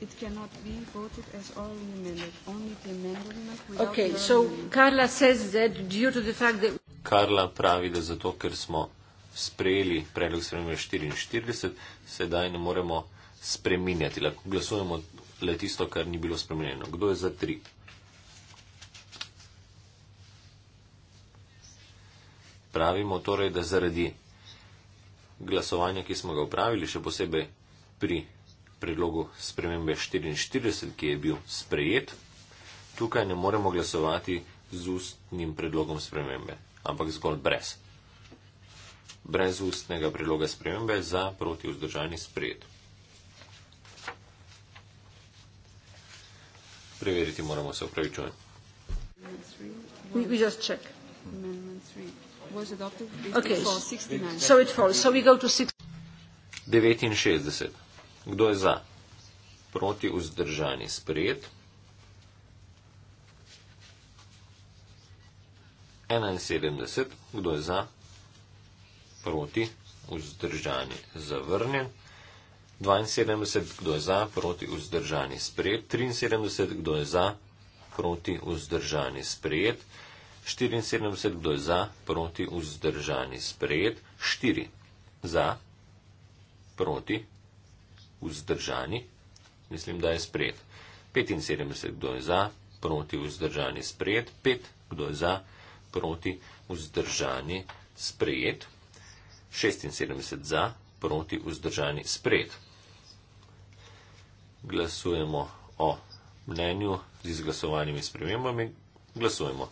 C: It cannot be voted as orally amended, only the amendment without okay, the amendment. Carla says that due to the fact that...
A: Carla pravi, da zato, ker smo sprejeli predlog spremembe 44, sedaj ne moremo spreminjati. Lahko glasujemo le tisto, kar ni bilo spremenjeno. Kdo je za tri? Pravimo torej, da zaradi glasovanja, ki smo ga upravili, še posebej pri predlogu spremembe 44, ki je bil sprejet, tukaj ne moremo glasovati z ustnim predlogom spremembe, ampak zgolj brez. Brez ustnega predloga spremembe za proti vzdržani sprejet. Preveriti moramo se upravičujem.
C: Mhm. Okay. So so
A: 69. Kdo je za? Proti vzdržani sprejet. 71. Kdo je za? Proti vzdržani zavrnjen. 72. Kdo je za? Proti vzdržani sprejet. 73. Kdo je za? Proti vzdržani sprejet. 74. Kdo je za? Proti vzdržani sprejet. 4. Za. Proti vzdržani, mislim, da je sprejet. 75, kdo je za, proti vzdržani, sprejet. 5, kdo je za, proti vzdržani, sprejet. 76 za, proti vzdržani, sprejet. Glasujemo o mnenju z izglasovanimi spremembami. Glasujemo.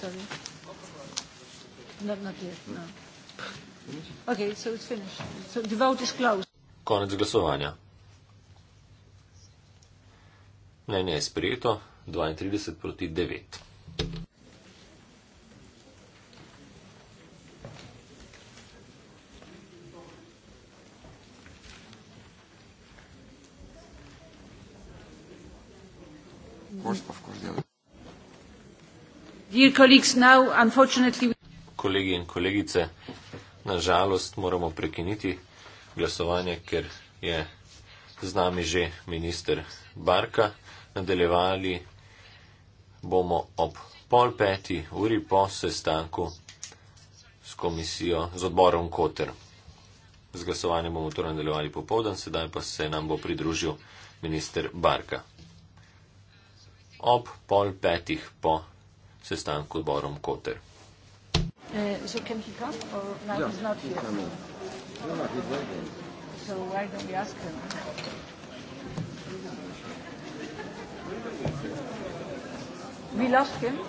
C: Sorry. Not, not yet, no. Okay, so it's finished. So the vote is closed.
A: Konec glasovanja. Mnenje je sprejeto 32 proti 9. Kolegi in kolegice, nažalost moramo prekiniti glasovanje, ker je z nami že minister Barka. Nadaljevali bomo ob pol peti uri po sestanku s komisijo, z odborom Koter. Z glasovanjem bomo torej nadaljevali popovdan, sedaj pa se nam bo pridružil minister Barka. Ob pol petih po sestanku z odborom Koter.
C: Uh, so can he come or now yeah, he's not he's here? Coming.
A: You're not his wedding.
C: So why don't we ask him? We lost him.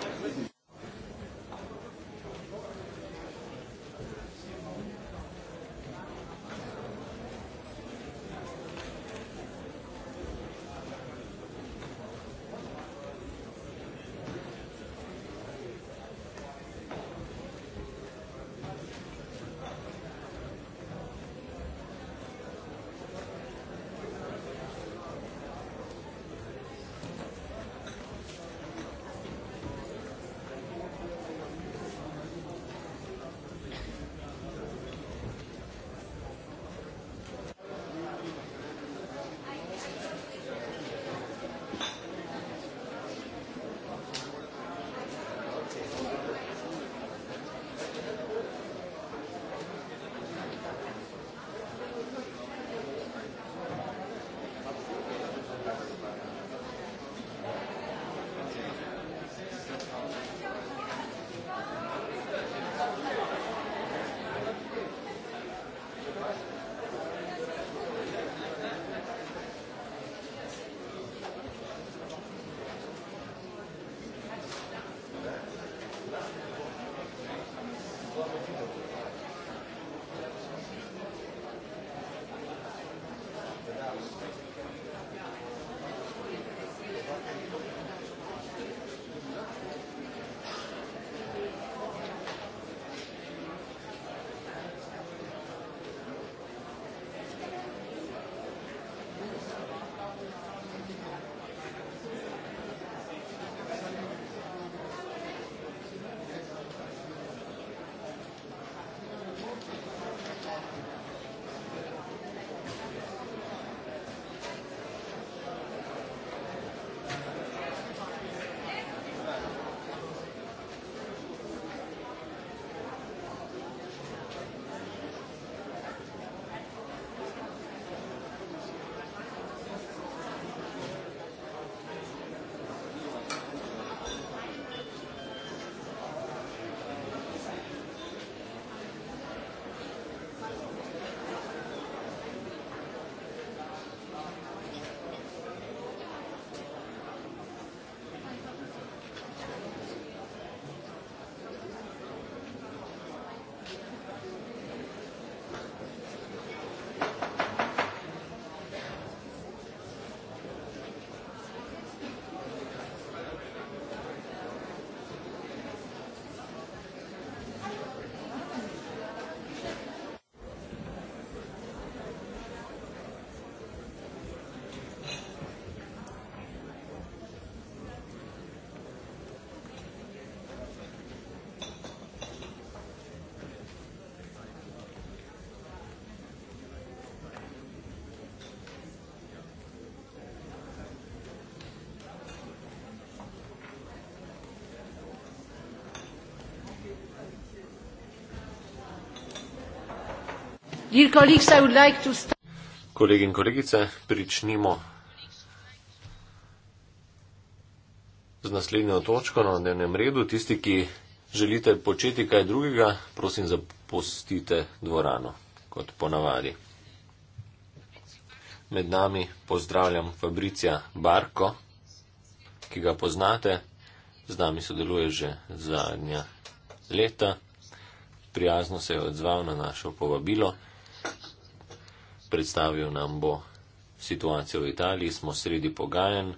A: Kolegi in kolegice, pričnimo z naslednjo točko na dnevnem redu. Tisti, ki želite početi kaj drugega, prosim zapustite dvorano, kot ponavadi. Med nami pozdravljam Fabricija Barko, ki ga poznate, z nami sodeluje že zadnja leta. Prijazno se je odzval na našo povabilo predstavil nam bo situacijo v Italiji, smo sredi pogajen,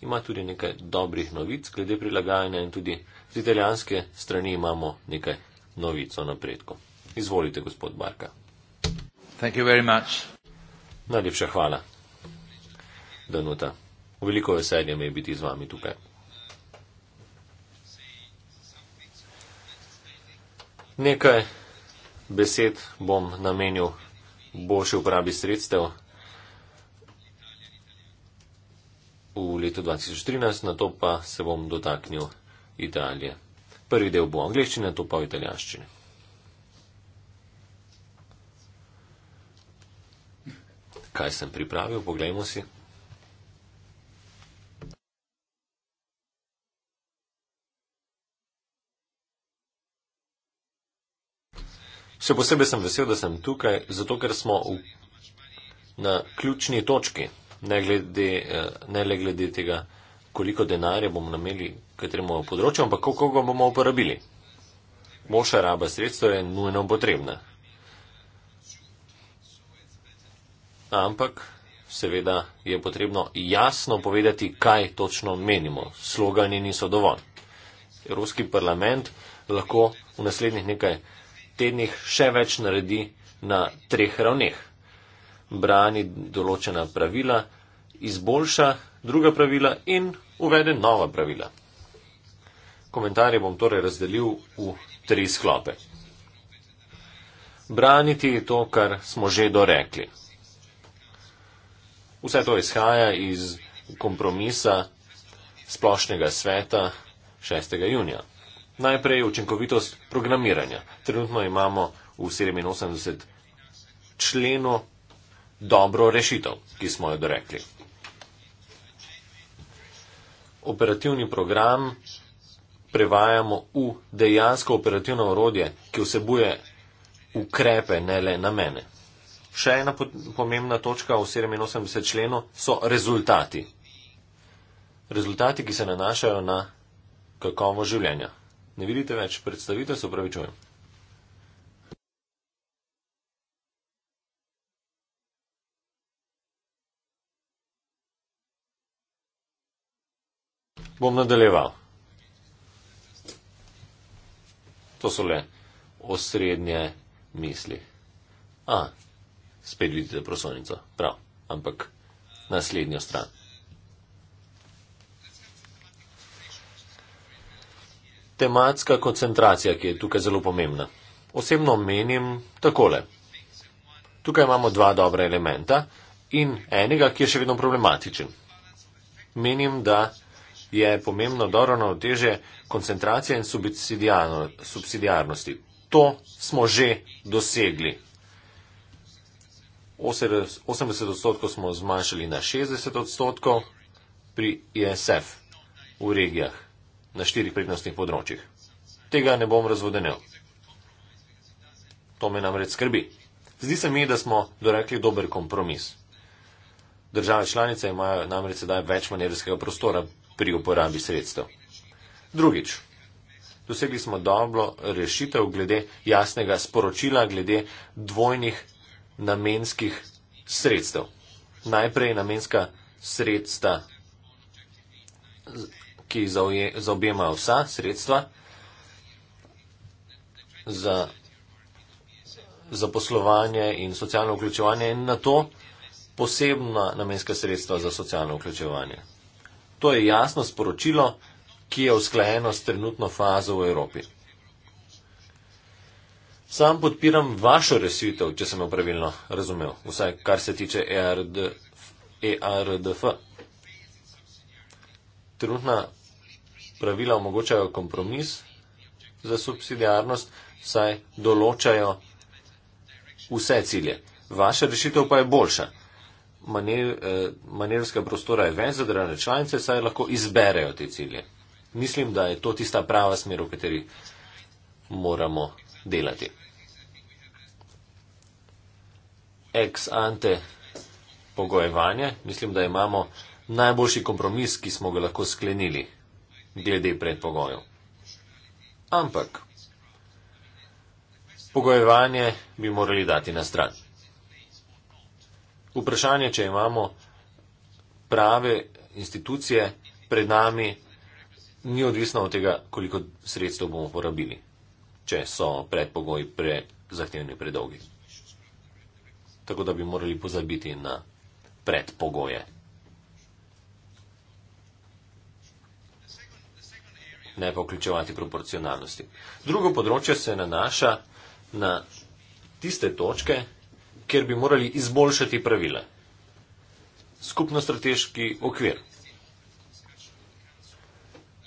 A: ima tudi nekaj dobrih novic glede prilagajanja in tudi z italijanske strani imamo nekaj novic o napredku. Izvolite, gospod Barka. Najlepša hvala, Danuta. Veliko veselje mi je biti z vami tukaj. Nekaj besed bom namenil boljši uporabi sredstev. V letu 2013, na to pa se bom dotaknil Italije. Prvi del bo angliščina, to pa v italijanščini. Kaj sem pripravil, poglejmo si. Še posebej sem vesel, da sem tukaj, zato ker smo v, na ključni točki, ne, glede, eh, ne le glede tega, koliko denarja bomo nameli kateremu področju, ampak koliko ga bomo uporabili. Boljša raba sredstva je nujno potrebna. Ampak seveda je potrebno jasno povedati, kaj točno menimo. Slogani niso dovolj. Evropski parlament lahko v naslednjih nekaj tednih še več naredi na treh ravneh. Brani določena pravila, izboljša druga pravila in uvede nova pravila. Komentarje bom torej razdelil v tri sklope. Braniti je to, kar smo že dorekli. Vse to izhaja iz kompromisa splošnega sveta 6. junija. Najprej učinkovitost programiranja. Trenutno imamo v 87 členu dobro rešitev, ki smo jo dorekli. Operativni program prevajamo v dejansko operativno orodje, ki vsebuje ukrepe, ne le namene. Še ena pomembna točka v 87 členu so rezultati. Rezultati, ki se nanašajo na kakovo življenja ne vidite več predstavite, se upravičujem. Bom nadaljeval. To so le osrednje misli. A, spet vidite prosonico. Prav, ampak naslednjo stran. tematska koncentracija, ki je tukaj zelo pomembna. Osebno menim takole. Tukaj imamo dva dobra elementa in enega, ki je še vedno problematičen. Menim, da je pomembno dobro navteže koncentracije in subsidijarnosti. To smo že dosegli. 80 odstotkov smo zmanjšali na 60 odstotkov pri ISF v regijah na štirih prednostnih področjih. Tega ne bom razvodenil. To me namreč skrbi. Zdi se mi, da smo dorekli dober kompromis. Države članice imajo namreč sedaj več manevrskega prostora pri uporabi sredstev. Drugič, dosegli smo dobro rešitev glede jasnega sporočila glede dvojnih namenskih sredstev. Najprej namenska sredstva ki zaobjema vsa sredstva za zaposlovanje in socialno vključevanje in na to posebna namenska sredstva za socialno vključevanje. To je jasno sporočilo, ki je usklajeno s trenutno fazo v Evropi. Sam podpiram vašo resitev, če sem jo pravilno razumel, vsaj kar se tiče ERDF. ERDF. Trenutna pravila omogočajo kompromis za subsidijarnost, saj določajo vse cilje. Vaša rešitev pa je boljša. Manev, eh, manevrska prostora je več za države članice, saj lahko izberejo te cilje. Mislim, da je to tista prava smer, v kateri moramo delati. Ex ante pogojevanje, mislim, da imamo najboljši kompromis, ki smo ga lahko sklenili glede predpogojev. Ampak pogojevanje bi morali dati na stran. Vprašanje, če imamo prave institucije pred nami, ni odvisno od tega, koliko sredstev bomo porabili, če so predpogoji pre zahtevni predolgi. Tako da bi morali pozabiti na predpogoje. ne pa vključevati proporcionalnosti. Drugo področje se nanaša na tiste točke, kjer bi morali izboljšati pravila. Skupno strateški okvir,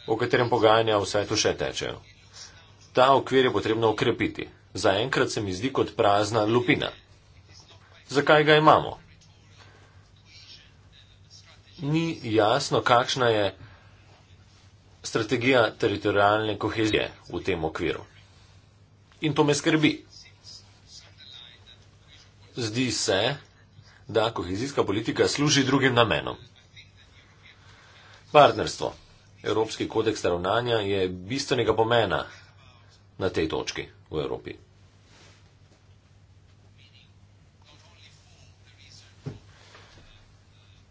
A: o katerem pogajanja v svetu še tečejo. Ta okvir je potrebno okrepiti. Zaenkrat se mi zdi kot prazna lupina. Zakaj ga imamo? Ni jasno, kakšna je strategija teritorijalne kohezije v tem okviru. In to me skrbi. Zdi se, da kohezijska politika služi drugim namenom. Partnerstvo. Evropski kodeks ravnanja je bistvenega pomena na tej točki v Evropi.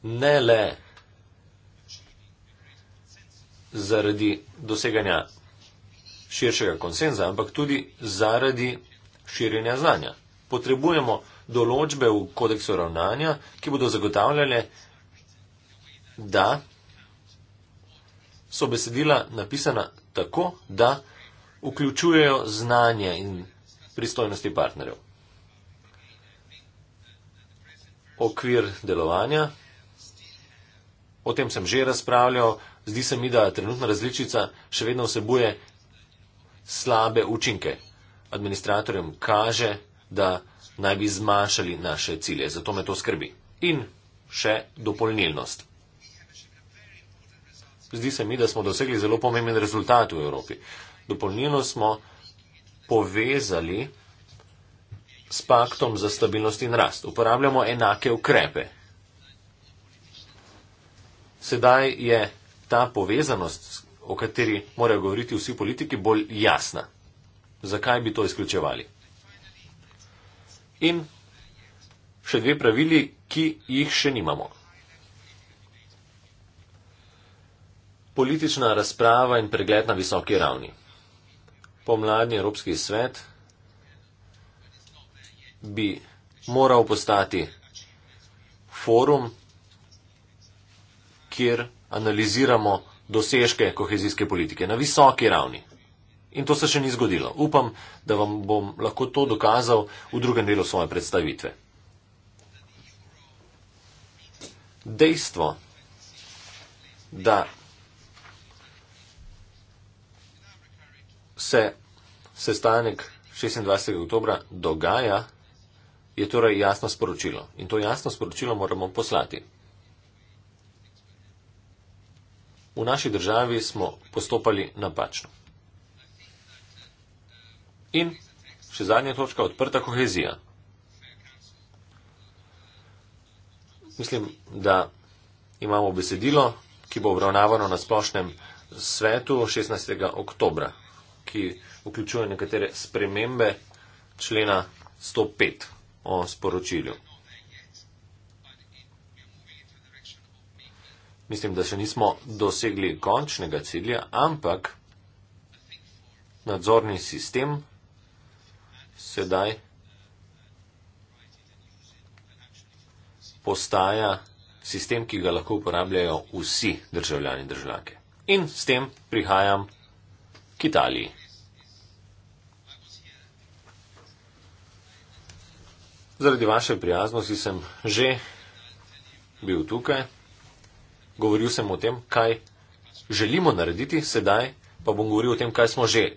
A: Ne le zaradi doseganja širšega konsenza, ampak tudi zaradi širjenja znanja. Potrebujemo določbe v kodeksu ravnanja, ki bodo zagotavljale, da so besedila napisana tako, da vključujejo znanje in pristojnosti partnerjev. Okvir delovanja, o tem sem že razpravljal, Zdi se mi, da trenutna različica še vedno vsebuje slabe učinke. Administratorjem kaže, da naj bi zmanjšali naše cilje, zato me to skrbi. In še dopolnilnost. Zdi se mi, da smo dosegli zelo pomemben rezultat v Evropi. Dopolnilno smo povezali s paktom za stabilnost in rast. Uporabljamo enake ukrepe. Sedaj je ta povezanost, o kateri morajo govoriti vsi politiki, bolj jasna. Zakaj bi to izključevali? In še dve pravili, ki jih še nimamo. Politična razprava in pregled na visoki ravni. Pomladni Evropski svet bi moral postati forum, kjer analiziramo dosežke kohezijske politike na visoki ravni. In to se še ni zgodilo. Upam, da vam bom lahko to dokazal v drugem delu svoje predstavitve. Dejstvo, da se sestanek 26. oktobra dogaja, je torej jasno sporočilo. In to jasno sporočilo moramo poslati. v naši državi smo postopali napačno. In še zadnja točka, odprta kohezija. Mislim, da imamo besedilo, ki bo obravnavano na splošnem svetu 16. oktober, ki vključuje nekatere spremembe člena 105 o sporočilju. mislim, da še nismo dosegli končnega cilja, ampak nadzorni sistem sedaj postaja sistem, ki ga lahko uporabljajo vsi državljani in državljanke. In s tem prihajam k Italiji. Zaradi vaše prijaznosti sem že bil tukaj govoril sem o tem, kaj želimo narediti, sedaj pa bom govoril o tem, kaj smo že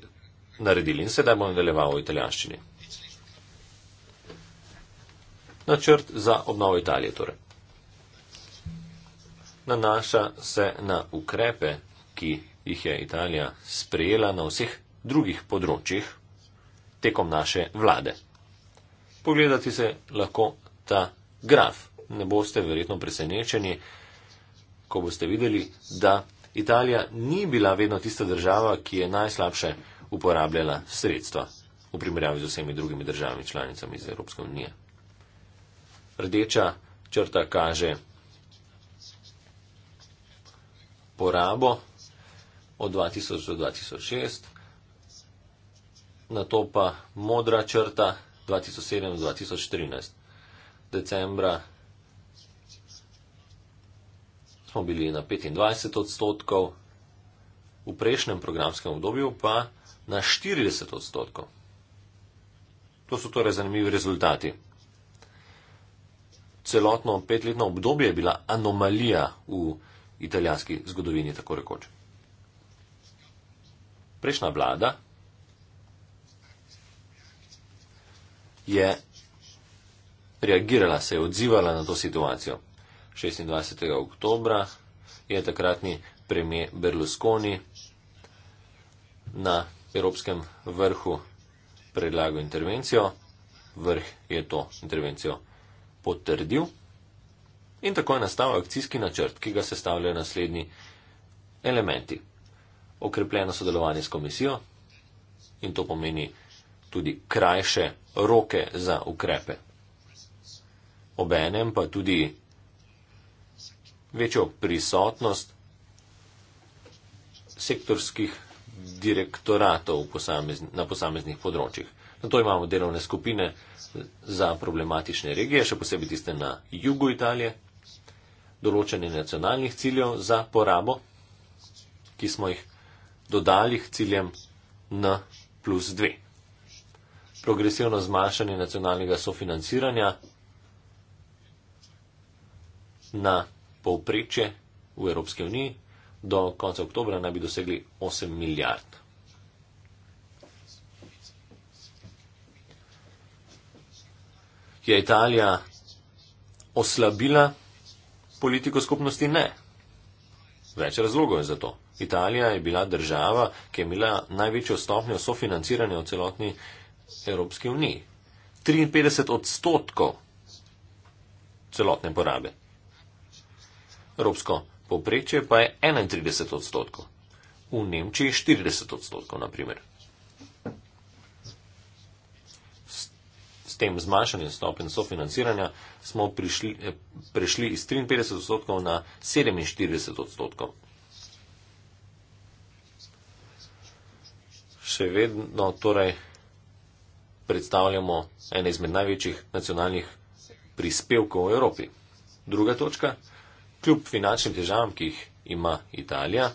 A: naredili in sedaj bom nadaljeval v italijanščini. Načrt za obnovo Italije torej. Nanaša se na ukrepe, ki jih je Italija sprejela na vseh drugih področjih tekom naše vlade. Pogledati se lahko ta graf. Ne boste verjetno presenečeni, ko boste videli, da Italija ni bila vedno tista država, ki je najslabše uporabljala sredstva v primerjavi z vsemi drugimi državami članicami iz Evropske unije. Rdeča črta kaže porabo od 2000 do 2006, na to pa modra črta 2007 do 2013. Decembra smo bili na 25 odstotkov, v prejšnjem programskem obdobju pa na 40 odstotkov. To so torej zanimivi rezultati. Celotno petletno obdobje je bila anomalija v italijanski zgodovini, tako rekoč. Prejšnja vlada je reagirala, se je odzivala na to situacijo. 26. oktobra je takratni premijer Berlusconi na Evropskem vrhu predlagal intervencijo. Vrh je to intervencijo potrdil. In tako je nastal akcijski načrt, ki ga sestavljajo naslednji elementi. Okrepljeno sodelovanje s komisijo in to pomeni tudi krajše roke za ukrepe. Obenem pa tudi večjo prisotnost sektorskih direktoratov na posameznih področjih. Zato imamo delovne skupine za problematične regije, še posebej tiste na jugu Italije, določene nacionalnih ciljev za porabo, ki smo jih dodali k ciljem N plus 2. Progresivno zmanjšanje nacionalnega sofinanciranja na povprečje v Evropski uniji, do konca oktobra naj bi dosegli 8 milijard. Je Italija oslabila politiko skupnosti? Ne. Več razlogov je za to. Italija je bila država, ki je imela največjo stopnjo sofinanciranja v celotni Evropski uniji. 53 odstotkov celotne porabe. Evropsko povprečje pa je 31 odstotkov. V Nemčiji 40 odstotkov, na primer. S tem zmanjšanjem stopen sofinanciranja smo prišli, eh, prešli iz 53 odstotkov na 47 odstotkov. Še vedno torej predstavljamo ene izmed največjih nacionalnih prispevkov v Evropi. Druga točka. Kljub finančnim težavam, ki jih ima Italija,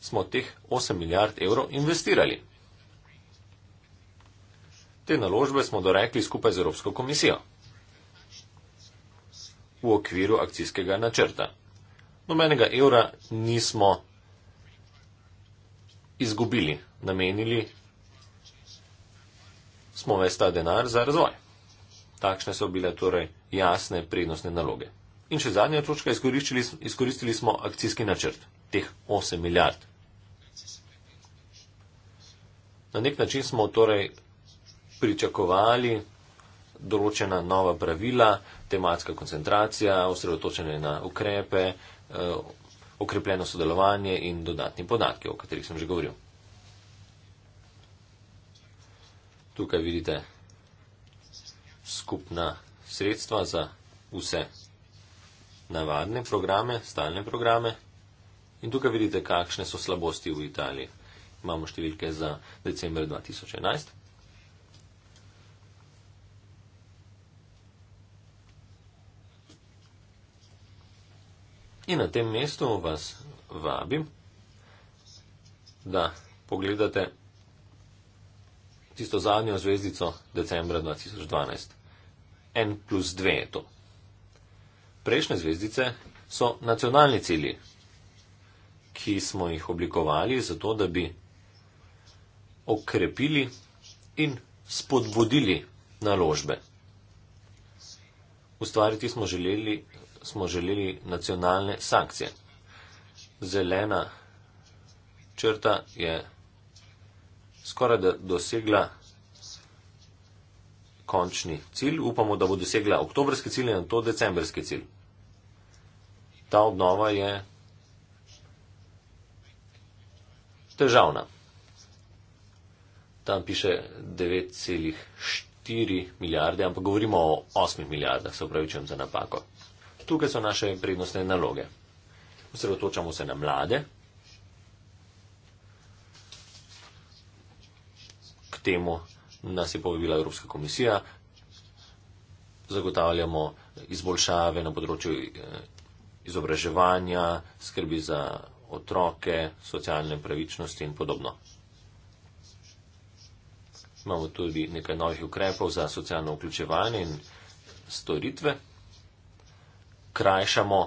A: smo teh 8 milijard evrov investirali. Te naložbe smo dorekli skupaj z Evropsko komisijo v okviru akcijskega načrta. Nobenega evra nismo izgubili, namenili smo ves ta denar za razvoj. Takšne so bile torej jasne prednostne naloge. In še zadnja točka, izkoristili, izkoristili smo akcijski načrt, teh 8 milijard. Na nek način smo torej pričakovali določena nova pravila, tematska koncentracija, osredotočenje na ukrepe, eh, okrepljeno sodelovanje in dodatni podatki, o katerih sem že govoril. Tukaj vidite skupna sredstva za vse navadne programe, stalne programe. In tukaj vidite, kakšne so slabosti v Italiji. Imamo številke za decembr 2011. In na tem mestu vas vabim, da pogledate tisto zadnjo zvezdico decembra 2012. N plus 2 je to. Prejšnje zvezdice so nacionalni cilji, ki smo jih oblikovali zato, da bi okrepili in spodbudili naložbe. Ustvariti smo želeli, smo želeli nacionalne sankcije. Zelena črta je skoraj da dosegla končni cilj. Upamo, da bo dosegla oktobrski cilj in to decembrski cilj ta obnova je težavna. Tam piše 9,4 milijarde, ampak govorimo o 8 milijardah, se upravičujem za napako. Tukaj so naše prednostne naloge. Osredotočamo se na mlade. K temu nas je povabila Evropska komisija. Zagotavljamo izboljšave na področju eh, izobraževanja, skrbi za otroke, socialne pravičnosti in podobno. Imamo tudi nekaj novih ukrepov za socialno vključevanje in storitve. Krajšamo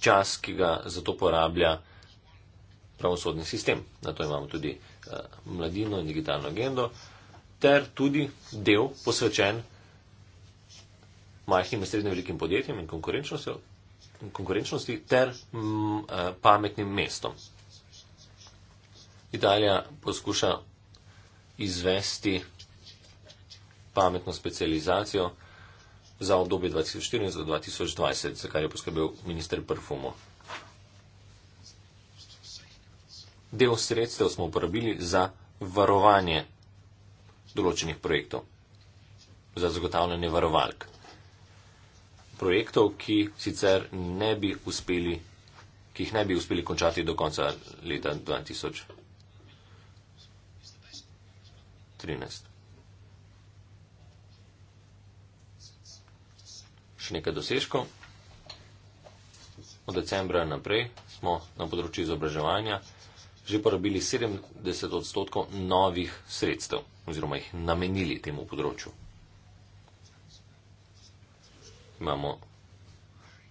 A: čas, ki ga za to porablja pravosodni sistem. Na to imamo tudi eh, mladino in digitalno agendo, ter tudi del posvečen majhnim in srednjim velikim podjetjem in konkurenčnosti, in konkurenčnosti ter m, mm, eh, pametnim mestom. Italija poskuša izvesti pametno specializacijo za obdobje 2014 do 2020, za kar je poskrbel minister Perfumo. Del sredstev smo uporabili za varovanje določenih projektov, za zagotavljanje varovalk projektov, ki sicer ne bi uspeli, ki jih ne bi uspeli končati do konca leta 2013. Še nekaj dosežkov. Od decembra naprej smo na področju izobraževanja že porabili 70 odstotkov novih sredstev oziroma jih namenili temu področju imamo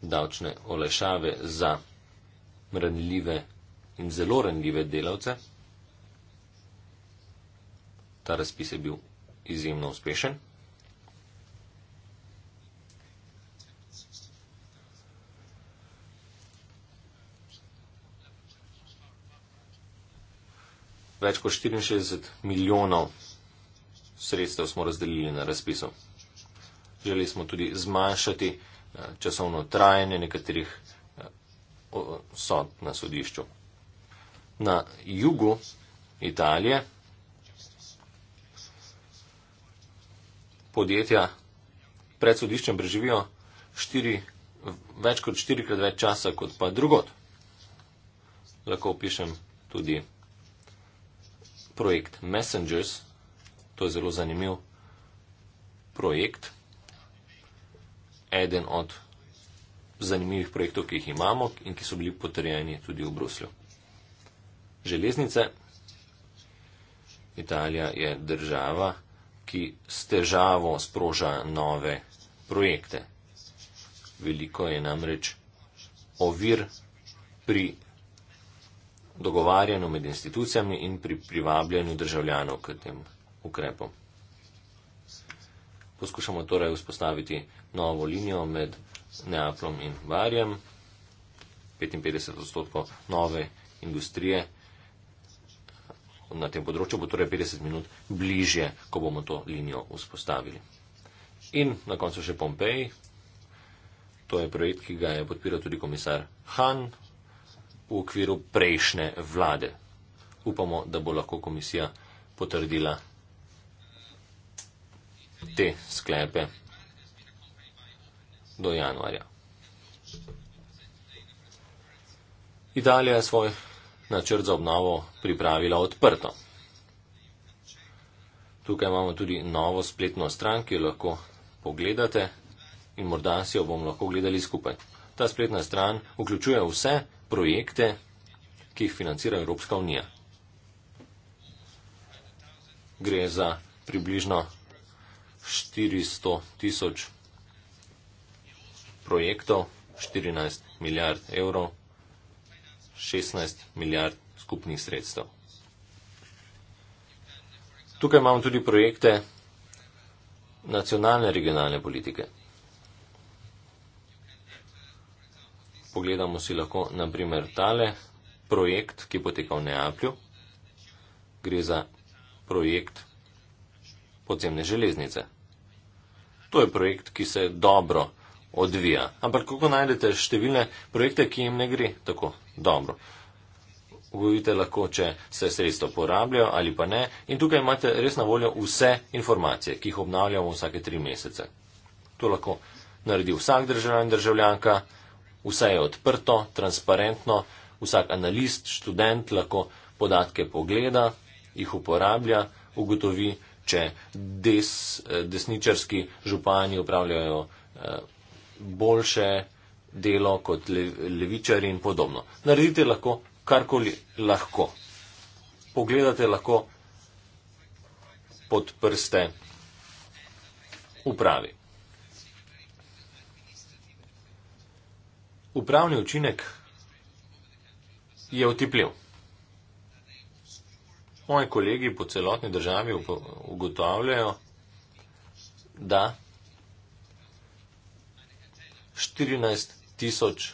A: davčne olešave za ranljive in zelo ranljive delavce. Ta razpis je bil izjemno uspešen. Več kot 64 milijonov sredstev smo razdelili na razpisu želeli smo tudi zmanjšati eh, časovno trajanje nekaterih eh, sod na sodišču. Na jugu Italije podjetja pred sodiščem preživijo štiri, več kot štirikrat več časa kot pa drugot. Lahko opišem tudi projekt Messengers, to je zelo zanimiv projekt eden od zanimivih projektov, ki jih imamo in ki so bili potrjeni tudi v Bruslju. Železnice. Italija je država, ki s težavo sproža nove projekte. Veliko je namreč ovir pri dogovarjanju med institucijami in pri privabljanju državljanov k tem ukrepom. Poskušamo torej vzpostaviti novo linijo med Neaplom in Barjem. 55 odstotkov nove industrije na tem področju bo torej 50 minut bližje, ko bomo to linijo vzpostavili. In na koncu še Pompeji. To je projekt, ki ga je podpiral tudi komisar Han v okviru prejšnje vlade. Upamo, da bo lahko komisija potrdila te sklepe do januarja. Italija je svoj načrt za obnovo pripravila odprto. Tukaj imamo tudi novo spletno stran, ki jo lahko pogledate in morda si jo bomo lahko gledali skupaj. Ta spletna stran vključuje vse projekte, ki jih financira Evropska unija. Gre za približno 400 tisoč projektov, 14 milijard evrov, 16 milijard skupnih sredstev. Tukaj imamo tudi projekte nacionalne regionalne politike. Pogledamo si lahko, naprimer, tale projekt, ki poteka v Neaplju. Gre za projekt podzemne železnice. To je projekt, ki se dobro odvija. Ampak kako najdete številne projekte, ki jim ne gre tako dobro? Ugovite lahko, če se sredstvo porabljajo ali pa ne. In tukaj imate res na voljo vse informacije, ki jih obnavljamo vsake tri mesece. To lahko naredi vsak državljan in državljanka. Vse je odprto, transparentno. Vsak analist, študent lahko podatke pogleda, jih uporablja, ugotovi, če des, eh, desničarski župani upravljajo eh, boljše delo kot levičari in podobno. Naredite lahko karkoli lahko. Pogledate lahko pod prste upravi. Upravni učinek je otipljiv. Moji kolegi po celotni državi ugotavljajo, da 14 tisoč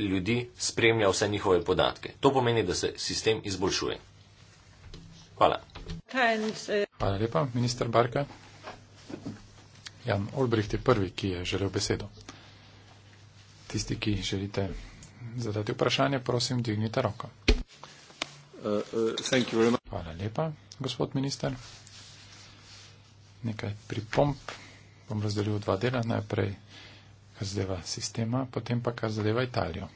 A: ljudi spremlja vse njihove podatke. To pomeni, da se sistem izboljšuje. Hvala.
B: Hvala lepa, minister Barka. Jan Olbricht je prvi, ki je želel besedo. Tisti, ki želite zadati vprašanje, prosim, dignite roko. Hvala lepa, gospod minister. Nekaj pripomp bom razdelil v dva dela. Najprej kar zadeva sistema, potem pa kar zadeva Italijo.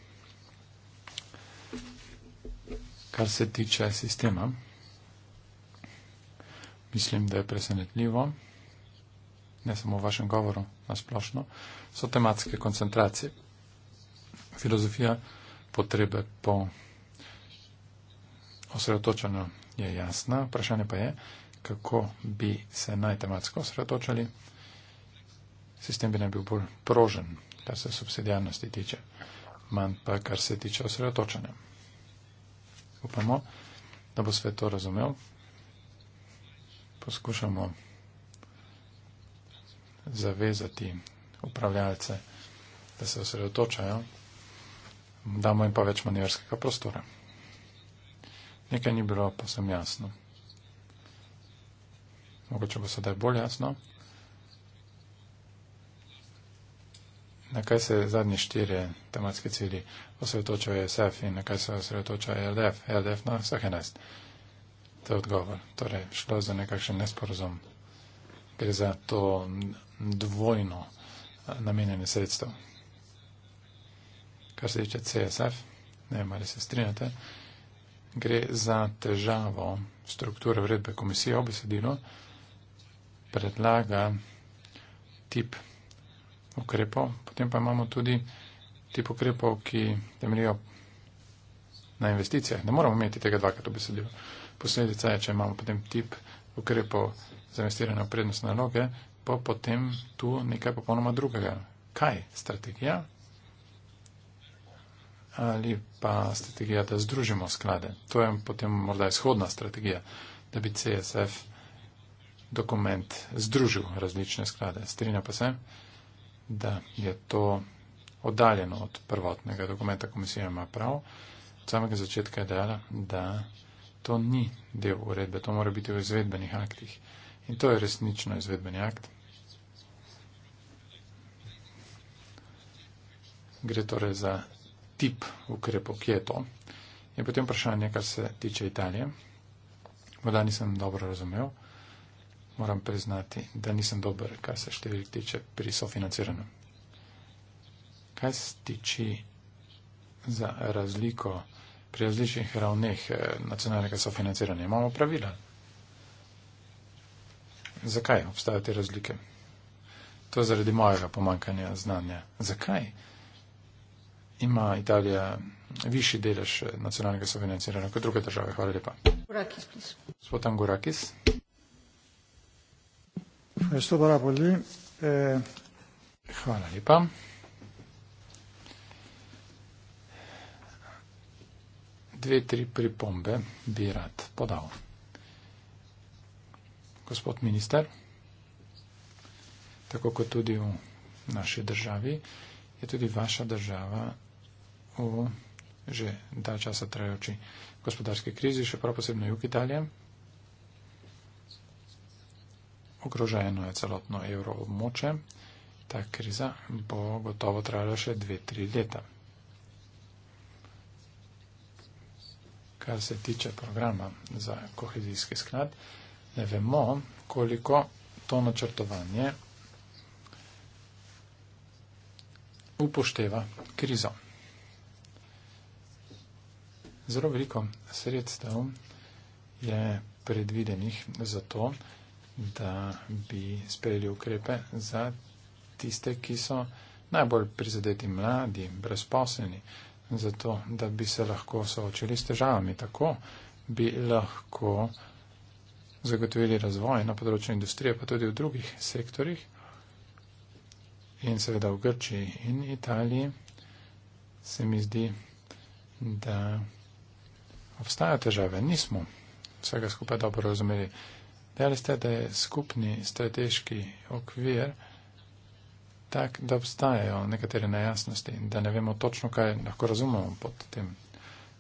B: Kar se tiče sistema, mislim, da je presenetljivo, ne samo v vašem govoru, nasplošno, so tematske koncentracije. Filozofija potrebe po osredotočanju je jasna, vprašanje pa je, kako bi se najtematsko osredotočali sistem bi naj bil bolj prožen, kar se subsidijarnosti tiče, manj pa, kar se tiče osredotočanja. Upamo, da bo svet to razumel. Poskušamo zavezati upravljalce, da se osredotočajo, damo jim pa več manjerskega prostora. Nekaj ni bilo posem jasno. Mogoče bo sedaj bolj jasno. na kaj se zadnje štiri tematske cilje osredotočajo SF in na kaj se osredotoča e LDF, e LDF na no, vsak enajst. To je odgovor. Torej, šlo za nekakšen nesporozum. Gre za to dvojno eh, namenjene sredstvo. Kar se tiče CSF, ne vem, ali se strinjate, gre za težavo strukture vredbe komisije obesedilo, predlaga tip ukrepov, potem pa imamo tudi tip ukrepov, ki temeljijo na investicijah. Ne moramo imeti tega dvakrat v besedilu. Posledica je, če imamo potem tip ukrepov za investiranje v prednostne naloge, pa potem tu nekaj popolnoma drugega. Kaj? Strategija? Ali pa strategija, da združimo sklade? To je potem morda izhodna strategija, da bi CSF dokument združil različne sklade. Strinja pa se? da je to oddaljeno od prvotnega dokumenta komisije ima prav. Od samega začetka je dejala, da to ni del uredbe, to mora biti v izvedbenih aktih. In to je resnično izvedbeni akt. Gre torej za tip ukrepov, kje je to. Je potem vprašanje, kar se tiče Italije. Voda nisem dobro razumel moram priznati, da nisem dober, kar se številk tiče pri sofinanciranju. Kaj se tiče za razliko pri različnih ravneh eh, nacionalnega sofinanciranja? Imamo pravila. Zakaj obstajajo te razlike? To je zaradi mojega pomankanja znanja. Zakaj ima Italija višji delež eh, nacionalnega sofinanciranja kot druge države? Hvala lepa. Gorakis, Ευχαριστώ πάρα πολύ. Ε... Χαρά λοιπόν. Две-три припомбе би рад подал. Господ министър, тако като и в наши държави, е и ваша държава уже да часа трябва, че господарски кризи, ще по-посебно и в Италия, ogroženo je celotno evro območje. Ta kriza bo gotovo trajala še dve, tri leta. Kar se tiče programa za kohezijski sklad, ne vemo, koliko to načrtovanje upošteva krizo. Zelo veliko sredstev je predvidenih za to, da bi sprejeli ukrepe za tiste, ki so najbolj prizadeti mladi, brezposleni, zato da bi se lahko soočili s težavami. Tako bi lahko zagotovili razvoj na področju industrije, pa tudi v drugih sektorjih in seveda v Grčiji in Italiji. Se mi zdi, da obstajajo težave. Nismo vsega skupaj dobro razumeli. Dali ste, da je skupni strateški okvir tak, da obstajajo nekatere nejasnosti in da ne vemo točno, kaj lahko razumemo pod tem.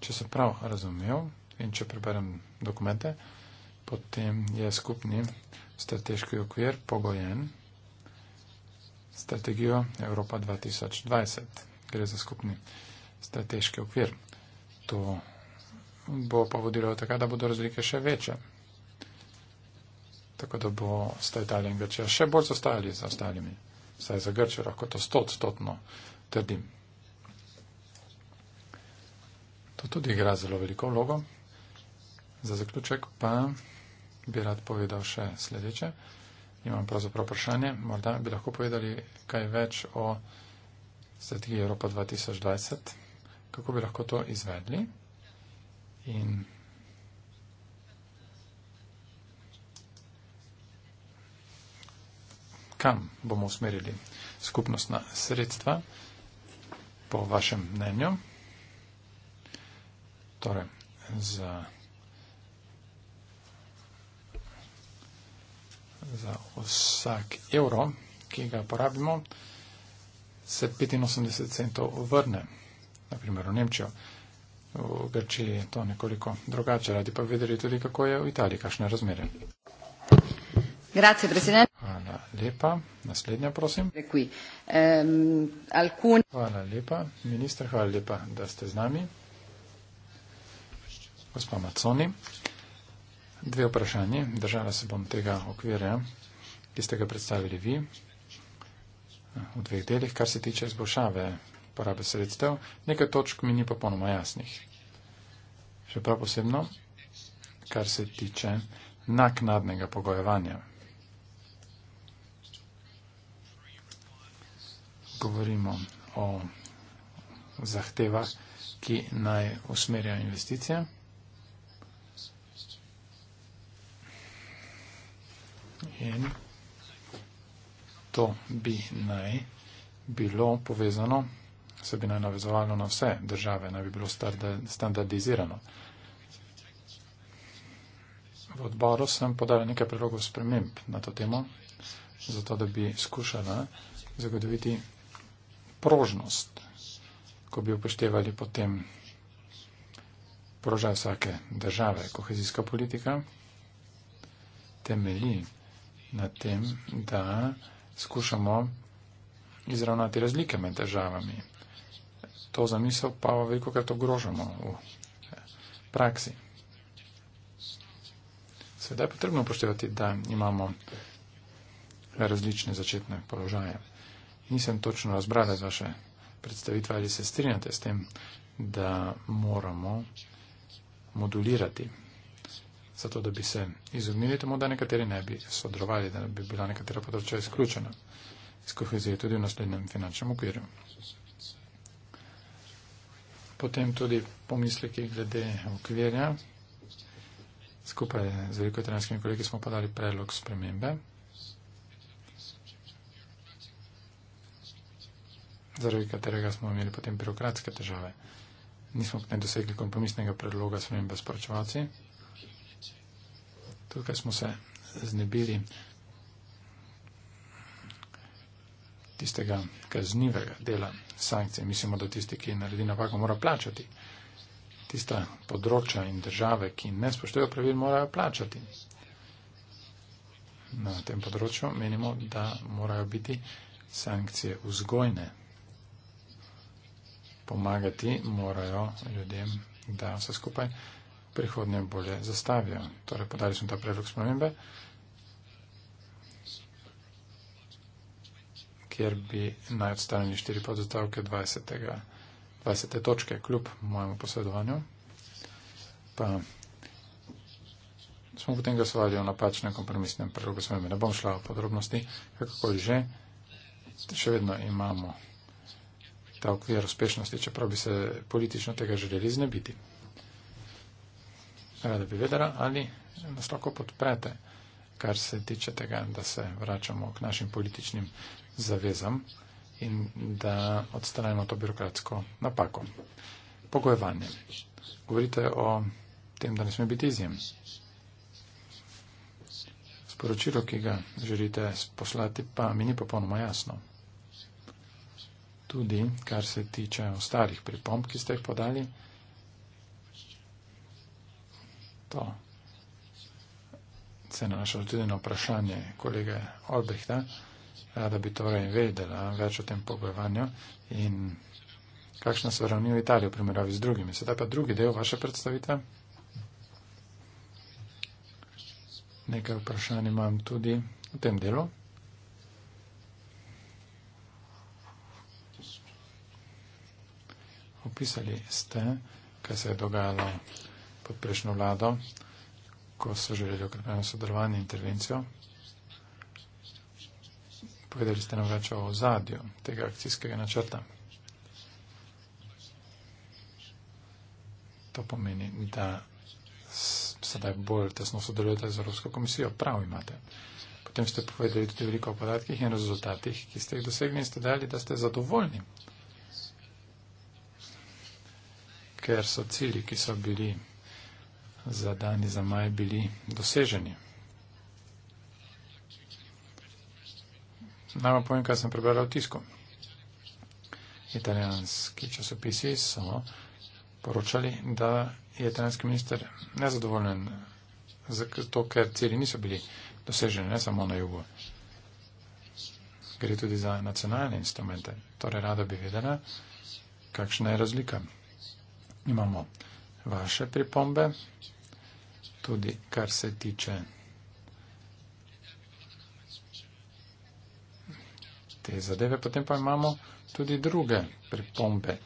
B: Če sem prav razumel in če preberem dokumente, potem je skupni strateški okvir pogojen strategijo Evropa 2020. Gre za skupni strateški okvir. To bo pa vodilo tako, da bodo razlike še večje tako da boste Italija in Grčija še bolj zostali za ostalimi. Saj za Grčijo lahko to stotstotno trdim. To tudi igra zelo veliko vlogo. Za zaključek pa bi rad povedal še sledeče. Imam pravzaprav vprašanje, morda bi lahko povedali kaj več o strategiji Evropa 2020, kako bi lahko to izvedli. In kam bomo usmerili skupnostna sredstva, po vašem mnenju. Torej, za, za vsak evro, ki ga porabimo, se 85 centov vrne, naprimer v Nemčijo. V Grčiji je to nekoliko drugače, radi pa vedeli tudi, kako je v Italiji, kakšne razmere. Grazie, lepa. Naslednja, prosim. Torej, hvala lepa. Ministr, hvala lepa, da ste z nami. Gospa Maconi, dve vprašanje. Držala se bom tega okvirja, ki ste ga predstavili vi v dveh delih, kar se tiče izboljšave porabe sredstev. Nekaj točk mi ni popolnoma jasnih. Še prav posebno, kar se tiče naknadnega pogojevanja. govorimo o zahtevah, ki naj usmerjajo investicije. In to bi naj bilo povezano, se bi naj navezovalo na vse države, naj bi bilo standardizirano. V odboru sem podala nekaj predlogov sprememb na to temo, zato da bi skušala zagotoviti prožnost, ko bi upoštevali potem položaj vsake države. Kohezijska politika temelji na tem, da skušamo izravnati razlike med državami. To zamisel pa veliko krat ogrožamo v praksi. Sveda je potrebno upoštevati, da imamo različne začetne položaje nisem točno razbrala z vaše predstavitve, ali se strinjate s tem, da moramo modulirati, zato da bi se izognili temu, da nekateri ne bi sodrovali, da bi bila nekatera področja izključena iz kohezije tudi v naslednjem finančnem okviru. Potem tudi pomisleki glede okvirja. Skupaj z veliko italijanskimi kolegi smo podali predlog spremembe. zaradi katerega smo imeli potem birokratske težave. Nismo potem dosegli kompromisnega predloga s vremem besporočevalci. Tukaj smo se znebili tistega kaznivega dela sankcij. Mislimo, da tisti, ki naredi napako, mora plačati. Tista področja in države, ki ne spoštujejo pravil, morajo plačati. Na tem področju menimo, da morajo biti sankcije vzgojne, pomagati morajo ljudem, da se skupaj prihodnje bolje zastavijo. Torej, podali smo ta predlog spremembe, kjer bi naj odstranili štiri podzastavke 20. 20. točke kljub mojemu posredovanju. Pa smo potem glasovali o napačnem kompromisnem predlogu spremembe. Ne bom šla v podrobnosti, kakorkoli že, še vedno imamo ta okvir uspešnosti, čeprav bi se politično tega želeli znebiti. Rada bi vedela, ali nas lahko podprete, kar se tiče tega, da se vračamo k našim političnim zavezam in da odstranimo to birokratsko napako. Pogojevanje. Govorite o tem, da ne sme biti izjem. Sporočilo, ki ga želite poslati, pa mi ni popolnoma jasno tudi, kar se tiče ostalih pripomb, ki ste jih podali. To se nanaša tudi na vprašanje kolege Olbehta, da bi torej vedela več o tem pogojevanju in kakšna so ravni v Italiji v primerjavi z drugimi. Sedaj pa drugi del vaše predstavitve. Nekaj vprašanj imam tudi v tem delu. opisali ste, kaj se je dogajalo pod prejšnjo vlado, ko so želeli okrepeno sodelovanje in intervencijo. Povedali ste nam več o ozadju tega akcijskega načrta. To pomeni, da sedaj bolj tesno sodelujete z Evropsko komisijo. Prav imate. Potem ste povedali tudi veliko o podatkih in rezultatih, ki ste jih dosegli in ste dali, da ste zadovoljni ker so cilji, ki so bili za dani za maj, bili doseženi. Naj vam povem, kaj sem prebral v tisku. Italijanski časopisi so poročali, da je italijanski minister nezadovoljen zato, ker cilji niso bili doseženi, ne samo na jugu. Gre tudi za nacionalne instrumente. Torej, rada bi vedela, kakšna je razlika imamo vaše pripombe, tudi kar se tiče te zadeve. Potem pa imamo tudi druge pripombe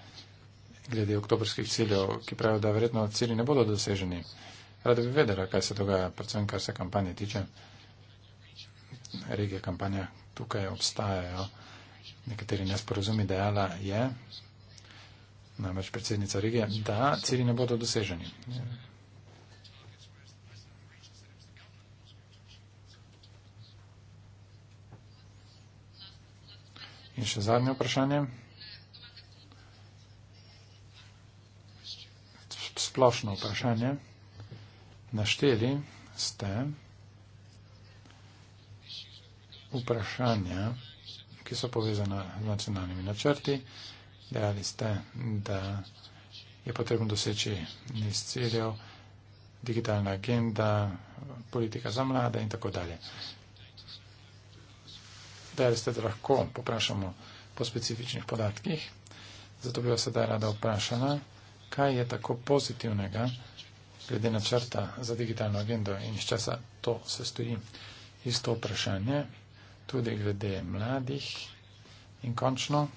B: glede oktobrskih ciljev, ki pravijo, da verjetno cilji ne bodo doseženi. Rada bi vedela, kaj se dogaja, predvsem kar se kampanje tiče. Regije kampanja tukaj obstajajo. Nekateri nesporazumi dejala je, namreč predsednica regije, da cilji ne bodo doseženi. In še zadnje vprašanje. Splošno vprašanje. Našteli ste vprašanja, ki so povezana z nacionalnimi načrti. Dejali ste, da je potrebno doseči niz ciljev, digitalna agenda, politika za mlade in tako dalje. Dejali ste, da lahko poprašamo po specifičnih podatkih, zato bi vas sedaj rada vprašala, kaj je tako pozitivnega glede načrta za digitalno agendo in iz časa to se stoji. Isto vprašanje tudi glede mladih in končno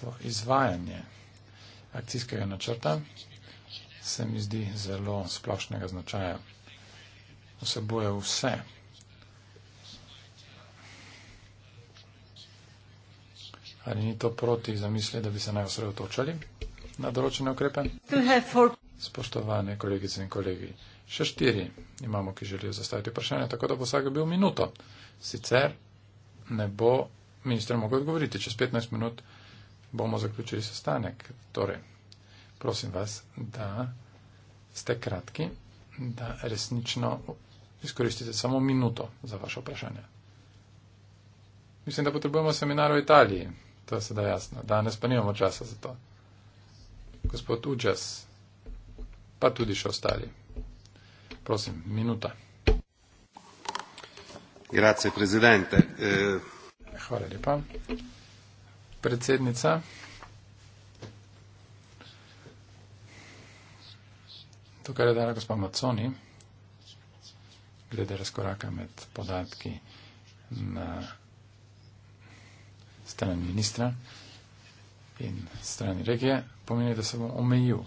B: to izvajanje akcijskega načrta se mi zdi zelo splošnega značaja. Vseboje vse. Ali ni to proti zamisli, da bi se naj osredotočali na določene ukrepe? Spoštovane kolegice in kolegi, še štiri imamo, ki želijo zastaviti vprašanje, tako da bo vsak bil minuto. Sicer ne bo minister mogel odgovoriti čez 15 minut bomo zaključili sestanek. Torej, prosim vas, da ste kratki, da resnično izkoristite samo minuto za vaše vprašanje. Mislim, da potrebujemo seminar v Italiji, to je sedaj jasno. Danes pa nimamo časa za to. Gospod Uđas, pa tudi še ostali. Prosim, minuta. Grazie, Presidente. Eh... Hvala lepa predsednica. Tukaj je dana gospod Maconi, glede razkoraka med podatki na strani ministra in strani regije, pomeni, da se bom omejil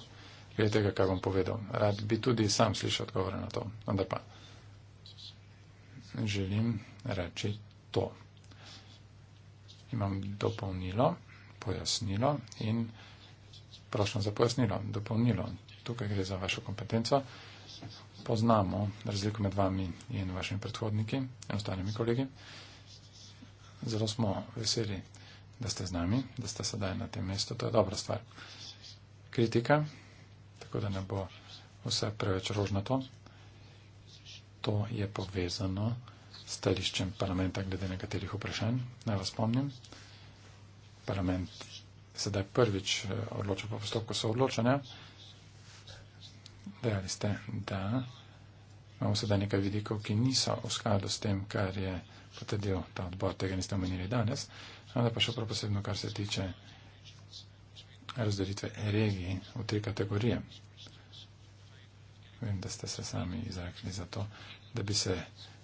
B: glede tega, kaj bom povedal. Rad bi tudi sam slišal odgovore na to, vendar pa želim reči to imam dopolnilo, pojasnilo in prošljam za pojasnilo, dopolnilo. Tukaj gre za vašo kompetenco. Poznamo razliku med vami in vašimi predhodniki in ostalimi kolegi. Zelo smo veseli, da ste z nami, da ste sedaj na tem mestu. To je dobra stvar. Kritika, tako da ne bo vse preveč rožnato. To je povezano stališčem parlamenta glede nekaterih vprašanj. Naj vas spomnim, parlament sedaj prvič eh, odloča po postopku soodločanja. Dejali ste, da imamo sedaj nekaj vidikov, ki niso v skladu s tem, kar je potrdil ta odbor, tega niste omenili danes. Ampak pa še prav posebno, kar se tiče razdelitve regij v tri kategorije. Vem, da ste se sami izrekli za to, da bi se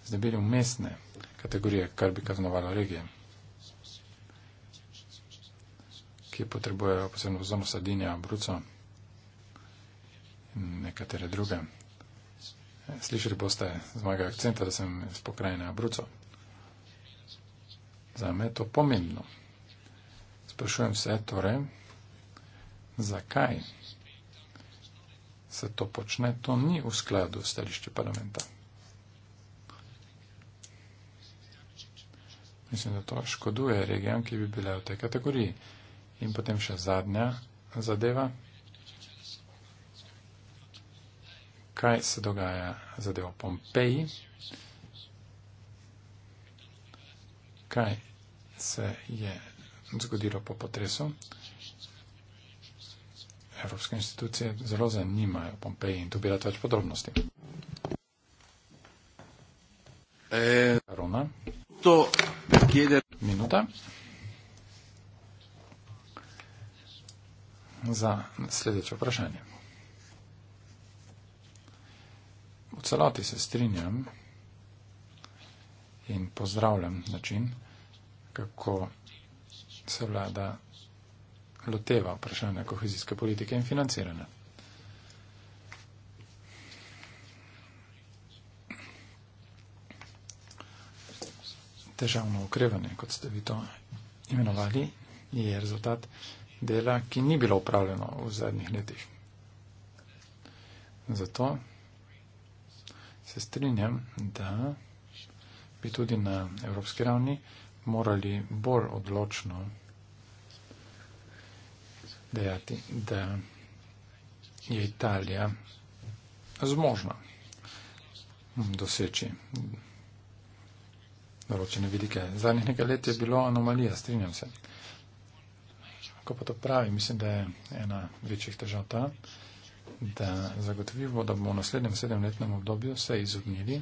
B: zdaj bili umestne kategorije, kar bi kaznovalo regije, ki potrebujejo posebno zono Sardinija, Bruco in nekatere druge. E, slišali boste z mojega akcenta, da sem iz pokrajine Bruco. Za me je to pomembno. Sprašujem se torej, zakaj se to počne, to ni v skladu s stališči parlamenta. Mislim, da to škoduje regijam, ki bi bile v tej kategoriji. In potem še zadnja zadeva. Kaj se dogaja zadevo Pompeji? Kaj se je zgodilo po potresu? Evropske institucije zelo zanimajo Pompeji in tu bi več podrobnosti. E... Rona. To Keder. Minuta. Za sledeče vprašanje. V celoti se strinjam in pozdravljam način, kako se vlada loteva vprašanja kohezijske politike in financiranja. težavno okrevanje, kot ste vi to imenovali, je rezultat dela, ki ni bilo upravljeno v zadnjih letih. Zato se strinjam, da bi tudi na evropski ravni morali bolj odločno dejati, da je Italija zmožna doseči določene vidike. Zadnjih nekaj let je bilo anomalija, strinjam se. Ko pa to pravi, mislim, da je ena večjih težav ta, da zagotovimo, da bomo v naslednjem sedemletnem obdobju se izognili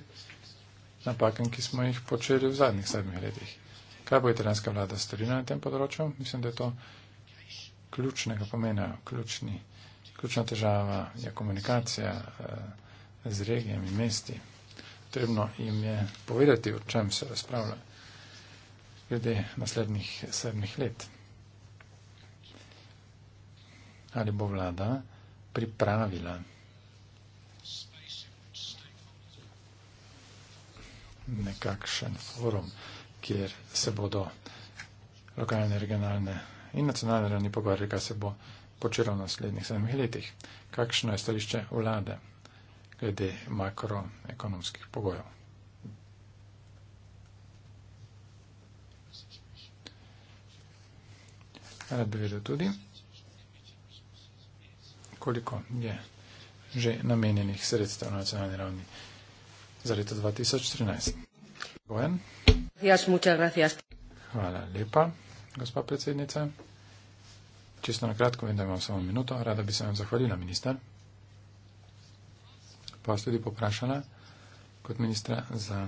B: napakem, ki smo jih počeli v zadnjih sedmih letih. Kaj bo italijanska vlada storila na tem področju? Mislim, da je to ključnega pomena, ključni, ključna težava je komunikacija eh, z regijami, mesti potrebno jim je povedati, o čem se razpravlja glede naslednjih sedmih let. Ali bo vlada pripravila nekakšen forum, kjer se bodo lokalne, regionalne in nacionalne ravni pogovarjali, kaj se bo počelo v naslednjih sedmih letih. Kakšno je stališče vlade? glede makroekonomskih pogojev. Rad bi vedel tudi, koliko je že namenjenih sredstev na nacionalni ravni za leto 2013. Hvala lepa, gospa predsednica. Čisto na kratko, vem, da imam samo minuto. Rada bi se vam zahvalila, minister vas tudi poprašala kot ministra za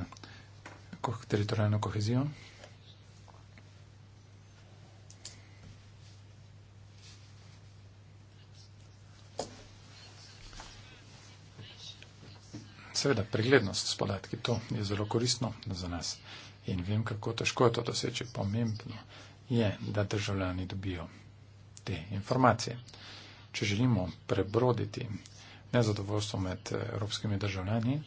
B: teritorijalno kohezijo. Seveda, preglednost s podatki, to je zelo koristno za nas in vem, kako težko je to doseči. Pomembno je, da državljani dobijo te informacije. Če želimo prebroditi nezadovoljstvo med eh, evropskimi državljani,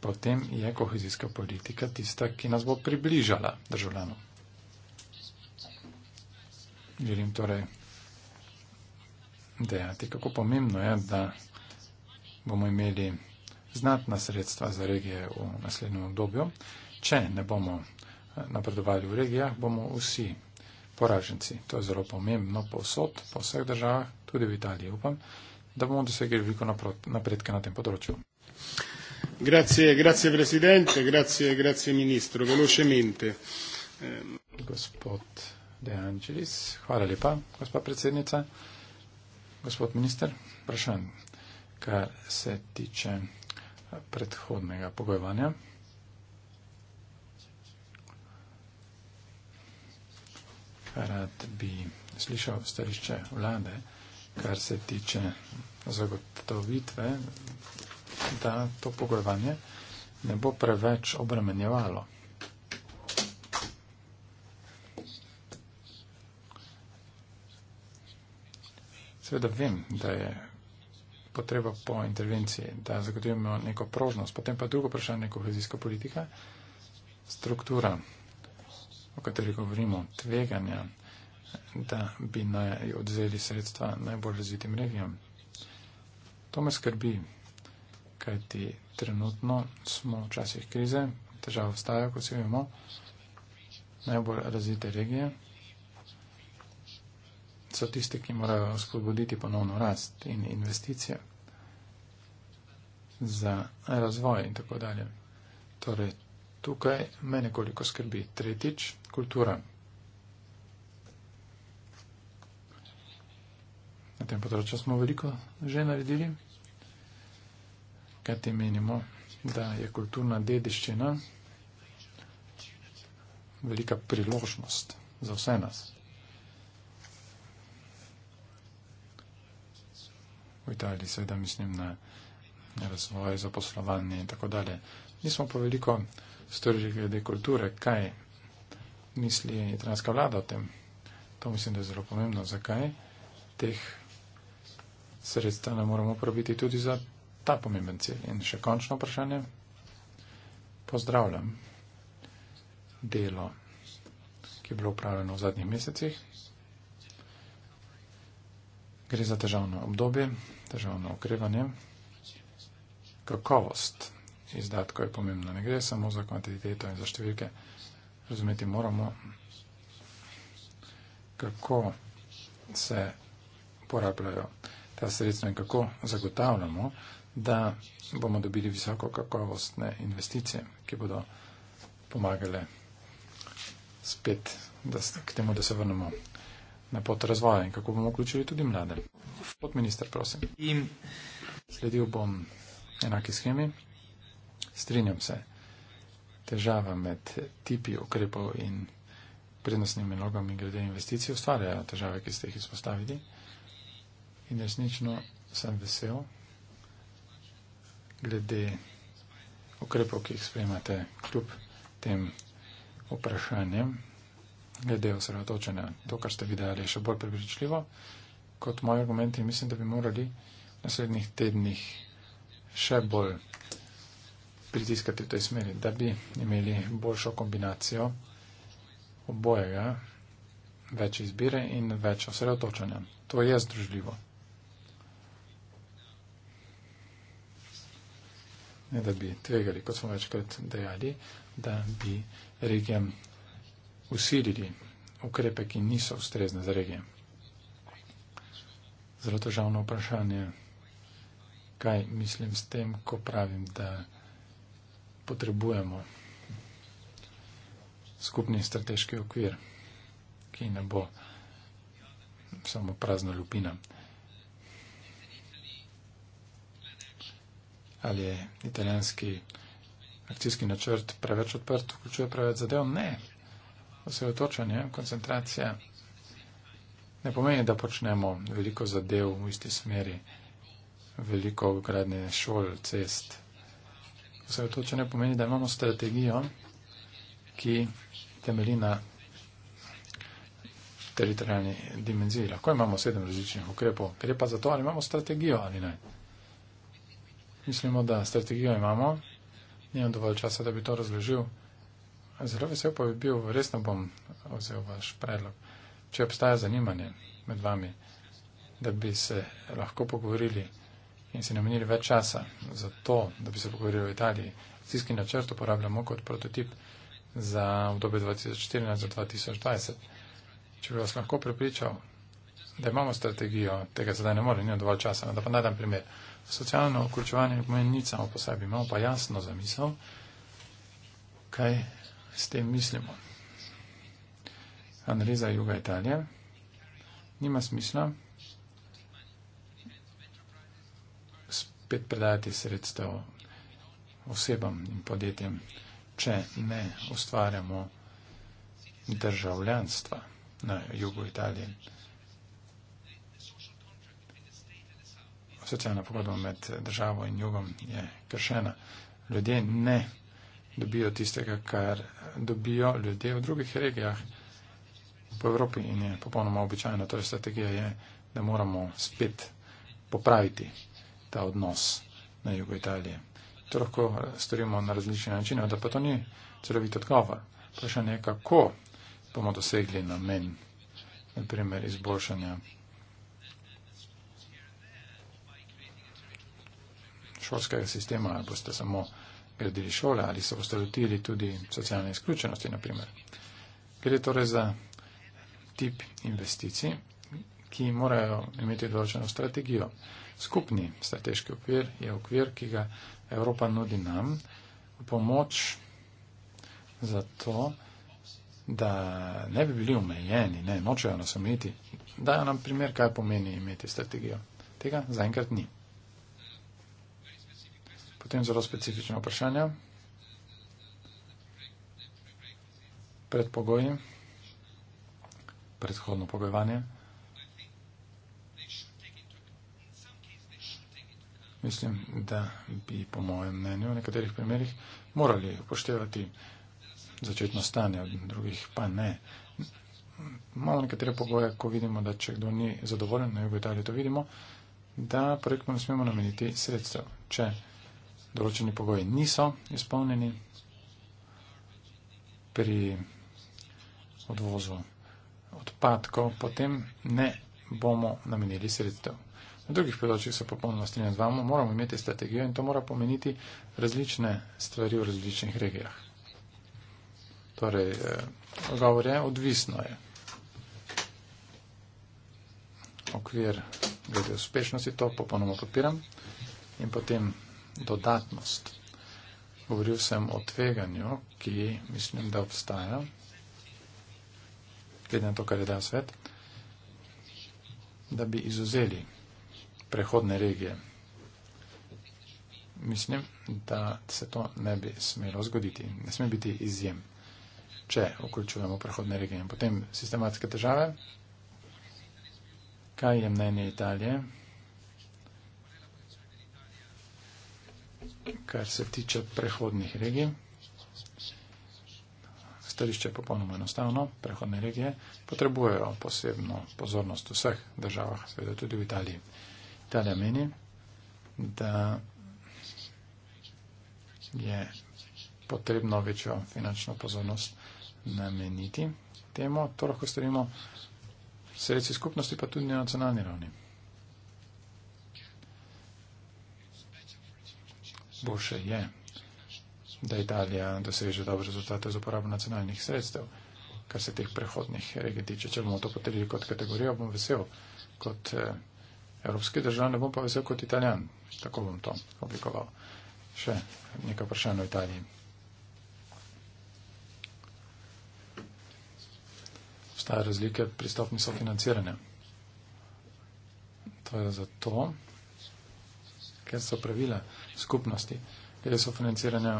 B: potem je kohezijska politika tista, ki nas bo približala državljanom. Želim torej dejati, kako pomembno je, da bomo imeli znatna sredstva za regije v naslednjem obdobju. Če ne bomo eh, napredovali v regijah, bomo vsi poraženci. To je zelo pomembno posod po vseh državah, tudi v Italiji upam da bomo dosegli veliko napredke na tem področju. Grazie, grazie presidente, grazie, grazie ministro, velocemente. Ehm. Gospod De Angelis, hvala lepa, gospa predsednica. Gospod minister, vprašanje, kar se tiče predhodnega pogojevanja. Rad bi slišal stališče vlade kar se tiče zagotovitve, da to pogojevanje ne bo preveč obremenjevalo. Seveda vem, da je potreba po intervenciji, da zagotovimo neko prožnost, potem pa drugo vprašanje, kohezijska politika, struktura, o kateri govorimo, tveganja da bi naj odzeli sredstva najbolj razvitim regijam. To me skrbi, kajti trenutno smo v časih krize, težave ostajajo, kot se vemo, najbolj razvite regije so tiste, ki morajo spodbuditi ponovno rast in investicije za razvoj in tako dalje. Torej, tukaj me nekoliko skrbi. Tretjič, kultura. Na tem področju smo veliko že naredili, kaj ti menimo, da je kulturna dediščina velika priložnost za vse nas. V Italiji seveda mislim na razvoj, zaposlovanje in tako dalje. Nismo pa veliko storili glede kulture, kaj misli italijanska vlada o tem. To mislim, da je zelo pomembno. Zakaj teh sredstva ne moramo uporabiti tudi za ta pomemben cilj. In še končno vprašanje. Pozdravljam delo, ki je bilo upravljeno v zadnjih mesecih. Gre za težavno obdobje, težavno okrevanje. Kakovost izdatkov je pomembna. Ne gre samo za kvantiteto in za številke. Razumeti moramo, kako se porabljajo ta sredstva in kako zagotavljamo, da bomo dobili visoko kakovostne investicije, ki bodo pomagale spet da, k temu, da se vrnemo na pot razvoja in kako bomo vključili tudi mlade. Pod minister, prosim. In sledil bom enaki schemi. Strinjam se, težava med tipi ukrepov in prednostnimi nalogami glede investicij ustvarjajo težave, ki ste jih izpostavili in resnično sem vesel glede ukrepov, ki jih sprejmate kljub tem vprašanjem, glede osredotočenja. To, kar ste videli, je še bolj prepričljivo kot moj argument in mislim, da bi morali v naslednjih tednih še bolj pritiskati v tej smeri, da bi imeli boljšo kombinacijo obojega, več izbire in več osredotočenja. To je združljivo. ne da bi tvegali, kot smo večkrat dejali, da bi regijam usilili ukrepe, ki niso ustrezne za regije. Zelo težavno vprašanje, kaj mislim s tem, ko pravim, da potrebujemo skupni strateški okvir, ki ne bo samo prazna lupina. ali je italijanski akcijski načrt preveč odprt, vključuje preveč zadev. Ne, osredotočanje, koncentracija ne pomeni, da počnemo veliko zadev v isti smeri, veliko gradnje šol, cest. Osredotočanje pomeni, da imamo strategijo, ki temelji na teritorijalni dimenziji. Lahko imamo sedem različnih ukrepov, gre pa za to, ali imamo strategijo ali ne mislimo, da strategijo imamo, nimam dovolj časa, da bi to razložil. Zelo vesel pa bi bil, resno bom vzel vaš predlog, če obstaja zanimanje med vami, da bi se lahko pogovorili in se namenili več časa za to, da bi se pogovorili o Italiji. Cijski načrt uporabljamo kot prototip za obdobje 2014 do 2020. Če bi vas lahko prepričal, da imamo strategijo, tega zdaj ne morem, nimam dovolj časa, no, da pa najdem primer socialno vključevanje ne pomeni nič samo po sebi, imamo pa jasno zamisel, kaj s tem mislimo. Anreza Juga Italije nima smisla spet predajati sredstev osebam in podjetjem, če ne ustvarjamo državljanstva na jugu Italije. socialna pogodba med državo in jugom je kršena. Ljudje ne dobijo tistega, kar dobijo ljudje v drugih regijah po Evropi in je popolnoma običajno. Torej strategija je, da moramo spet popraviti ta odnos na jugu Italije. To lahko storimo na različne načine, da pa to ni celovit odgovor. Vprašanje je, kako bomo dosegli namen, naprimer, izboljšanja šolskega sistema, ali boste samo gradili šole, ali se boste lotili tudi socialne izključenosti, naprimer. Gre torej za tip investicij, ki morajo imeti določeno strategijo. Skupni strateški okvir je okvir, ki ga Evropa nudi nam v pomoč za to, da ne bi bili omejeni, ne nočejo nas omejiti. Dajo nam primer, kaj pomeni imeti strategijo. Tega zaenkrat ni potem zelo specifično vprašanje. Predpogoji, predhodno pogojevanje. Mislim, da bi po mojem mnenju v nekaterih primerjih morali upoštevati začetno stanje, od drugih pa ne. Imamo nekatere pogoje, ko vidimo, da če kdo ni zadovoljen, na jugu Italije to vidimo, da projektu ne smemo nameniti sredstev. Če določeni pogoji niso izpolnjeni pri odvozu odpadkov, potem ne bomo namenili sredstev. Na drugih področjih se popolnoma strinjam z vami, moramo imeti strategijo in to mora pomeniti različne stvari v različnih regijah. Torej, eh, odgovor je, odvisno je. Okvir glede uspešnosti, to popolnoma podpiram in potem dodatnost. Govoril sem o tveganju, ki mislim, da obstaja, glede na to, kar je dal svet, da bi izuzeli prehodne regije. Mislim, da se to ne bi smelo zgoditi, ne sme biti izjem, če vključujemo prehodne regije in potem sistematske države. Kaj je mnenje Italije? kar se tiče prehodnih regij. Stališče je popolnoma enostavno. Prehodne regije potrebujejo posebno pozornost v vseh državah, seveda tudi v Italiji. Italija meni, da je potrebno večjo finančno pozornost nameniti temu. To lahko storimo sredstvi skupnosti, pa tudi na nacionalni ravni. Boljše je, da Italija doseže dobre rezultate z uporabo nacionalnih sredstev, kar se teh prehodnih regij tiče. Če bomo to potrebili kot kategorijo, bom vesel kot eh, evropski državljan, bom pa vesel kot italijan. Tako bom to oblikoval. Še nekaj vprašanj o Italiji. Obstajajo razlike pri stopni sofinanciranja. To je zato, ker so pravila skupnosti, ker so financiranja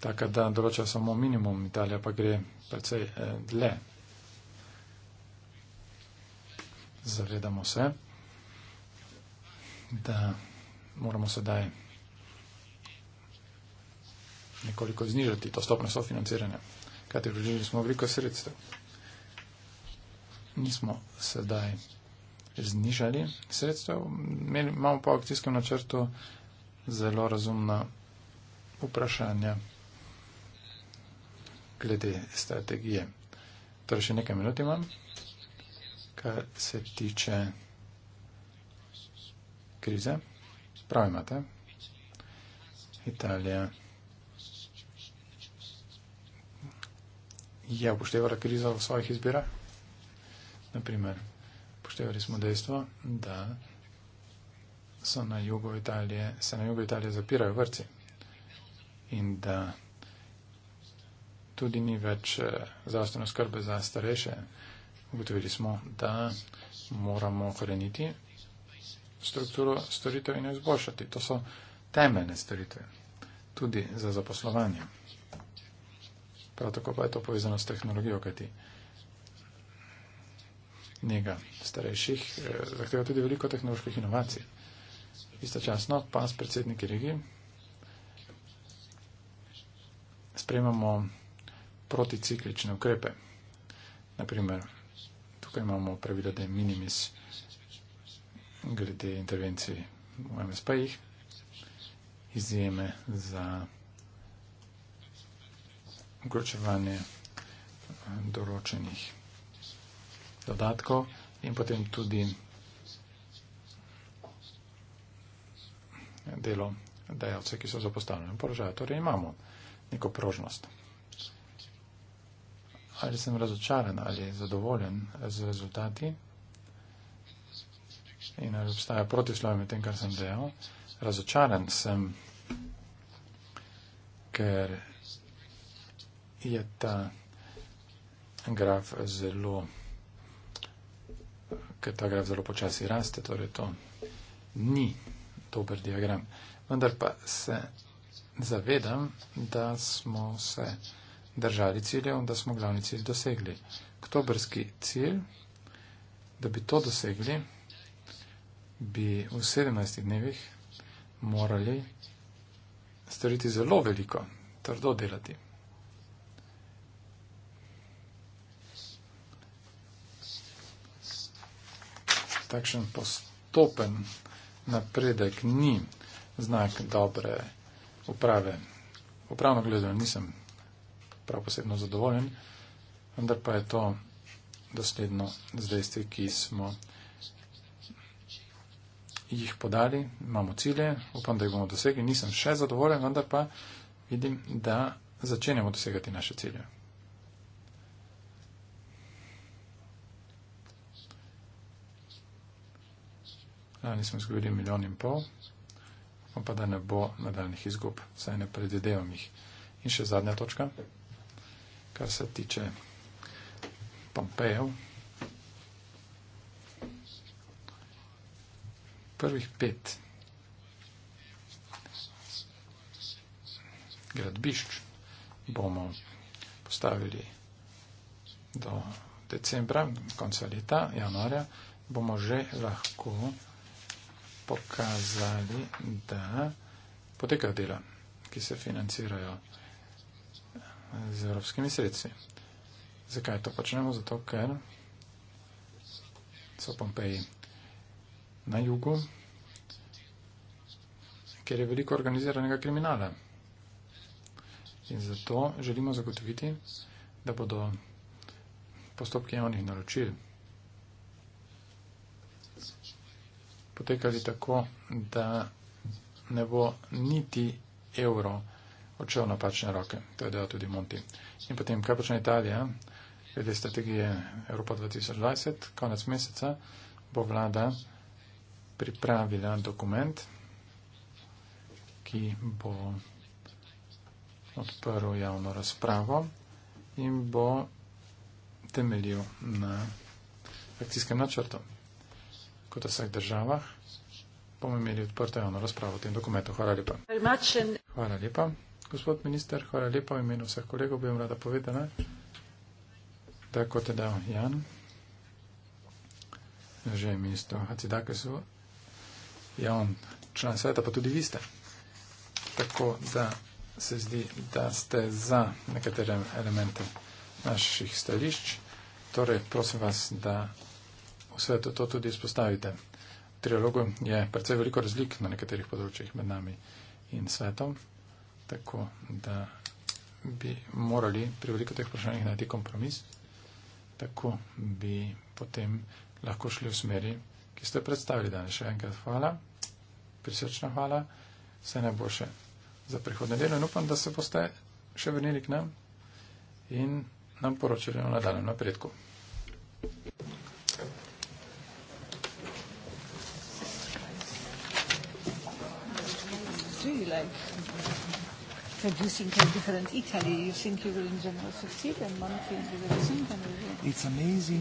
B: taka, da določa samo minimum Italija, pa gre precej eh, dle. Zavedamo se, da moramo sedaj nekoliko znižati to stopno sofinanciranja, kajti vložili smo veliko sredstev. Nismo sedaj znižali sredstev, imamo pa v akcijskem načrtu zelo razumna vprašanja glede strategije. Torej še nekaj minut imam, kar se tiče krize. Prav imate. Italija je upoštevala krizo v svojih izbirah. Naprimer, upoštevali smo dejstvo, da so na jugu Italije, se na jugu Italije zapirajo vrci in da tudi ni več eh, zdravstveno skrbe za starejše. Ugotovili smo, da moramo koreniti strukturo storitev in jo izboljšati. To so temeljne storitve, tudi za zaposlovanje. Prav tako pa je to povezano s tehnologijo, kajti njega starejših eh, zahteva tudi veliko tehnoloških inovacij istočasno pa s predsedniki regije sprejemamo proticiklične ukrepe. Naprimer, tukaj imamo pravilo, da je minimis glede intervencij v MSP-jih, izjeme za vključevanje eh, določenih dodatkov in potem tudi delo dajalce, ki so zapostavljeni v položaju. Torej imamo neko prožnost. Ali sem razočaran ali zadovoljen z rezultati in ali obstaja proti slovem tem, kar sem dejal. Razočaran sem, ker je ta graf zelo, ker ta graf zelo počasi raste, torej to ni dober diagram. Vendar pa se zavedam, da smo se držali ciljev, da smo glavni cilj dosegli. Oktobrski cilj, da bi to dosegli, bi v 17 dnevih morali storiti zelo veliko, trdo delati. Takšen postopen napredek ni znak dobre uprave. Upravno gledano nisem prav posebno zadovoljen, vendar pa je to dosledno z dejstvi, ki smo jih podali, imamo cilje, upam, da jih bomo dosegli, nisem še zadovoljen, vendar pa vidim, da začenjamo dosegati naše cilje. Lani smo izgubili milijon in pol, upam pa, da ne bo nadaljnih izgub, saj ne predvidevam jih. In še zadnja točka, kar se tiče Pompejev. Prvih pet gradbišč bomo postavili do decembra, konca leta, januarja, bomo že lahko pokazali, da potekajo dela, ki se financirajo z evropskimi sredstvi. Zakaj to počnemo? Zato, ker so Pompeji na jugu, kjer je veliko organiziranega kriminala. In zato želimo zagotoviti, da bodo postopki javnih naročil potekali tako, da ne bo niti evro odšel na pačne roke. To je delo tudi Monti. In potem, kaj počne Italija, glede strategije Evropa 2020, konec meseca bo vlada pripravila dokument, ki bo odprl javno razpravo in bo temeljil na akcijskem načrtu kot v vseh državah, bomo imeli odprto javno razpravo o tem dokumentu. Hvala lepa. Hvala lepa, gospod minister. Hvala lepa v imenu vseh kolegov. Bi vam rada povedala, da kot je dal Jan, že je ministro Hacidakesu, je on član sveta, pa tudi vi ste. Tako da se zdi, da ste za nekatere elemente naših stališč. Torej, prosim vas, da v svetu to tudi izpostavite. V trialogu je precej veliko razlik na nekaterih področjih med nami in svetom, tako da bi morali pri veliko teh vprašanjih najti kompromis, tako bi potem lahko šli v smeri, ki ste predstavili danes. Še enkrat hvala, prisrčna hvala, vse najboljše za prihodne delo in upam, da se boste še vrnili k nam in nam poročili o nadaljem napredku. Thank you.
C: do, like producing kind of different Italy? You think you will in general succeed and one thing with everything?
B: It's amazing.